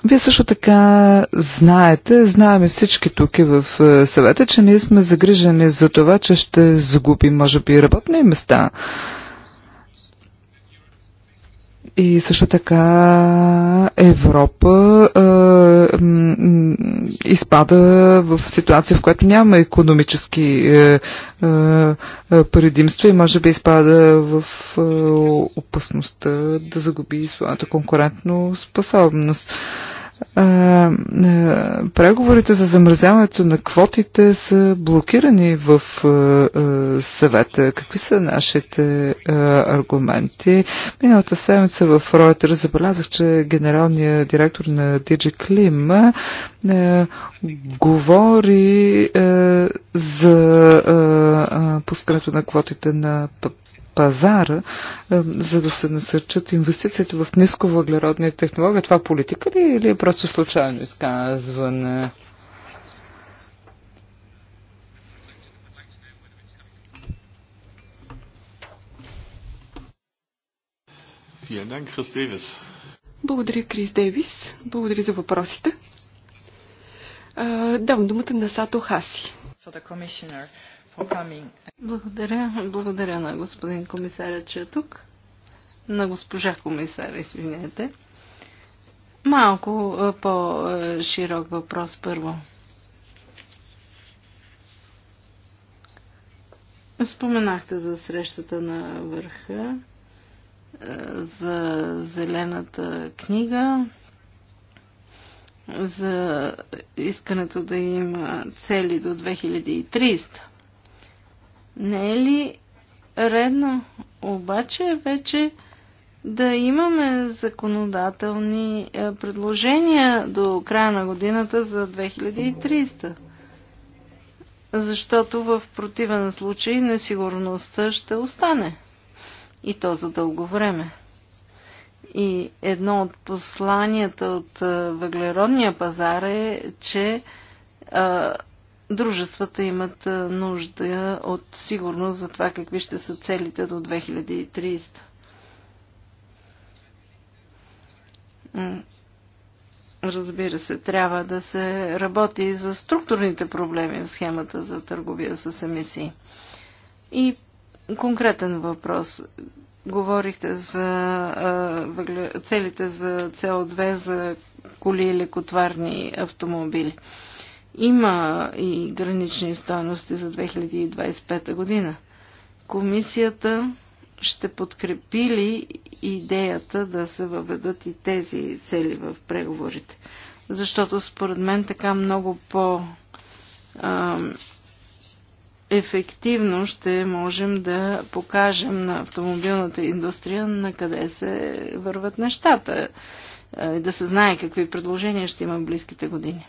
вие също така знаете, знаеме всички тук в е, съвета, че ние сме загрижени за това, че ще загубим, може би, работни места. И също така Европа м- изпада в ситуация, в която няма економически е, е, е, предимства и може би изпада в а, опасността да загуби своята конкурентно способност. А, преговорите за замразяването на квотите са блокирани в съвета. Какви са нашите аргументи? Миналата седмица в Ройтер забелязах, че генералният директор на DJ Клим говори за пускането на квотите на пазара, е, за да се насърчат инвестициите в нисковъглеродни технологии. Това политика ли е, или е просто случайно изказване? Благодаря, Крис Дейвис. Благодаря за въпросите. Давам думата на Сато Хаси. Благодаря. Благодаря на господин комисаря, че е тук. На госпожа комисаря, извинете. Малко е, по-широк въпрос първо. Споменахте за срещата на върха, е, за зелената книга, за искането да има цели до 2300. Не е ли редно обаче вече да имаме законодателни е, предложения до края на годината за 2300? Защото в противен случай несигурността ще остане. И то за дълго време. И едно от посланията от е, въглеродния пазар е, че е, дружествата имат нужда от сигурност за това какви ще са целите до 2030. Разбира се, трябва да се работи за структурните проблеми в схемата за търговия с емисии. И конкретен въпрос. Говорихте за целите за CO2 за коли или котварни автомобили. Има и гранични стоености за 2025 година. Комисията ще подкрепи ли идеята да се въведат и тези цели в преговорите? Защото според мен така много по ефективно ще можем да покажем на автомобилната индустрия на къде се върват нещата и да се знае какви предложения ще има в близките години.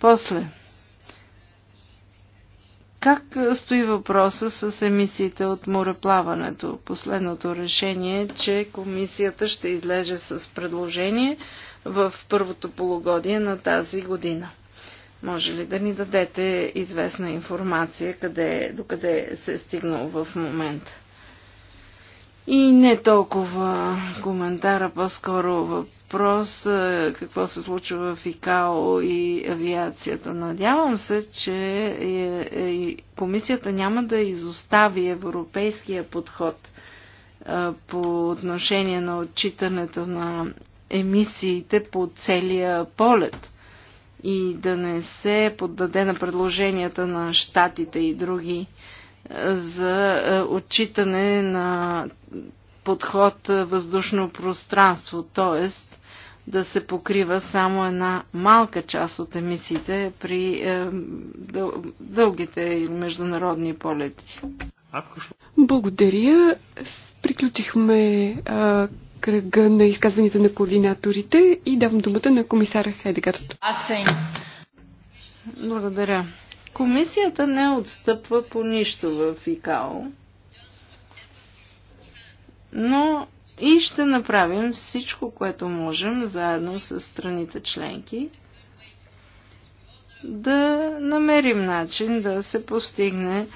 После, как стои въпроса с емисиите от мореплаването? Последното решение е, че комисията ще излеже с предложение в първото полугодие на тази година. Може ли да ни дадете известна информация къде, докъде се е стигнал в момента? И не толкова коментара, по-скоро въпрос какво се случва в ИКАО и авиацията. Надявам се, че е, е, комисията няма да изостави европейския подход по отношение на отчитането на емисиите по целия полет и да не се поддаде на предложенията на щатите и други за е, отчитане на подход е, въздушно пространство, т.е. да се покрива само една малка част от емисиите при е, дългите международни полети. Благодаря. Приключихме а, кръга на изказванията на координаторите и давам думата на комисара Хедегард. Благодаря. Комисията не отстъпва по нищо в ИКАО, но и ще направим всичко, което можем, заедно с страните членки, да намерим начин да се постигне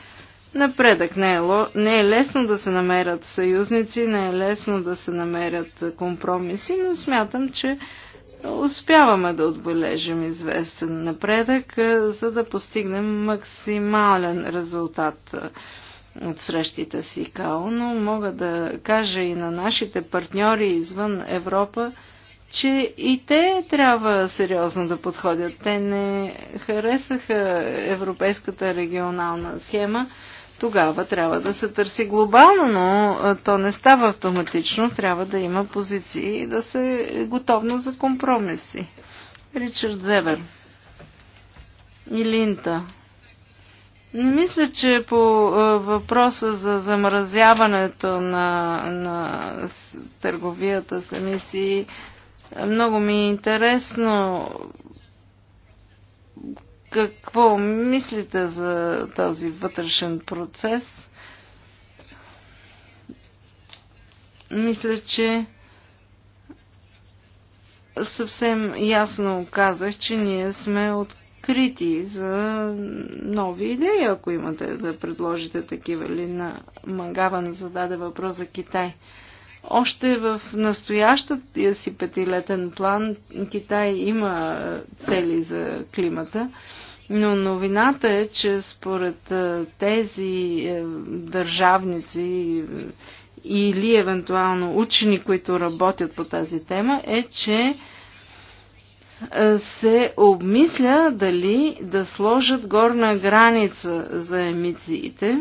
напредък. Не е, не е лесно да се намерят съюзници, не е лесно да се намерят компромиси, но смятам, че успяваме да отбележим известен напредък, за да постигнем максимален резултат от срещите с ИКАО, но мога да кажа и на нашите партньори извън Европа, че и те трябва сериозно да подходят. Те не харесаха европейската регионална схема, тогава трябва да се търси глобално, но то не става автоматично. Трябва да има позиции и да се е готовно за компромиси. Ричард Зевер и Линта. Не мисля, че по въпроса за замразяването на, на търговията с емисии много ми е интересно какво мислите за този вътрешен процес? Мисля, че съвсем ясно казах, че ние сме открити за нови идеи, ако имате да предложите такива. ли на Мангаван зададе въпрос за Китай. Още в настоящия си петилетен план Китай има цели за климата но новината е, че според тези е, държавници или евентуално учени, които работят по тази тема, е, че се обмисля дали да сложат горна граница за емициите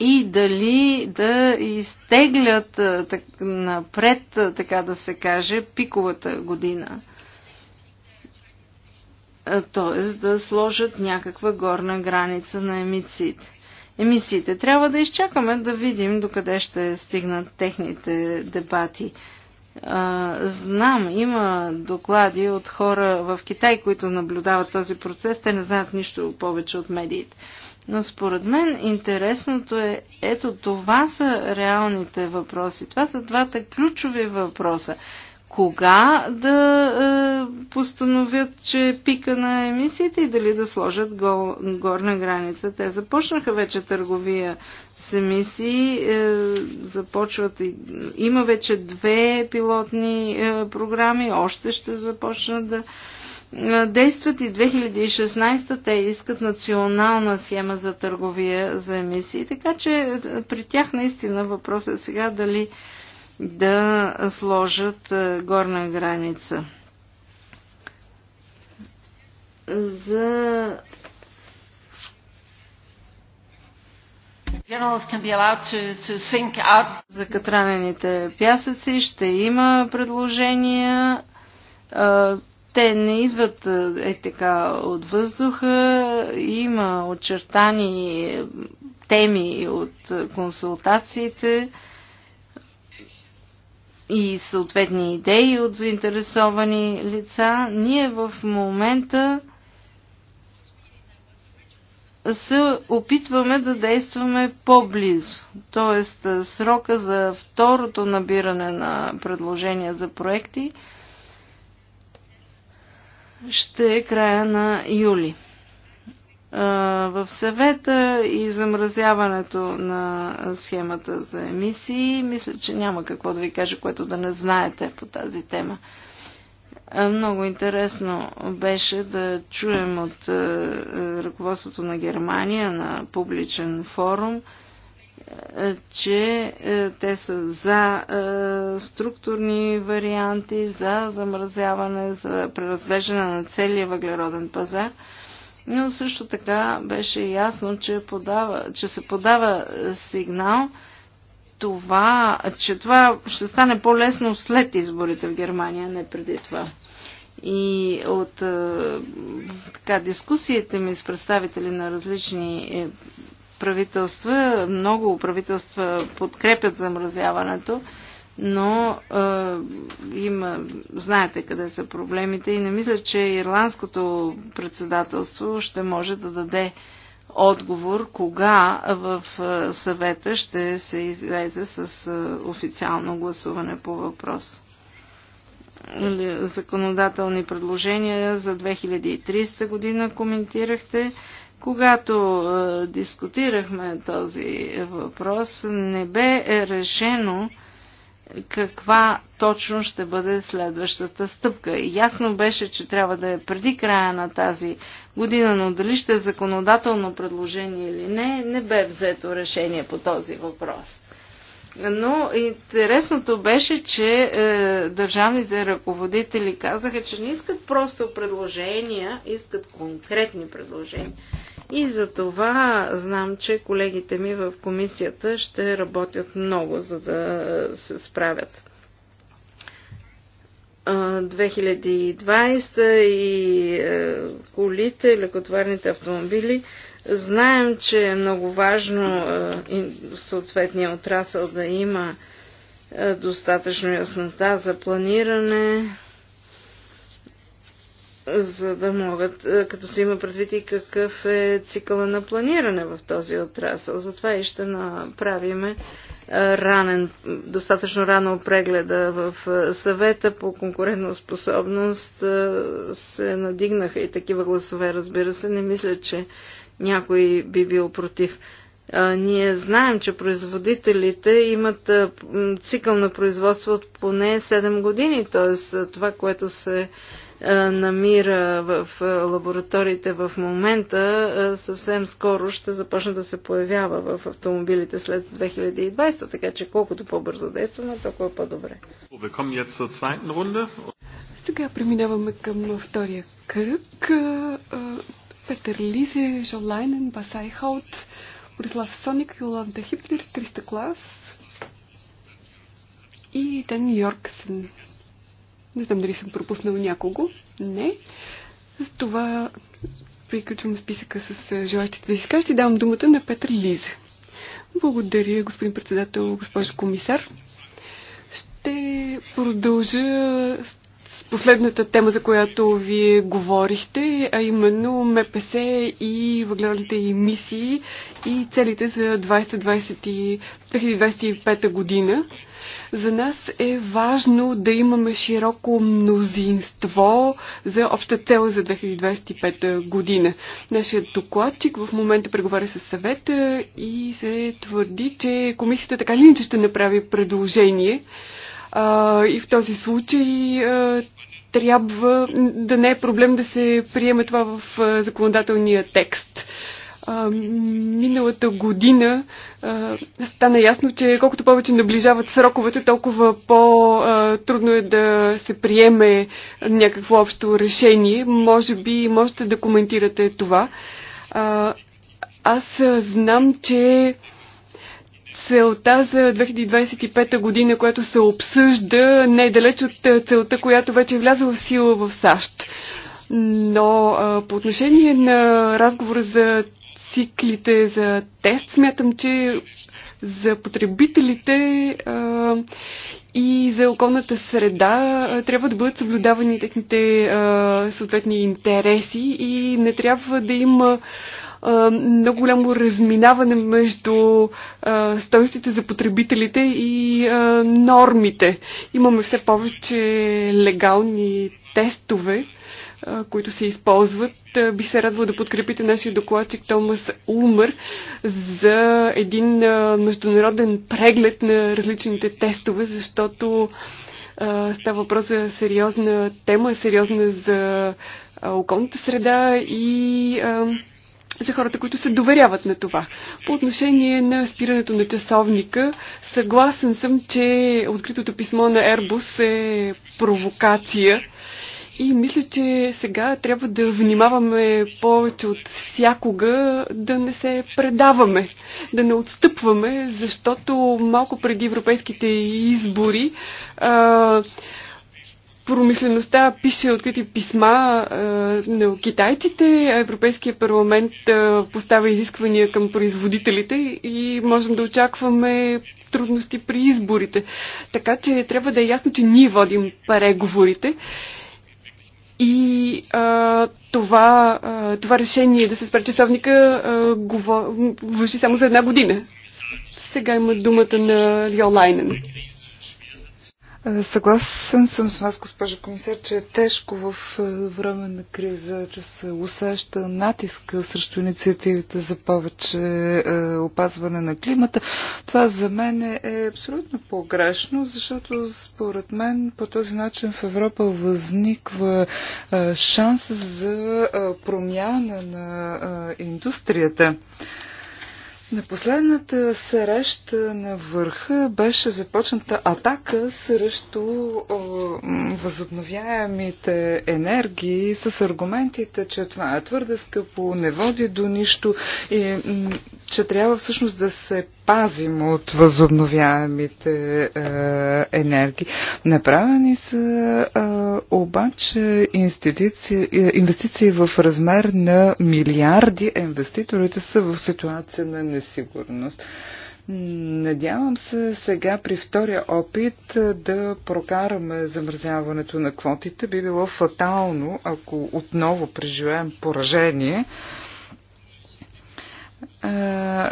и дали да изтеглят так, напред, така да се каже, пиковата година т.е. да сложат някаква горна граница на емисиите. Емисиите трябва да изчакаме да видим докъде ще стигнат техните дебати. Е, знам, има доклади от хора в Китай, които наблюдават този процес. Те не знаят нищо повече от медиите. Но според мен интересното е, ето това са реалните въпроси. Това са двата ключови въпроса кога да е, постановят, че пика на емисиите и дали да сложат го, горна граница. Те започнаха вече търговия с емисии, е, започват и, има вече две пилотни е, програми, още ще започнат да е, действат и 2016 те искат национална схема за търговия за емисии, така че е, при тях наистина въпросът е сега дали е, да сложат е, горна граница. За За катранените пясъци ще има предложения. Е, те не идват е, е така от въздуха. Има очертани теми от консултациите и съответни идеи от заинтересовани лица, ние в момента се опитваме да действаме по-близо. Тоест срока за второто набиране на предложения за проекти ще е края на юли в съвета и замразяването на схемата за емисии. Мисля, че няма какво да ви кажа, което да не знаете по тази тема. Много интересно беше да чуем от ръководството на Германия на публичен форум, че те са за структурни варианти, за замразяване, за преразглеждане на целия въглероден пазар – но също така беше ясно, че, подава, че се подава е, сигнал това, че това ще стане по-лесно след изборите в Германия, не преди това. И от е, така, дискусиите ми с представители на различни е, правителства, много правителства подкрепят замразяването но а, е, има, знаете къде са проблемите и не мисля, че ирландското председателство ще може да даде отговор кога в съвета ще се излезе с официално гласуване по въпрос. Законодателни предложения за 2300 година коментирахте. Когато дискутирахме този въпрос, не бе решено каква точно ще бъде следващата стъпка. Ясно беше, че трябва да е преди края на тази година, но дали ще е законодателно предложение или не, не бе взето решение по този въпрос. Но интересното беше, че е, държавните ръководители казаха, че не искат просто предложения, искат конкретни предложения. И за това знам, че колегите ми в комисията ще работят много, за да се справят. 2020 и е, колите, лекотварните автомобили. Знаем, че е много важно е, съответния отрасъл да има е, достатъчно яснота за планиране, за да могат, е, като се има предвид и какъв е цикъла на планиране в този отрасъл. Затова и ще направиме е, ранен, достатъчно рано прегледа в е, съвета по конкурентоспособност. Се надигнаха и такива гласове, разбира се. Не мисля, че някой би бил против. Ние знаем, че производителите имат цикъл на производство от поне 7 години, т.е. това, което се намира в лабораториите в момента, съвсем скоро ще започне да се появява в автомобилите след 2020, така че колкото по-бързо действаме, толкова по-добре. Сега преминаваме към втория кръг. Петър Лизе, Жон Лайнен, Басай Холт, Борислав Соник, Йоланда Хиплер, Криста Клас и Ден Йорксен. Не знам дали съм пропуснал някого. Не. С това приключвам списъка с желащите да си кажете и давам думата на Петър Лиз. Благодаря, господин председател, госпожо комисар. Ще продължа с последната тема, за която вие говорихте, а именно МПС и въглеродните емисии и целите за 2020, 2025 година. За нас е важно да имаме широко мнозинство за обща цел за 2025 година. Нашият докладчик в момента преговаря с съвета и се твърди, че комисията така ли иначе ще направи предложение. А, и в този случай а, трябва да не е проблем да се приеме това в законодателния текст миналата година стана ясно, че колкото повече наближават сроковете, толкова по-трудно е да се приеме някакво общо решение. Може би можете да коментирате това. Аз знам, че целта за 2025 година, която се обсъжда, не е далеч от целта, която вече е влязла в сила в САЩ. Но а, по отношение на разговора за циклите за тест. Смятам, че за потребителите а, и за околната среда а, трябва да бъдат съблюдавани техните а, съответни интереси и не трябва да има а, много голямо разминаване между а, стойностите за потребителите и а, нормите. Имаме все повече легални тестове които се използват. Би се радвал да подкрепите нашия докладчик Томас Улмър за един международен преглед на различните тестове, защото става въпрос за сериозна тема, сериозна за околната среда и за хората, които се доверяват на това. По отношение на спирането на часовника, съгласен съм, че откритото писмо на Airbus е провокация и мисля, че сега трябва да внимаваме повече от всякога да не се предаваме, да не отстъпваме, защото малко преди европейските избори а, промишлеността пише открити писма а, на китайците, а Европейския парламент а, поставя изисквания към производителите и можем да очакваме трудности при изборите. Така че трябва да е ясно, че ние водим преговорите и а, това, а, това решение да се спре часовника а, говор... въжи само за една година. Сега има думата на Йолайнен. Лайнен. Съгласен съм с вас, госпожа комисар, че е тежко в е, време на криза, че се усеща натиска срещу инициативите за повече е, опазване на климата. Това за мен е абсолютно погрешно, защото според мен по този начин в Европа възниква е, шанс за промяна на индустрията. На последната среща на върха беше започната атака срещу възобновяемите енергии с аргументите, че това е твърде скъпо, не води до нищо и че трябва всъщност да се пазим от възобновяемите е, енергии. Направени са е, обаче е, инвестиции в размер на милиарди, инвеститорите са в ситуация на несигурност. Надявам се сега при втория опит е, да прокараме замразяването на квотите. Би било фатално, ако отново преживеем поражение. Е,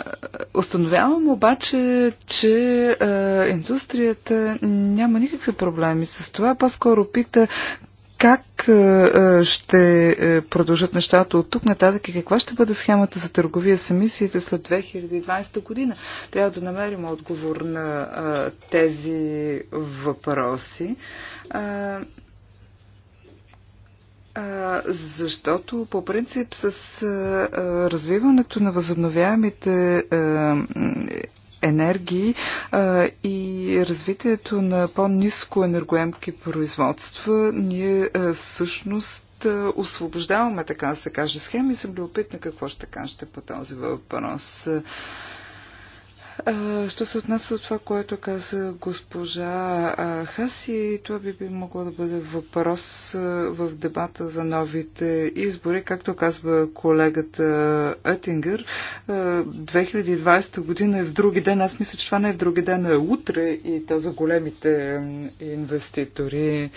установявам обаче, че а, е, индустрията няма никакви проблеми с това. По-скоро пита как а, е, ще продължат нещата от тук нататък и каква ще бъде схемата за търговия с емисиите след 2020 година. Трябва да намерим отговор на а, тези въпроси. А, защото по принцип с развиването на възобновяемите енергии а, и развитието на по-низко енергоемки производства, ние а, всъщност а, освобождаваме, така да се каже, схеми. Съм любопитна какво ще кажете по този въпрос. Що се отнася от това, което каза госпожа Хаси, това би, би могло да бъде въпрос в дебата за новите избори. Както казва колегата Оттингър, 2020 година е в други ден. Аз мисля, че това не е в други ден, а е утре и то за големите инвеститори.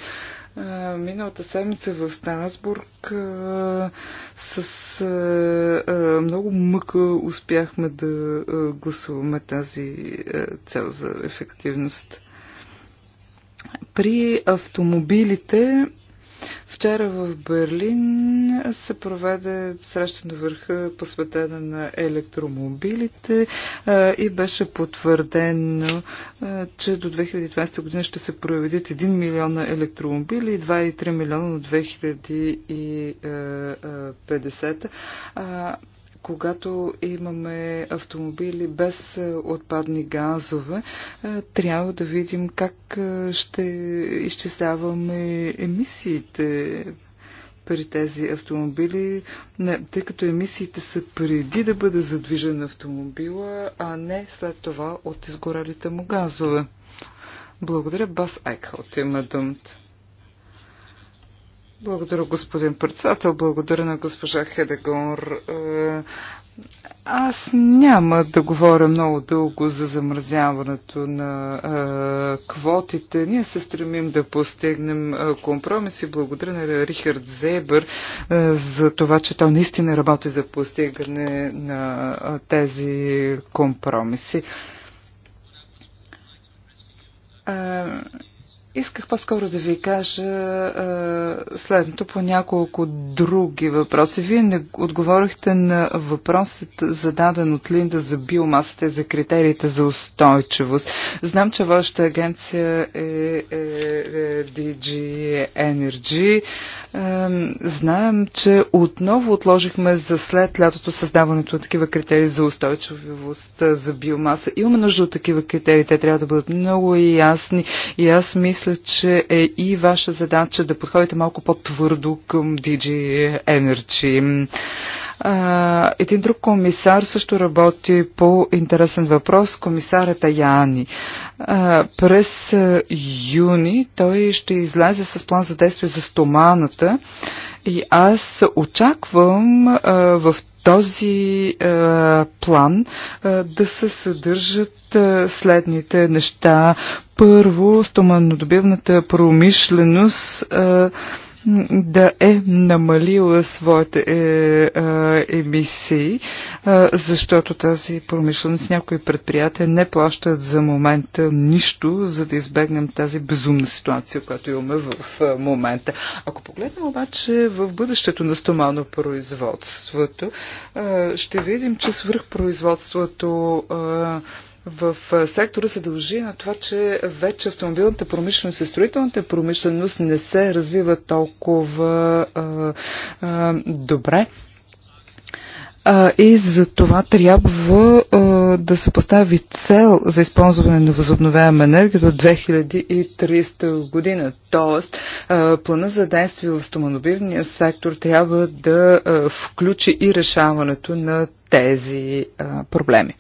Миналата седмица в Страсбург с много мъка успяхме да гласуваме тази цел за ефективност. При автомобилите Вчера в Берлин се проведе среща на върха, посветена на електромобилите и беше потвърдено, че до 2020 година ще се проведат 1 милион електромобили и 2,3 милиона до 2050 когато имаме автомобили без е, отпадни газове, е, трябва да видим как е, ще изчисляваме емисиите при тези автомобили, не, тъй като емисиите са преди да бъде задвижен автомобила, а не след това от изгорелите му газове. Благодаря, Бас Айкхалт има думата. Благодаря, господин председател. Благодаря на госпожа Хедегор. Е, аз няма да говоря много дълго за замразяването на а, е, квотите. Ние се стремим да постигнем е, компромиси. благодаря на Рихард Зебър за това, че той наистина работи за постигане на а, тези компромиси. А, Исках по-скоро да ви кажа а, следното по няколко други въпроси. Вие не отговорихте на въпросът зададен от Линда за биомасата и за критериите за устойчивост. Знам, че вашата агенция е, е, е DG Energy. А, знаем, че отново отложихме за след лятото създаването на такива критерии за устойчивост за биомаса. Имаме нужда от такива критерии. Те трябва да бъдат много ясни и аз мисля, мисля, че е и ваша задача да подходите малко по-твърдо към DG Energy. А, един друг комисар също работи по интересен въпрос, комисарата Яни. А, през юни той ще излезе с план за действие за стоманата и аз очаквам а, в този а, е, план а, е, да се съдържат а, е, следните неща. Първо, стоманодобивната промишленост а, да е намалила своите е, е, емисии, е, защото тази промишленост някои предприятия не плащат за момента нищо, за да избегнем тази безумна ситуация, която имаме в е, момента. Ако погледнем обаче в бъдещето на стомано производството, е, ще видим, че свръхпроизводството е, в сектора се дължи на това, че вече автомобилната промишленост и строителната промишленост не се развива толкова а, а, добре. А, и за това трябва а, да се постави цел за използване на възобновяема енергия до 2300 година. Тоест, а, плана за действие в стоманобивния сектор трябва да а, включи и решаването на тези а, проблеми.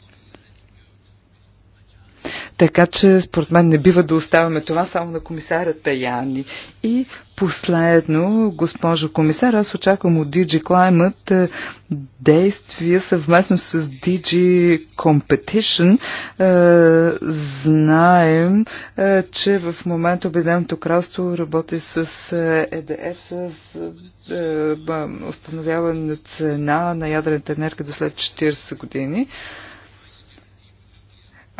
Така че, според мен, не бива да оставяме това само на комисаря Таяни. И последно, госпожо комисар, аз очаквам от DG Climate е, действия съвместно с DG Competition. Е, знаем, е, че в момента Обединеното кралство работи с ЕДФ, с установяване на цена на ядрената енергия до след 40 години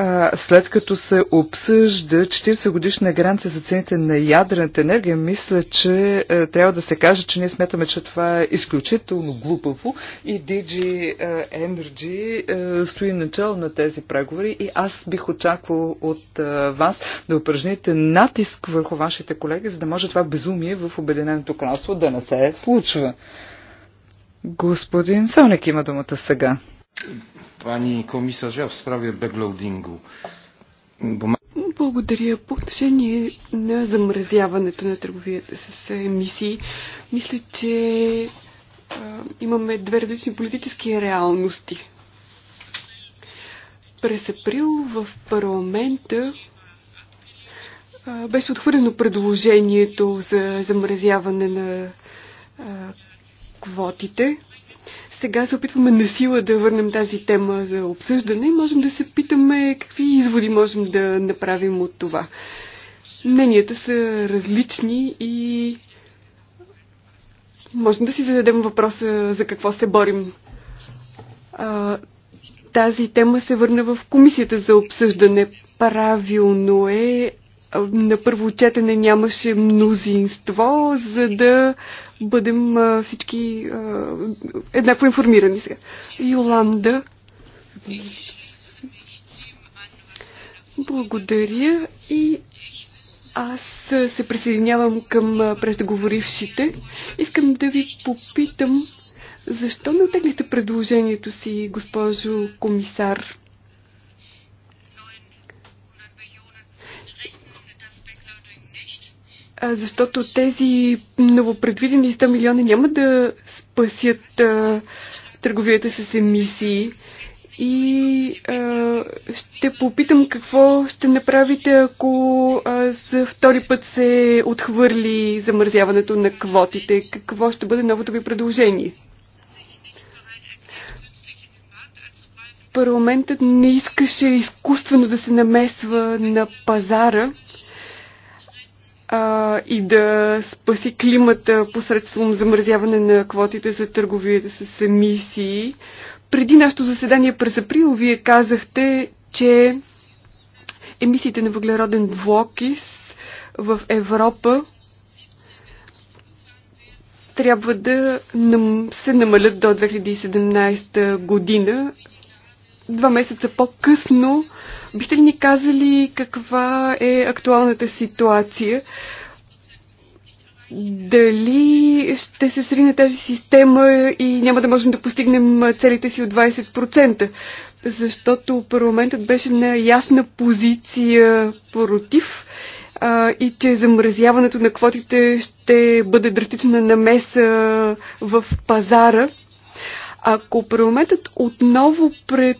а, след като се обсъжда 40 годишна гаранция за цените на ядрената енергия, мисля, че а, е, трябва да се каже, че ние смятаме, че това е изключително глупаво и DG е, Energy а, е, стои начало на тези преговори и аз бих очаквал от а, вас да упражните натиск върху вашите колеги, за да може това безумие в Обединеното кралство да не се случва. Господин Соник има думата сега pani komisarza в справе беклоудингу. Благодаря. По отношение на замразяването на търговията с е, емисии, мисля, че а, имаме две различни политически реалности. През април в парламента а, беше отхвърлено предложението за замразяване на а, квотите. Сега се опитваме на сила да върнем тази тема за обсъждане и можем да се питаме какви изводи можем да направим от това. Мненията са различни и можем да си зададем въпроса за какво се борим. А, тази тема се върна в комисията за обсъждане. Правилно е на първо четене нямаше мнозинство, за да бъдем всички еднакво информирани сега. Йоланда. Благодаря и аз се присъединявам към преждеговорившите. Искам да ви попитам, защо не отеглите предложението си, госпожо комисар? защото тези новопредвидени 100 милиона няма да спасят а, търговията с емисии. И а, ще попитам какво ще направите, ако а, за втори път се отхвърли замързяването на квотите. Какво ще бъде новото ви предложение? Парламентът не искаше изкуствено да се намесва на пазара а, и да спаси климата посредством замразяване на квотите за търговията с емисии. Преди нашето заседание през април вие казахте, че емисиите на въглероден двуокис в Европа трябва да се намалят до 2017 година два месеца по-късно. Бихте ли ни казали каква е актуалната ситуация? Дали ще се срине тази система и няма да можем да постигнем целите си от 20%? Защото парламентът беше на ясна позиция против а, и че замразяването на квотите ще бъде драстична намеса в пазара. Ако парламентът отново пред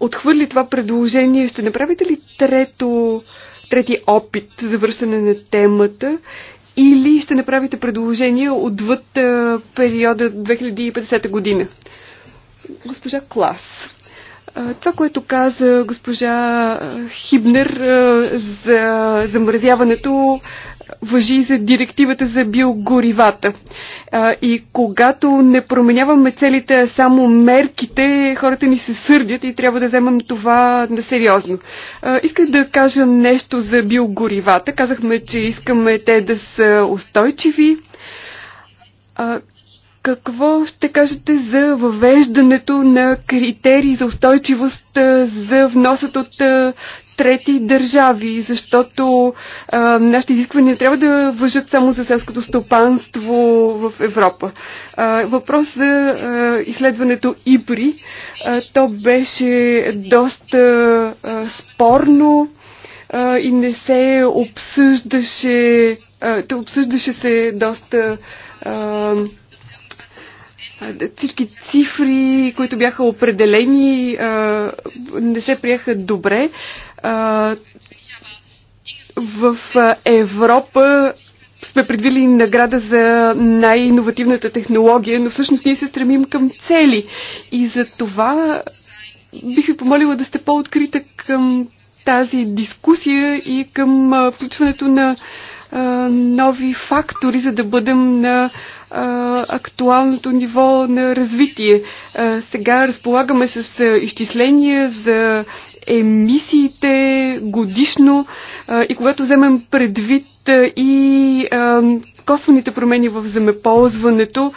отхвърли това предложение, ще направите ли трето, трети опит за връщане на темата или ще направите предложение отвъд периода 2050 година? Госпожа Клас. Това, което каза госпожа Хибнер за замразяването, въжи за директивата за биогоривата. И когато не променяваме целите, а само мерките, хората ни се сърдят и трябва да вземем това на сериозно. Искам да кажа нещо за биогоривата. Казахме, че искаме те да са устойчиви. Какво ще кажете за въвеждането на критерии за устойчивост за вносът от трети държави, защото а, нашите изисквания трябва да въжат само за селското стопанство в Европа. А, въпрос за а, изследването ИПРИ. А, то беше доста а, спорно а, и не се обсъждаше, а, обсъждаше се доста а, всички цифри, които бяха определени, не се приеха добре. В Европа сме предвидили награда за най-инновативната технология, но всъщност ние се стремим към цели. И за това бих ви помолила да сте по-открита към тази дискусия и към включването на нови фактори, за да бъдем на актуалното ниво на развитие. Сега разполагаме с изчисления за емисиите годишно и когато вземем предвид и косвените промени в земеползването,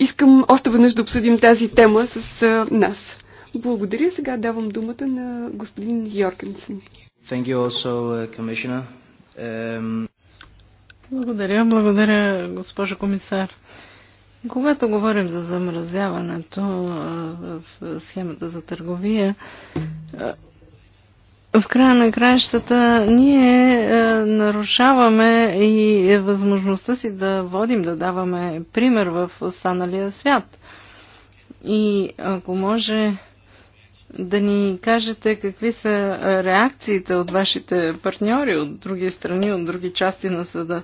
искам още веднъж да обсъдим тази тема с нас. Благодаря. Сега давам думата на господин Йоркенсен. Thank you also, uh, Commissioner. Um... Благодаря, благодаря, госпожо комисар. Когато говорим за замразяването в схемата за търговия, в края на краищата ние нарушаваме и възможността си да водим, да даваме пример в останалия свят. И ако може да ни кажете какви са реакциите от вашите партньори от други страни, от други части на света.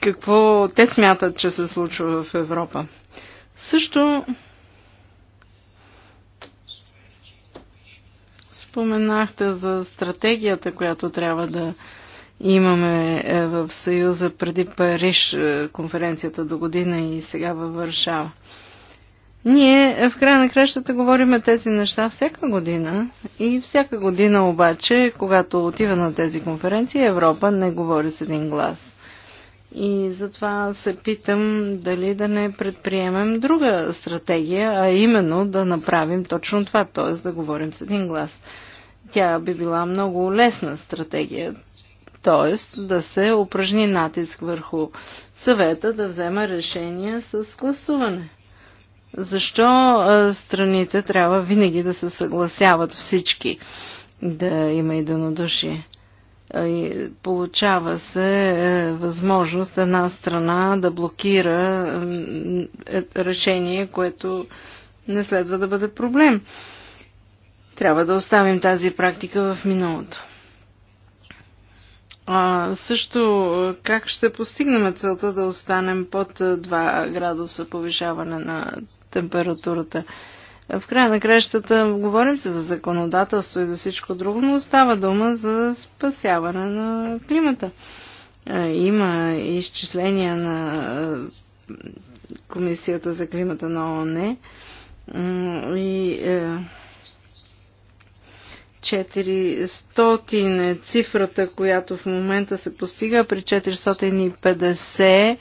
Какво те смятат, че се случва в Европа? Също споменахте за стратегията, която трябва да имаме е, в Съюза преди Париж, е, конференцията до година и сега във Варшава. Ние е, в края на кращата говорим тези неща всяка година и всяка година обаче, когато отива на тези конференции, Европа не говори с един глас. И затова се питам дали да не предприемем друга стратегия, а именно да направим точно това, т.е. да говорим с един глас. Тя би била много лесна стратегия, т.е. да се упражни натиск върху съвета да взема решения с гласуване. Защо страните трябва винаги да се съгласяват всички да има и получава се е, възможност една страна да блокира е, решение, което не следва да бъде проблем. Трябва да оставим тази практика в миналото. А, също е, как ще постигнем целта да останем под 2 градуса повишаване на температурата. В края на кращата говорим се за законодателство и за всичко друго, но става дума за спасяване на климата. Е, има изчисления на е, Комисията за климата на ООН и 400 е, е цифрата, която в момента се постига, при 450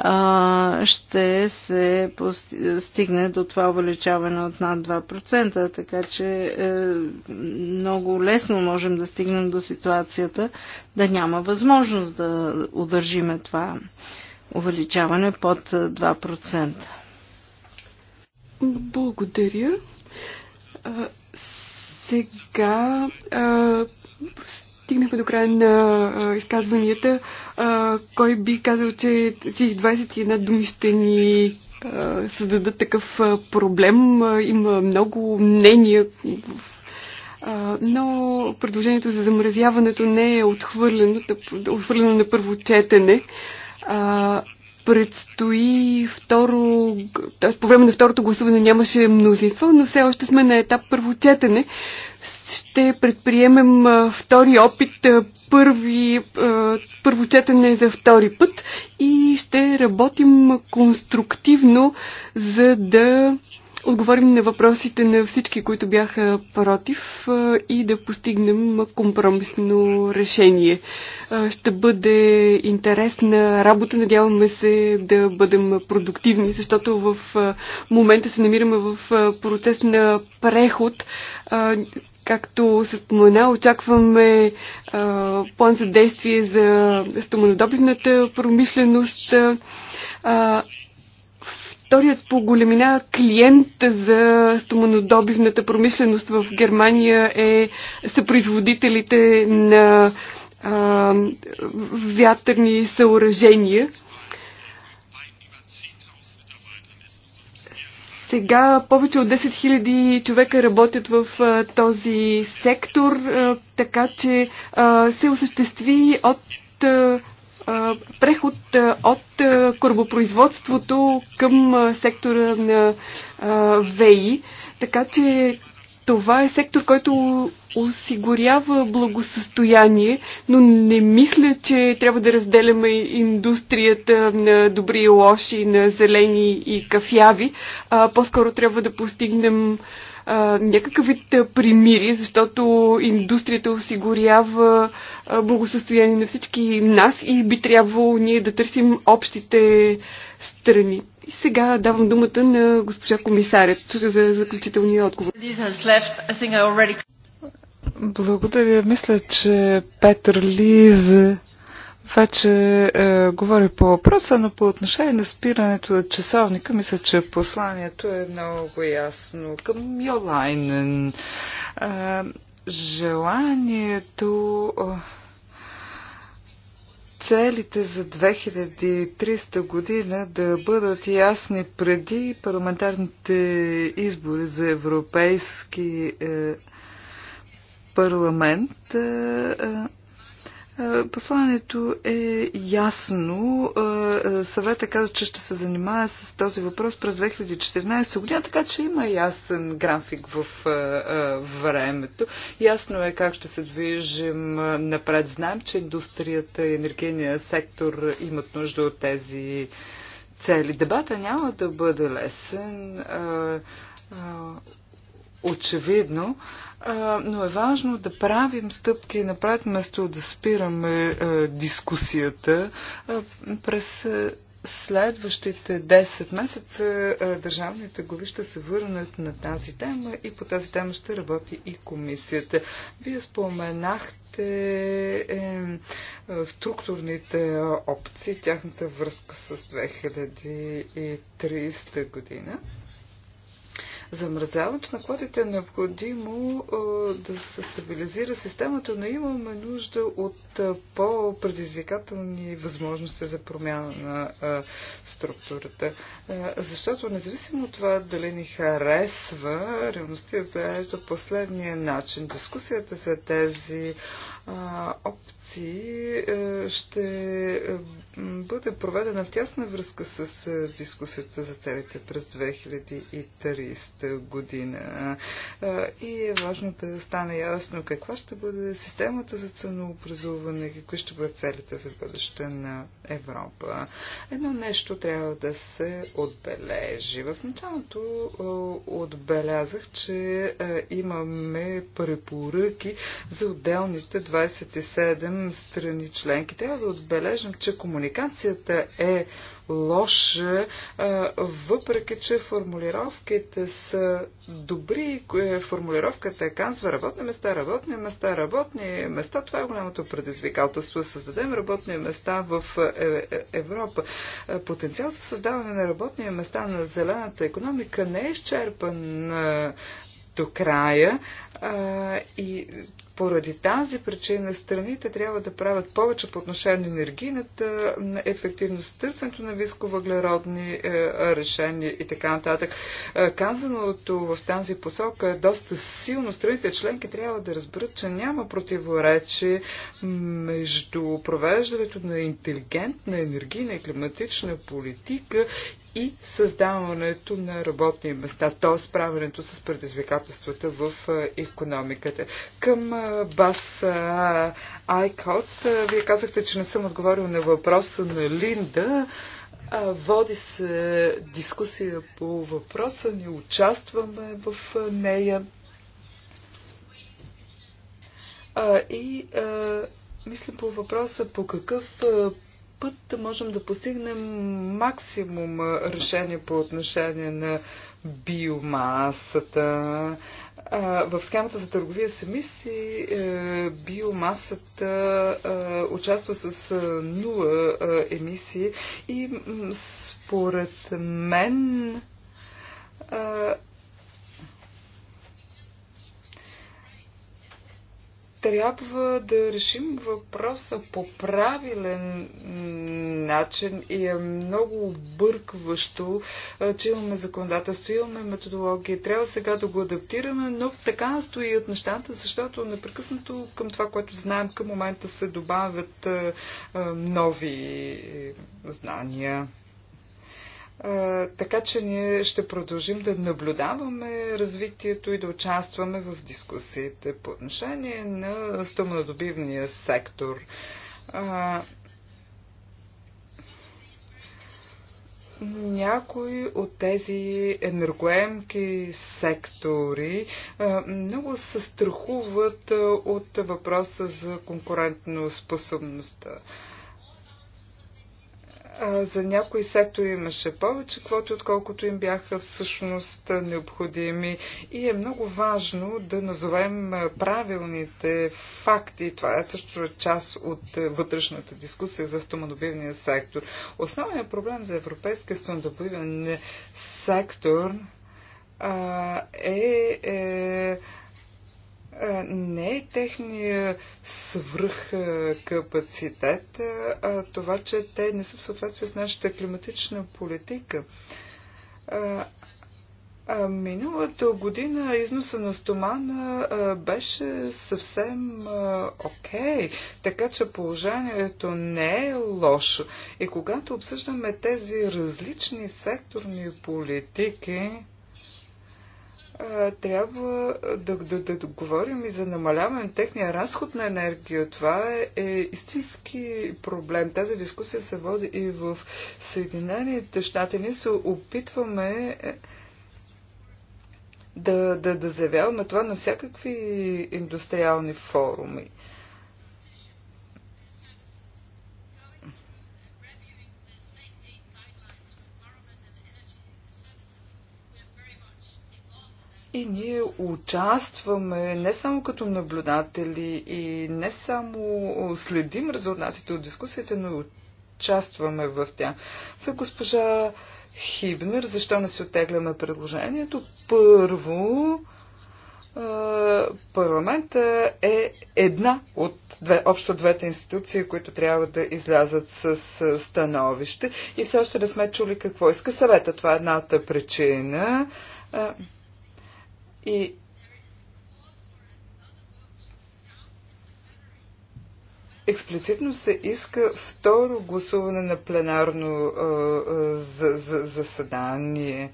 а, ще се стигне до това увеличаване от над 2%, така че е, много лесно можем да стигнем до ситуацията да няма възможност да удържиме това увеличаване под 2%. Е, Благодаря. А, сега а, стигнахме до края на а, изказванията. А, кой би казал, че тези 21 думи ще ни а, създадат такъв а, проблем? А, има много мнения. А, но предложението за замразяването не е отхвърлено, отхвърлено на първо четене. А, предстои второ, т.е. по време на второто гласуване нямаше мнозинство, но все още сме на етап първо четене. Ще предприемем втори опит, първи, първо четене за втори път и ще работим конструктивно, за да отговорим на въпросите на всички, които бяха против и да постигнем компромисно решение. Ще бъде интересна работа. Надяваме се да бъдем продуктивни, защото в момента се намираме в процес на преход. Както се спомена, очакваме а, план за действие за стоманодобивната промишленост. А, вторият по големина клиент за стоманодобивната промишленост в Германия е, съпроизводителите на а, вятърни съоръжения. Сега повече от 10 000 човека работят в а, този сектор, а, така че а, се осъществи от а, преход от корбопроизводството към сектора на ВЕИ. Така че това е сектор, който осигурява благосъстояние, но не мисля, че трябва да разделяме индустрията на добри и лоши, на зелени и кафяви. По-скоро трябва да постигнем някакъв вид примири, защото индустрията осигурява благосъстояние на всички нас и би трябвало ние да търсим общите страни. И сега давам думата на госпожа комисарят за заключителния отговор. Благодаря. Мисля, че Петър Лиз вече е, говори по въпроса, но по отношение на спирането на часовника, мисля, че посланието е много ясно към Йолайнен. Е, желанието, е, целите за 2300 година да бъдат ясни преди парламентарните избори за Европейски е, парламент. Е, е, е, посланието е ясно. Е, е, съвета каза, че ще се занимава с този въпрос през 2014 година, така че има ясен график в времето. Ясно е как ще се движим напред. Знаем, че индустрията и енергийния сектор имат нужда от тези цели. Дебата няма да бъде лесен очевидно, но е важно да правим стъпки напред, вместо да спираме дискусията през следващите 10 месеца държавните глави ще се върнат на тази тема и по тази тема ще работи и комисията. Вие споменахте е, структурните опции, тяхната връзка с 2030 година. Замразяването на кодите е необходимо да се стабилизира системата, но имаме нужда от по-предизвикателни възможности за промяна на структурата. Защото независимо от това дали ни харесва, реалността е заежда последния начин. Дискусията за тези опции е, ще е, бъде проведена в тясна връзка с е, дискусията за целите през 2030 година. И е важно да стане ясно каква ще бъде системата за ценообразуване, какви ще бъдат целите за бъдеще на Европа. Едно нещо трябва да се отбележи. В началото отбелязах, че имаме препоръки за отделните два 27 страни членки. Трябва да отбележим, че комуникацията е лоша, въпреки че формулировките са добри. Е, формулировката е, казва работни места, работни места, работни места. Това е голямото предизвикателство. Създадем работни места в е, Европа. Потенциал за създаване на работни места на зелената економика не е изчерпан до края и поради тази причина страните трябва да правят повече по отношение на енергийната на ефективност, търсенето на висковъглеродни е, решения и така нататък. Е, казаното в тази посока е доста силно. Страните членки трябва да разберат, че няма противоречие между провеждането на интелигентна енергийна и климатична политика и създаването на работни места, т.е. справянето с предизвикателствата в економиката. Към е, Бас Айкот, вие казахте, че не съм отговорил на въпроса на Линда. Води се дискусия по въпроса, ни участваме в нея. И мисля по въпроса по какъв път можем да постигнем максимум решение по отношение на биомасата в схемата за търговия с емисии е, биомасата е, участва с е, нула емисии и според мен трябва да решим въпроса по правилен начин и е много объркващо, че имаме законодателство, имаме методология. Трябва сега да го адаптираме, но така стоят нещата, защото непрекъснато към това, което знаем към момента се добавят нови е, знания така че ние ще продължим да наблюдаваме развитието и да участваме в дискусиите по отношение на стомнодобивния сектор. Някои от тези енергоемки сектори много се страхуват от въпроса за конкурентно способността. За някои сектори имаше повече квоти, отколкото им бяха всъщност необходими. И е много важно да назовем правилните факти. Това е също част от вътрешната дискусия за стоманобивния сектор. Основният проблем за европейския стоманобивен сектор а, е, е е, не е техния свръх е, капацитет, е, а това, че те не са в съответствие с нашата климатична политика. Миналата година износа на стомана беше съвсем окей, okay, така че положението не е лошо. И когато обсъждаме тези различни секторни политики, трябва да, да, да говорим и за намаляване на техния разход на енергия. Това е, е истински проблем. Тази дискусия се води и в Съединените щати. Ние се опитваме е, да, да, да заявяваме това на всякакви индустриални форуми. и ние участваме не само като наблюдатели и не само следим резултатите от дискусията, но и участваме в тях. За госпожа Хибнер, защо не си оттегляме предложението? Първо, парламента е една от две, общо двете институции, които трябва да излязат с становище. И все още не сме чули какво иска съвета. Това е едната причина и експлицитно се иска второ гласуване на пленарно заседание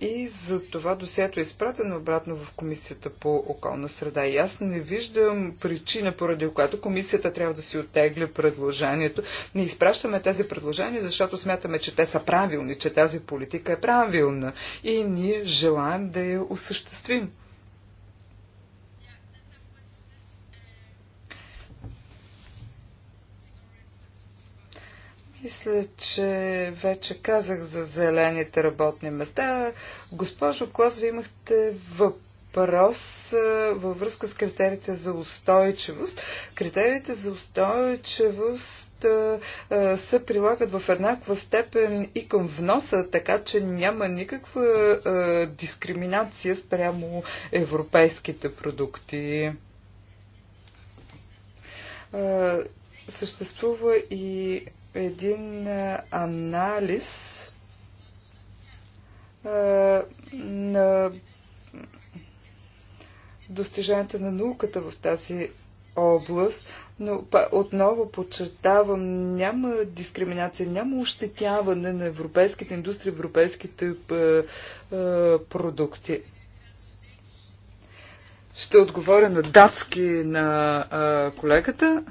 и за това досието е изпратено обратно в Комисията по околна среда. И аз не виждам причина, поради която Комисията трябва да си оттегля предложението. Не изпращаме тези предложения, защото смятаме, че те са правилни, че тази политика е правилна и ние желаем да я осъществим. Мисля, че вече казах за зелените работни места. Госпожо Клас, ви имахте въпрос във връзка с критериите за устойчивост. Критериите за устойчивост се прилагат в еднаква степен и към вноса, така че няма никаква дискриминация спрямо европейските продукти съществува и един е, анализ е, на достиженията на науката в тази област, но отново подчертавам, няма дискриминация, няма ощетяване на европейските индустрии, европейските е, продукти. Ще отговоря на датски на колегата.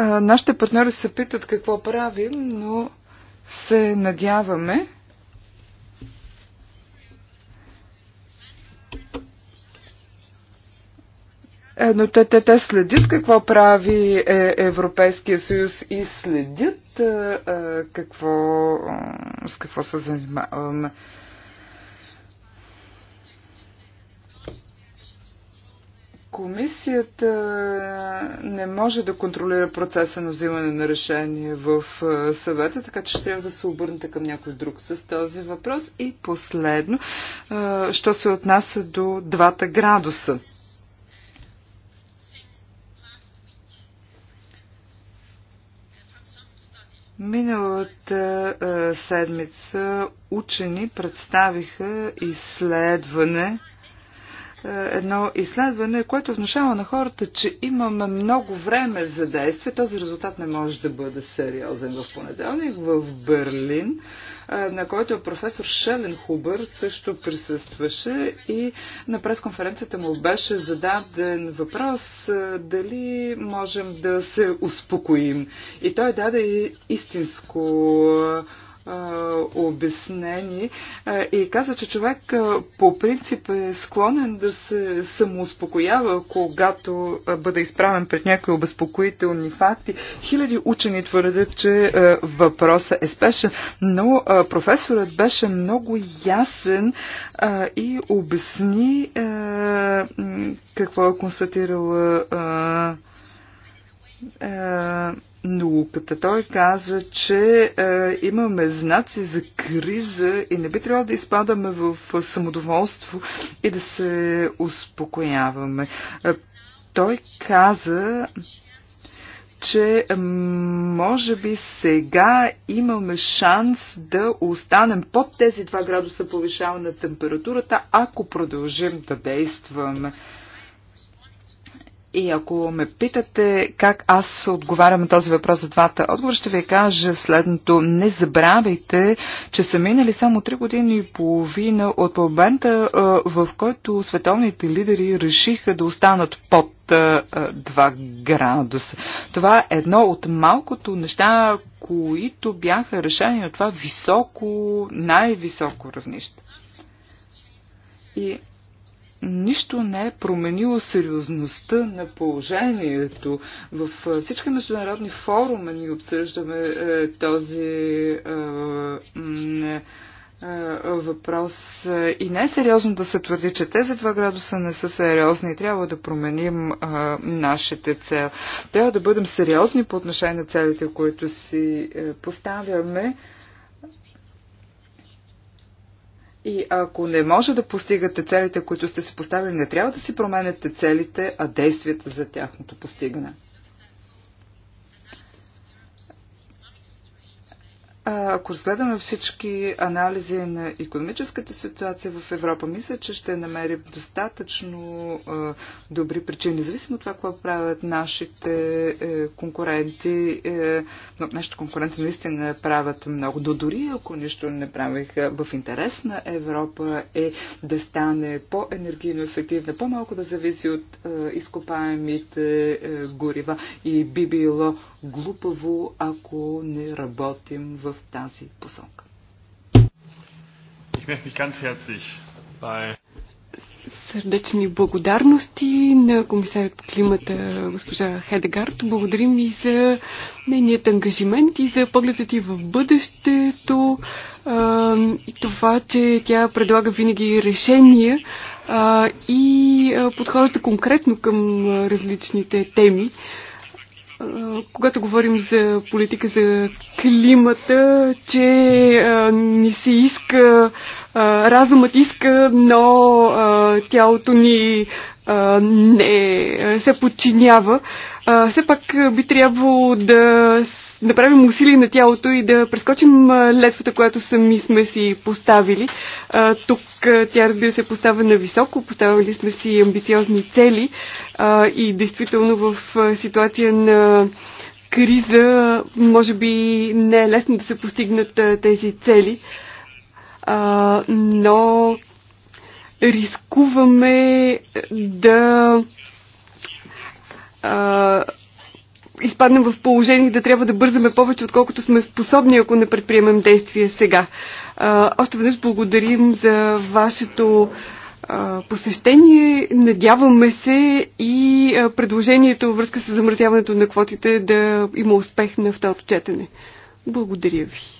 А, нашите партньори се питат какво правим, но се надяваме, е, но те, те, те следят какво прави е, Европейския съюз и следят е, какво, с какво се занимаваме. Комисията не може да контролира процеса на взимане на решение в съвета, така че ще трябва да се обърнете към някой друг с този въпрос. И последно, що се отнася до двата градуса. Миналата седмица учени представиха изследване е, едно изследване, което внушава на хората, че имаме много време за действие. Този резултат не може да бъде сериозен в понеделник в Берлин, е, на който професор Шелен Хубър също присъстваше и на пресконференцията му беше зададен въпрос е, дали можем да се успокоим. И той даде истинско обяснени и каза, че човек по принцип е склонен да се самоуспокоява, когато бъде изправен пред някои обезпокоителни факти. Хиляди учени твърдят, че въпросът е спешен, но професорът беше много ясен и обясни какво е констатирал. Е, науката. Той каза, че е, имаме знаци за криза и не би трябвало да изпадаме в самодоволство и да се успокояваме. Е, той каза, че може би сега имаме шанс да останем под тези 2 градуса повишаване на температурата, ако продължим да действаме. И ако ме питате как аз отговарям на този въпрос за двата отговора, ще ви кажа следното. Не забравяйте, че са минали само три години и половина от момента, в който световните лидери решиха да останат под 2 градуса. Това е едно от малкото неща, които бяха решени на това високо, най-високо равнище. И нищо не е променило сериозността на положението. В всички международни форуми ни обсъждаме е, този е, въпрос. И не е сериозно да се твърди, че тези два градуса не са сериозни. и Трябва да променим а, нашите цел. Трябва да бъдем сериозни по отношение на целите, които си е, поставяме. И ако не може да постигате целите, които сте си поставили, не трябва да си променяте целите, а действията за тяхното постигане. Ако разгледаме всички анализи на економическата ситуация в Европа, мисля, че ще намерим достатъчно добри причини, независимо от това, какво правят нашите е, конкуренти. Е, но нашите конкуренти наистина правят много. До дори ако нищо не правиха е, в интерес на Европа е да стане по-енергийно ефективна, по-малко да зависи от изкопаемите горива и би било глупаво, ако не работим в тази посока. Сърдечни благодарности на комисарят по климата госпожа Хедегард. Благодарим и за нейният ангажимент и за погледът и в бъдещето и това, че тя предлага винаги решения и подхожда конкретно към различните теми когато говорим за политика за климата, че а, ни се иска, а, разумът иска, но а, тялото ни а, не се подчинява. А, все пак би трябвало да направим усилие на тялото и да прескочим летвата, която сами сме си поставили. Тук тя, разбира се, поставя на високо, поставили сме си амбициозни цели и действително в ситуация на криза може би не е лесно да се постигнат тези цели, но рискуваме да изпаднем в положение да трябва да бързаме повече, отколкото сме способни, ако не предприемем действия сега. А, още веднъж благодарим за вашето а, посещение. Надяваме се и а, предложението във връзка с замразяването на квотите да има успех на второто четене. Благодаря ви.